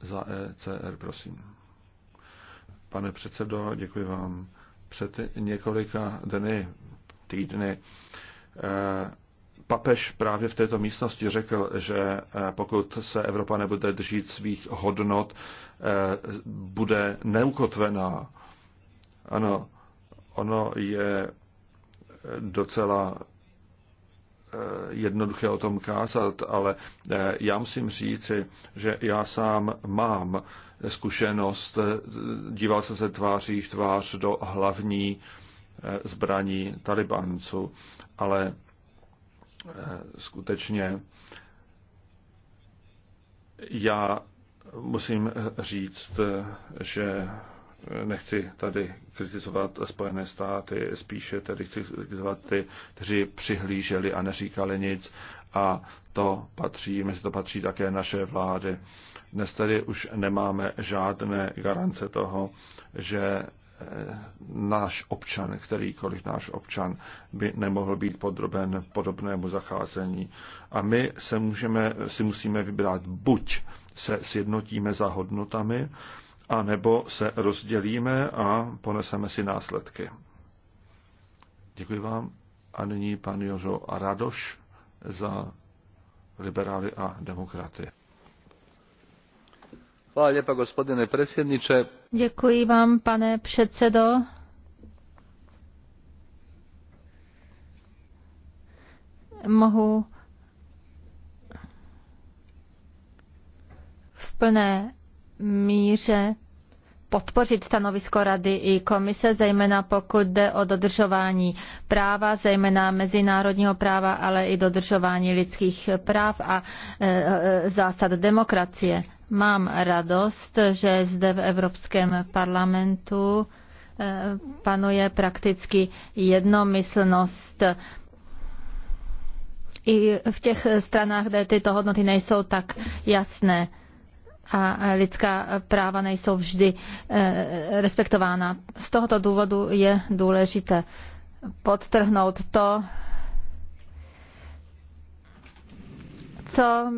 za ECR, prosím. Pane předsedo, děkuji vám. Před několika dny, týdny, eh, Papež právě v této místnosti řekl, že eh, pokud se Evropa nebude držít svých hodnot, eh, bude neukotvená. Ano, ono je eh, docela jednoduché o tom kázat, ale já musím říci, že já sám mám zkušenost, díval jsem se tváří v tvář do hlavní zbraní talibanců, ale skutečně já musím říct, že nechci tady kritizovat Spojené státy, spíše tady chci kritizovat ty, kteří přihlíželi a neříkali nic a to patří, mezi to patří také naše vlády. Dnes tady už nemáme žádné garance toho, že náš občan, kterýkoliv náš občan, by nemohl být podroben podobnému zacházení. A my se můžeme, si musíme vybrat buď se sjednotíme za hodnotami, anebo se rozdělíme a poneseme si následky. Děkuji vám. A nyní pan Jožo Radoš za liberály a demokraty gospodine Děkuji vám, pane Mohu v plné míře podpořit stanovisko Rady i komise, zejména pokud jde o dodržování práva, zejména mezinárodního práva, ale i dodržování lidských práv a e, e, zásad demokracie. Mám radost, že zde v Evropském parlamentu e, panuje prakticky jednomyslnost i v těch stranách, kde tyto hodnoty nejsou tak jasné a lidská práva nejsou vždy eh, respektována. Z tohoto důvodu je důležité podtrhnout to, co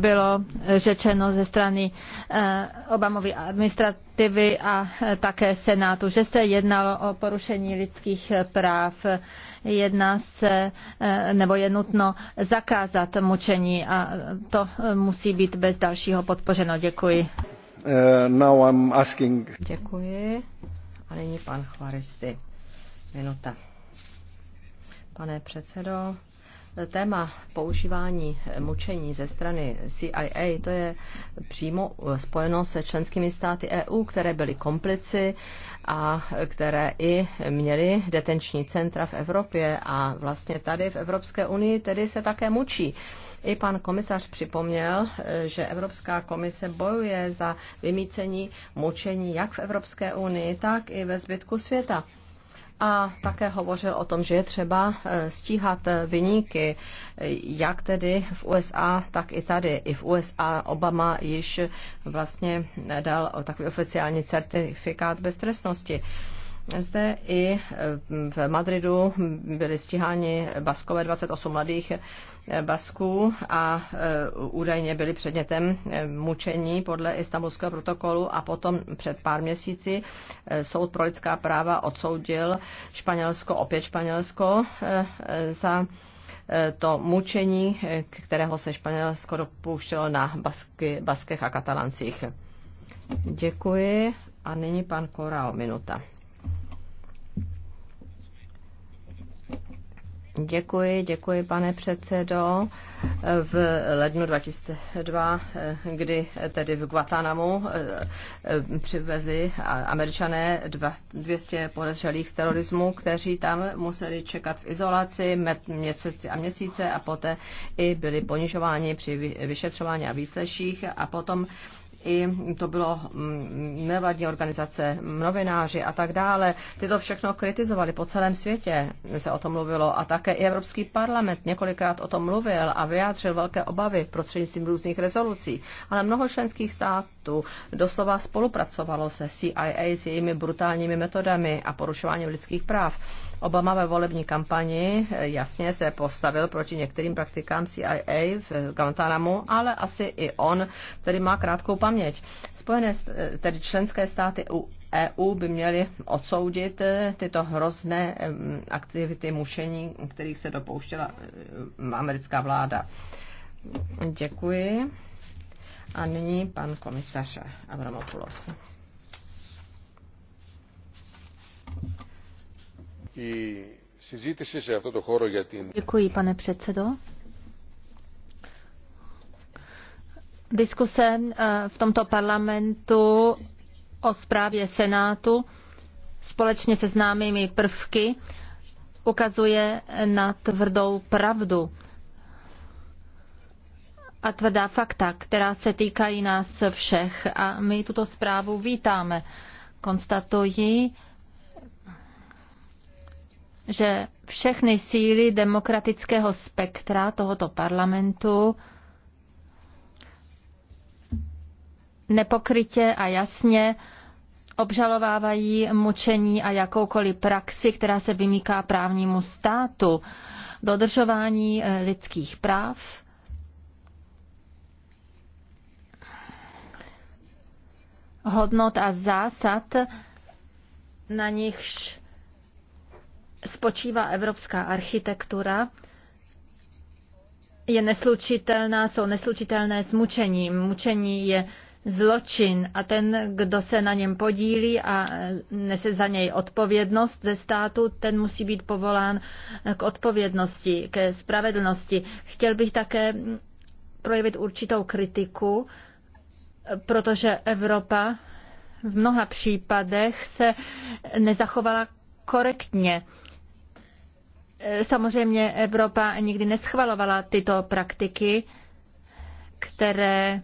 bylo řečeno ze strany eh, Obamovy administrativy a eh, také Senátu, že se jednalo o porušení lidských eh, práv. Jedná se, nebo je nutno zakázat mučení a to musí být bez dalšího podpořeno. Děkuji. Uh, now I'm asking... Děkuji. A nyní pan Chvaristy. Minuta. Pane předsedo, téma používání mučení ze strany CIA, to je přímo spojeno se členskými státy EU, které byly komplici a které i měly detenční centra v Evropě a vlastně tady v Evropské unii tedy se také mučí. I pan komisař připomněl, že Evropská komise bojuje za vymícení mučení jak v Evropské unii, tak i ve zbytku světa a také hovořil o tom, že je třeba eh, stíhat eh, vyníky, eh, jak tedy v USA, tak i tady. I v USA Obama již vlastně dal takový oficiální certifikát beztrestnosti. trestnosti. Zde i e, v Madridu byli stíháni baskové 28 mladých e, basků a e, údajně byli předmětem mučení podle istambulského protokolu a potom před pár měsíci soud pro lidská práva odsoudil Španělsko, opět Španělsko za to mučení, kterého se Španělsko dopouštělo na Basky, Baskech a Katalancích. Děkuji. A nyní pan Korao, minuta. Děkuji, děkuji, pane předsedo. V lednu 2002, kdy tedy v Guatanamu eh, přivezli američané 200 podezřelých z terorismu, kteří tam museli čekat v izolaci měsíce a měsíce a poté i byli ponižováni při vyšetřování a výsleších a potom i to bylo mm, nevladní organizace, novináři a tak dále. Ty to všechno kritizovali po celém světě, se o tom mluvilo a také i Evropský parlament několikrát o tom mluvil a vyjádřil velké obavy prostřednictvím různých rezolucí. Ale mnoho členských států doslova spolupracovalo se CIA s jejími brutálními metodami a porušováním lidských práv. Obama ve volební kampani jasně se postavil proti některým praktikám CIA v Guantanamu, ale asi i on, který má krátkou paměť. Spojené, tedy členské státy u EU by měly odsoudit eh, tyto hrozné eh, aktivity mučení, kterých se dopouštěla eh, americká vláda. Děkuji. A nyní pan komisař Abramopoulos. Děkuji, pane předsedo. Diskuse eh, v tomto parlamentu o zprávě Senátu společně se známými prvky ukazuje na tvrdou pravdu a tvrdá fakta, která se týkají nás všech. A my tuto zprávu vítáme. Konstatuji, že všechny síly demokratického spektra tohoto parlamentu nepokrytě a jasně obžalovávají mučení a jakoukoliv praxi, která se vymýká právnímu státu, dodržování eh, lidských práv. hodnot a zásad, na nichž spočívá evropská architektura, je neslučitelná, jsou neslučitelné s mučením. Mučení je zločin a ten, kdo se na něm podílí a e, nese za něj odpovědnost ze státu, ten musí být povolán e, k odpovědnosti, ke spravedlnosti. Chtěl bych také projevit určitou kritiku, e, protože Evropa v mnoha případech se nezachovala korektně. Samozřejmě Evropa nikdy neschvalovala tyto praktiky, které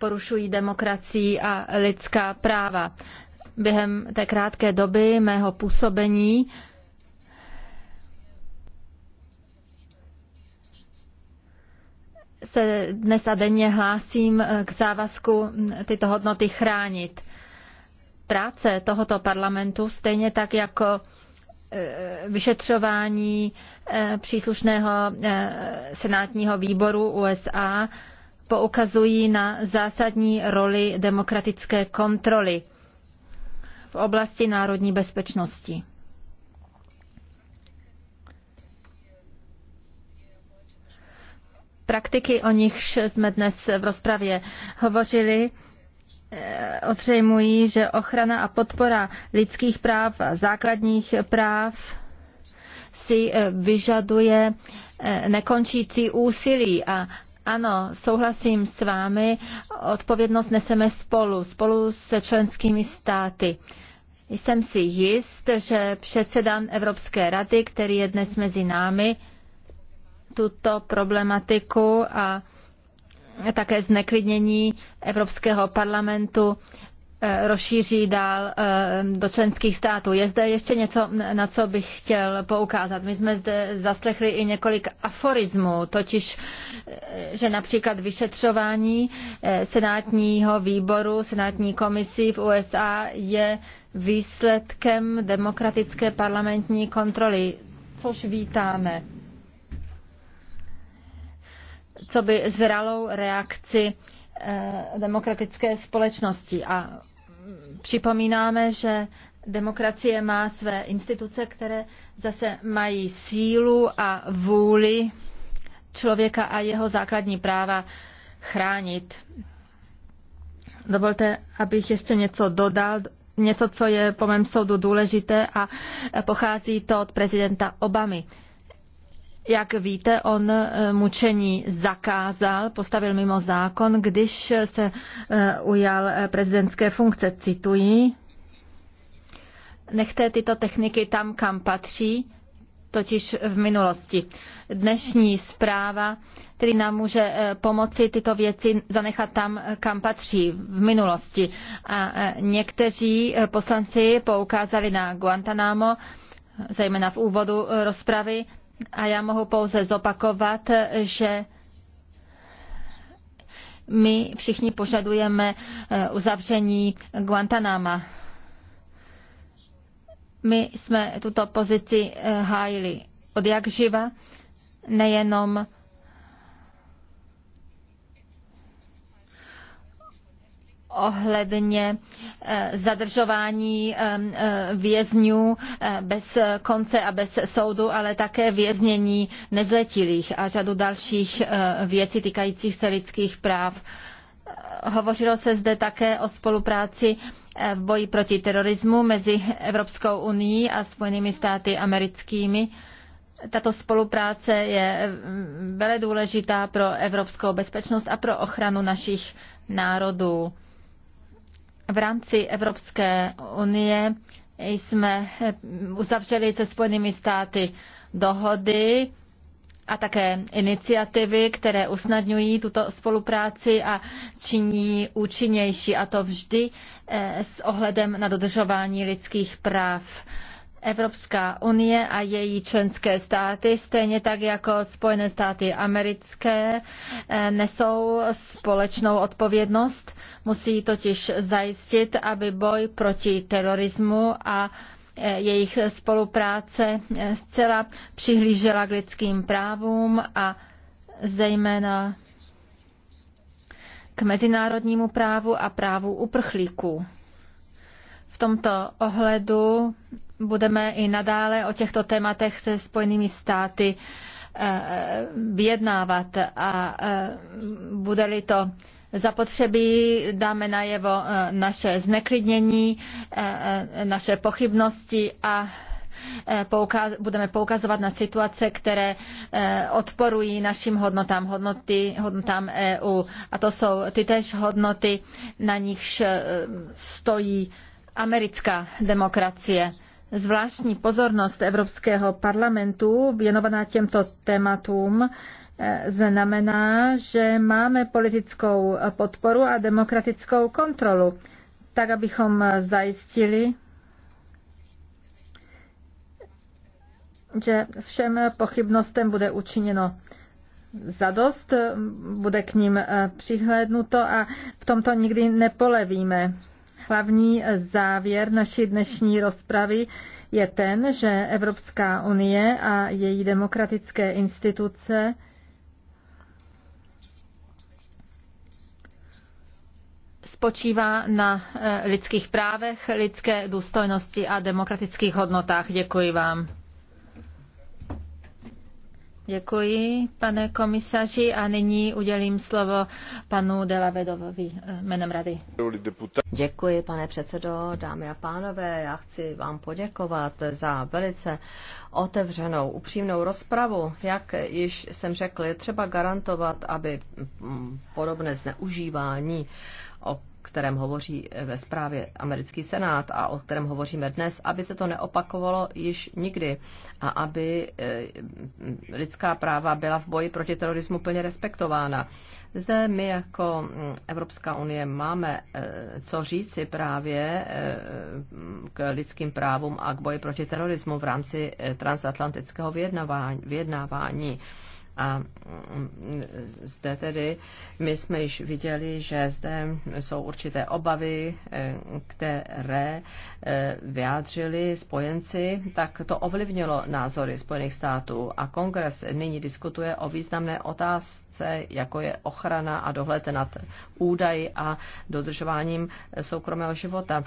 porušují demokracii a lidská práva. Během té krátké doby mého působení se dnes a denně hlásím k závazku tyto hodnoty chránit. Práce tohoto parlamentu, stejně tak jako e, vyšetřování e, příslušného e, senátního výboru USA, poukazují na zásadní roli demokratické kontroly v oblasti národní bezpečnosti. Praktiky, o nichž jsme dnes v rozpravě hovořili, eh, odřejmují, že ochrana a podpora lidských práv a základních práv si eh, vyžaduje eh, nekončící úsilí a ano, souhlasím s vámi, odpovědnost neseme spolu, spolu se členskými státy. Jsem si jist, že předseda Evropské rady, který je dnes mezi námi, tuto problematiku a také zneklidnění Evropského parlamentu Eh, rozšíří dál eh, do členských států. Je zde ještě něco, na co bych chtěl poukázat. My jsme zde zaslechli i několik aforismů, totiž, eh, že například vyšetřování senátního výboru, senátní komisí v USA je výsledkem demokratické parlamentní kontroly, což vítáme. Co by zralou reakci Eh, demokratické společnosti a připomínáme, že demokracie má své instituce, které zase mají sílu a vůli člověka a jeho základní práva chránit. Dovolte, abych ještě něco dodal, něco, co je po mém soudu důležité a pochází to od prezidenta Obamy. Jak víte, on eh, mučení zakázal, postavil mimo zákon, když se eh, ujal eh, prezidentské funkce, cituji. Nechte tyto techniky tam, kam patří, totiž v minulosti. Dnešní zpráva, který nám může pomoci tyto věci zanechat tam, kam patří v minulosti. A někteří poslanci poukázali na Guantanamo, zejména v úvodu rozpravy, a já mohu pouze zopakovat, že my všichni požadujeme eh, uzavření Guantanama. My jsme tuto pozici eh, hájili od jak živa, nejenom ohledně eh, zadržování eh, eh, vězňů bez konce a bez soudu, ale také věznění nezletilých a řadu dalších věcí týkajících se lidských práv. Hovořilo se zde také o spolupráci v boji proti terorismu mezi Evropskou unii a Spojenými státy americkými. Tato spolupráce je mm, velmi důležitá pro evropskou bezpečnost a pro ochranu našich národů v rámci Evropské unie jsme uzavřeli se Spojenými státy dohody a také iniciativy, které usnadňují tuto spolupráci a činí účinnější, a to vždy eh, s ohledem na dodržování lidských práv. Evropská unie a její členské státy, stejně tak jako Spojené státy americké, eh, nesou společnou odpovědnost. Musí totiž zajistit, aby boj proti terorismu a eh, jejich spolupráce eh, zcela přihlížela k lidským právům a zejména k mezinárodnímu právu a právu uprchlíků. V tomto ohledu budeme i nadále o těchto tématech se Spojenými státy eh, vyjednávat a eh, bude-li to zapotřebí, dáme najevo eh, naše zneklidnění, naše pochybnosti a poukaz, budeme poukazovat na situace, které odporují našim hodnotám, hodnoty, hodnotám EU. A to jsou ty tež hodnoty, na nichž stojí americká demokracie zvláštní pozornost Evropského parlamentu věnovaná těmto tématům eh, znamená, že máme politickou podporu a demokratickou kontrolu, tak abychom zajistili, že všem pochybnostem bude učiněno zadost, bude k ním eh, přihlédnuto a v tomto nikdy nepolevíme. Hlavní závěr naší dnešní rozpravy je ten, že Evropská unie a její demokratické instituce spočívá na eh, lidských právech, lidské důstojnosti a demokratických hodnotách. Děkuji vám. Děkuji, pane komisaři, a nyní udělím slovo panu Delavedovovi eh, jménem rady. Děkuji, pane předsedo, dámy a pánové, já chci vám poděkovat za velice otevřenou, upřímnou rozpravu. Jak již jsem řekl, je třeba garantovat, aby mm, podobné zneužívání, o kterém hovoří ve zprávě americký senát a o kterém hovoříme dnes, aby se to neopakovalo již nikdy a aby eh, lidská práva byla v boji proti terorismu plně respektována. Zde my jako hm, Evropská unie máme eh, co říci právě eh, k lidským právům a k boji proti terorismu v rámci transatlantického vyjednávání. A mm, zde tedy my jsme již viděli, že zde jsou určité obavy, eh, které eh, vyjádřili spojenci, tak to ovlivnilo názory Spojených států a kongres nyní diskutuje o významné otázce, jako je ochrana a dohled nad údaji a dodržováním soukromého života.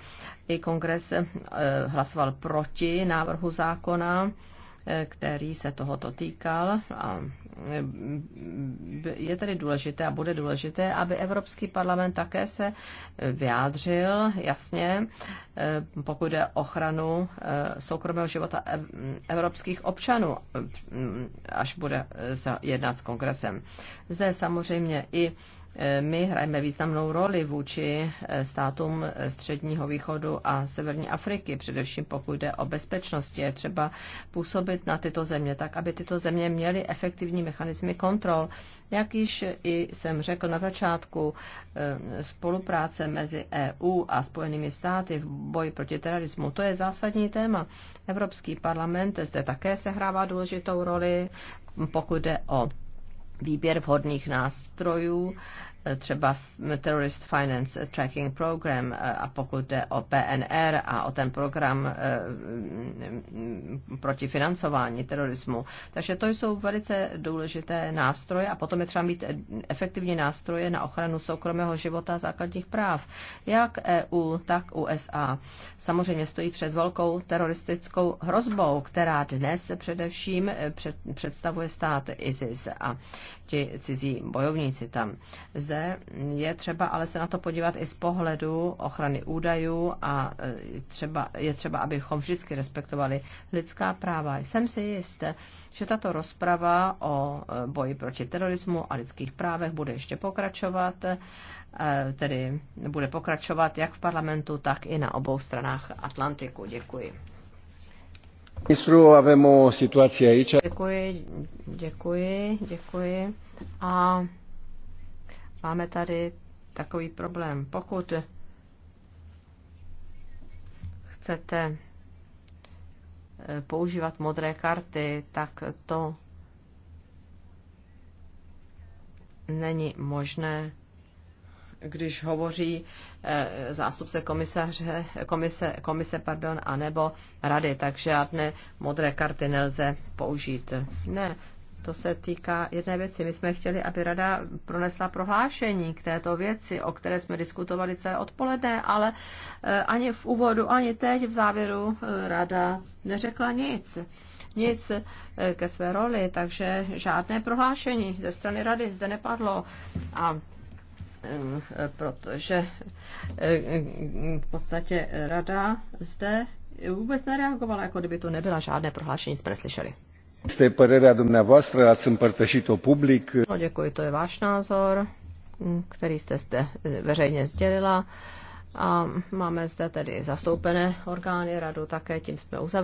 I kongres eh, hlasoval proti návrhu zákona, který se tohoto týkal a je tedy důležité a bude důležité, aby Evropský parlament také se vyjádřil jasně, pokud jde ochranu eh, soukromého života evropských občanů, eh, až bude eh, jednat s kongresem. Zde samozřejmě i my hrajeme významnou roli vůči eh, státům eh, Středního východu a Severní Afriky, především pokud jde o bezpečnost. Je třeba působit na tyto země tak, aby tyto země měly efektivní mechanismy kontrol. Jak již i jsem řekl na začátku, eh, spolupráce mezi EU a Spojenými státy v boji proti terorismu, to je zásadní téma. Evropský parlament zde také sehrává důležitou roli, pokud jde o výběr vhodných nástrojů třeba Terrorist Finance Tracking Program eh, a pokud jde o PNR a o ten program eh, proti financování terorismu. Takže to jsou velice důležité nástroje a potom je třeba mít efektivní nástroje na ochranu soukromého života a základních práv. Jak EU, tak USA. Samozřejmě stojí před velkou teroristickou hrozbou, která dnes především eh, představuje stát ISIS. A ti cizí bojovníci tam. Zde je třeba ale se na to podívat i z pohledu ochrany údajů a e, třeba, je třeba, abychom vždycky respektovali lidská práva. Jsem si jist, že tato rozprava o e, boji proti terorismu a lidských právech bude ještě pokračovat e, tedy bude pokračovat jak v parlamentu, tak i na obou stranách Atlantiku. Děkuji. Děkuji, děkuji, děkuji. A máme tady takový problém. Pokud chcete eh, používat modré karty, tak to není možné když hovoří eh, zástupce komisaře, komise, komise pardon, anebo rady, tak žádné modré karty nelze použít. Ne, to se týká jedné věci. My jsme chtěli, aby rada pronesla prohlášení k této věci, o které jsme diskutovali celé odpoledne, ale eh, ani v úvodu, ani teď v závěru eh, rada neřekla nic. Nic ke své roli, takže žádné prohlášení ze strany rady zde nepadlo. A Eh, protože eh, v podstatě rada zde vůbec nereagovala, jako kdyby to nebyla žádné prohlášení, jsme neslyšeli. Este părerea dumneavoastră, ați împărtășit-o public. No, děkuji, to je váš názor, který jste zde eh, veřejně sdělila. A máme zde tedy zastoupené orgány radu také, tím jsme uzavřeli.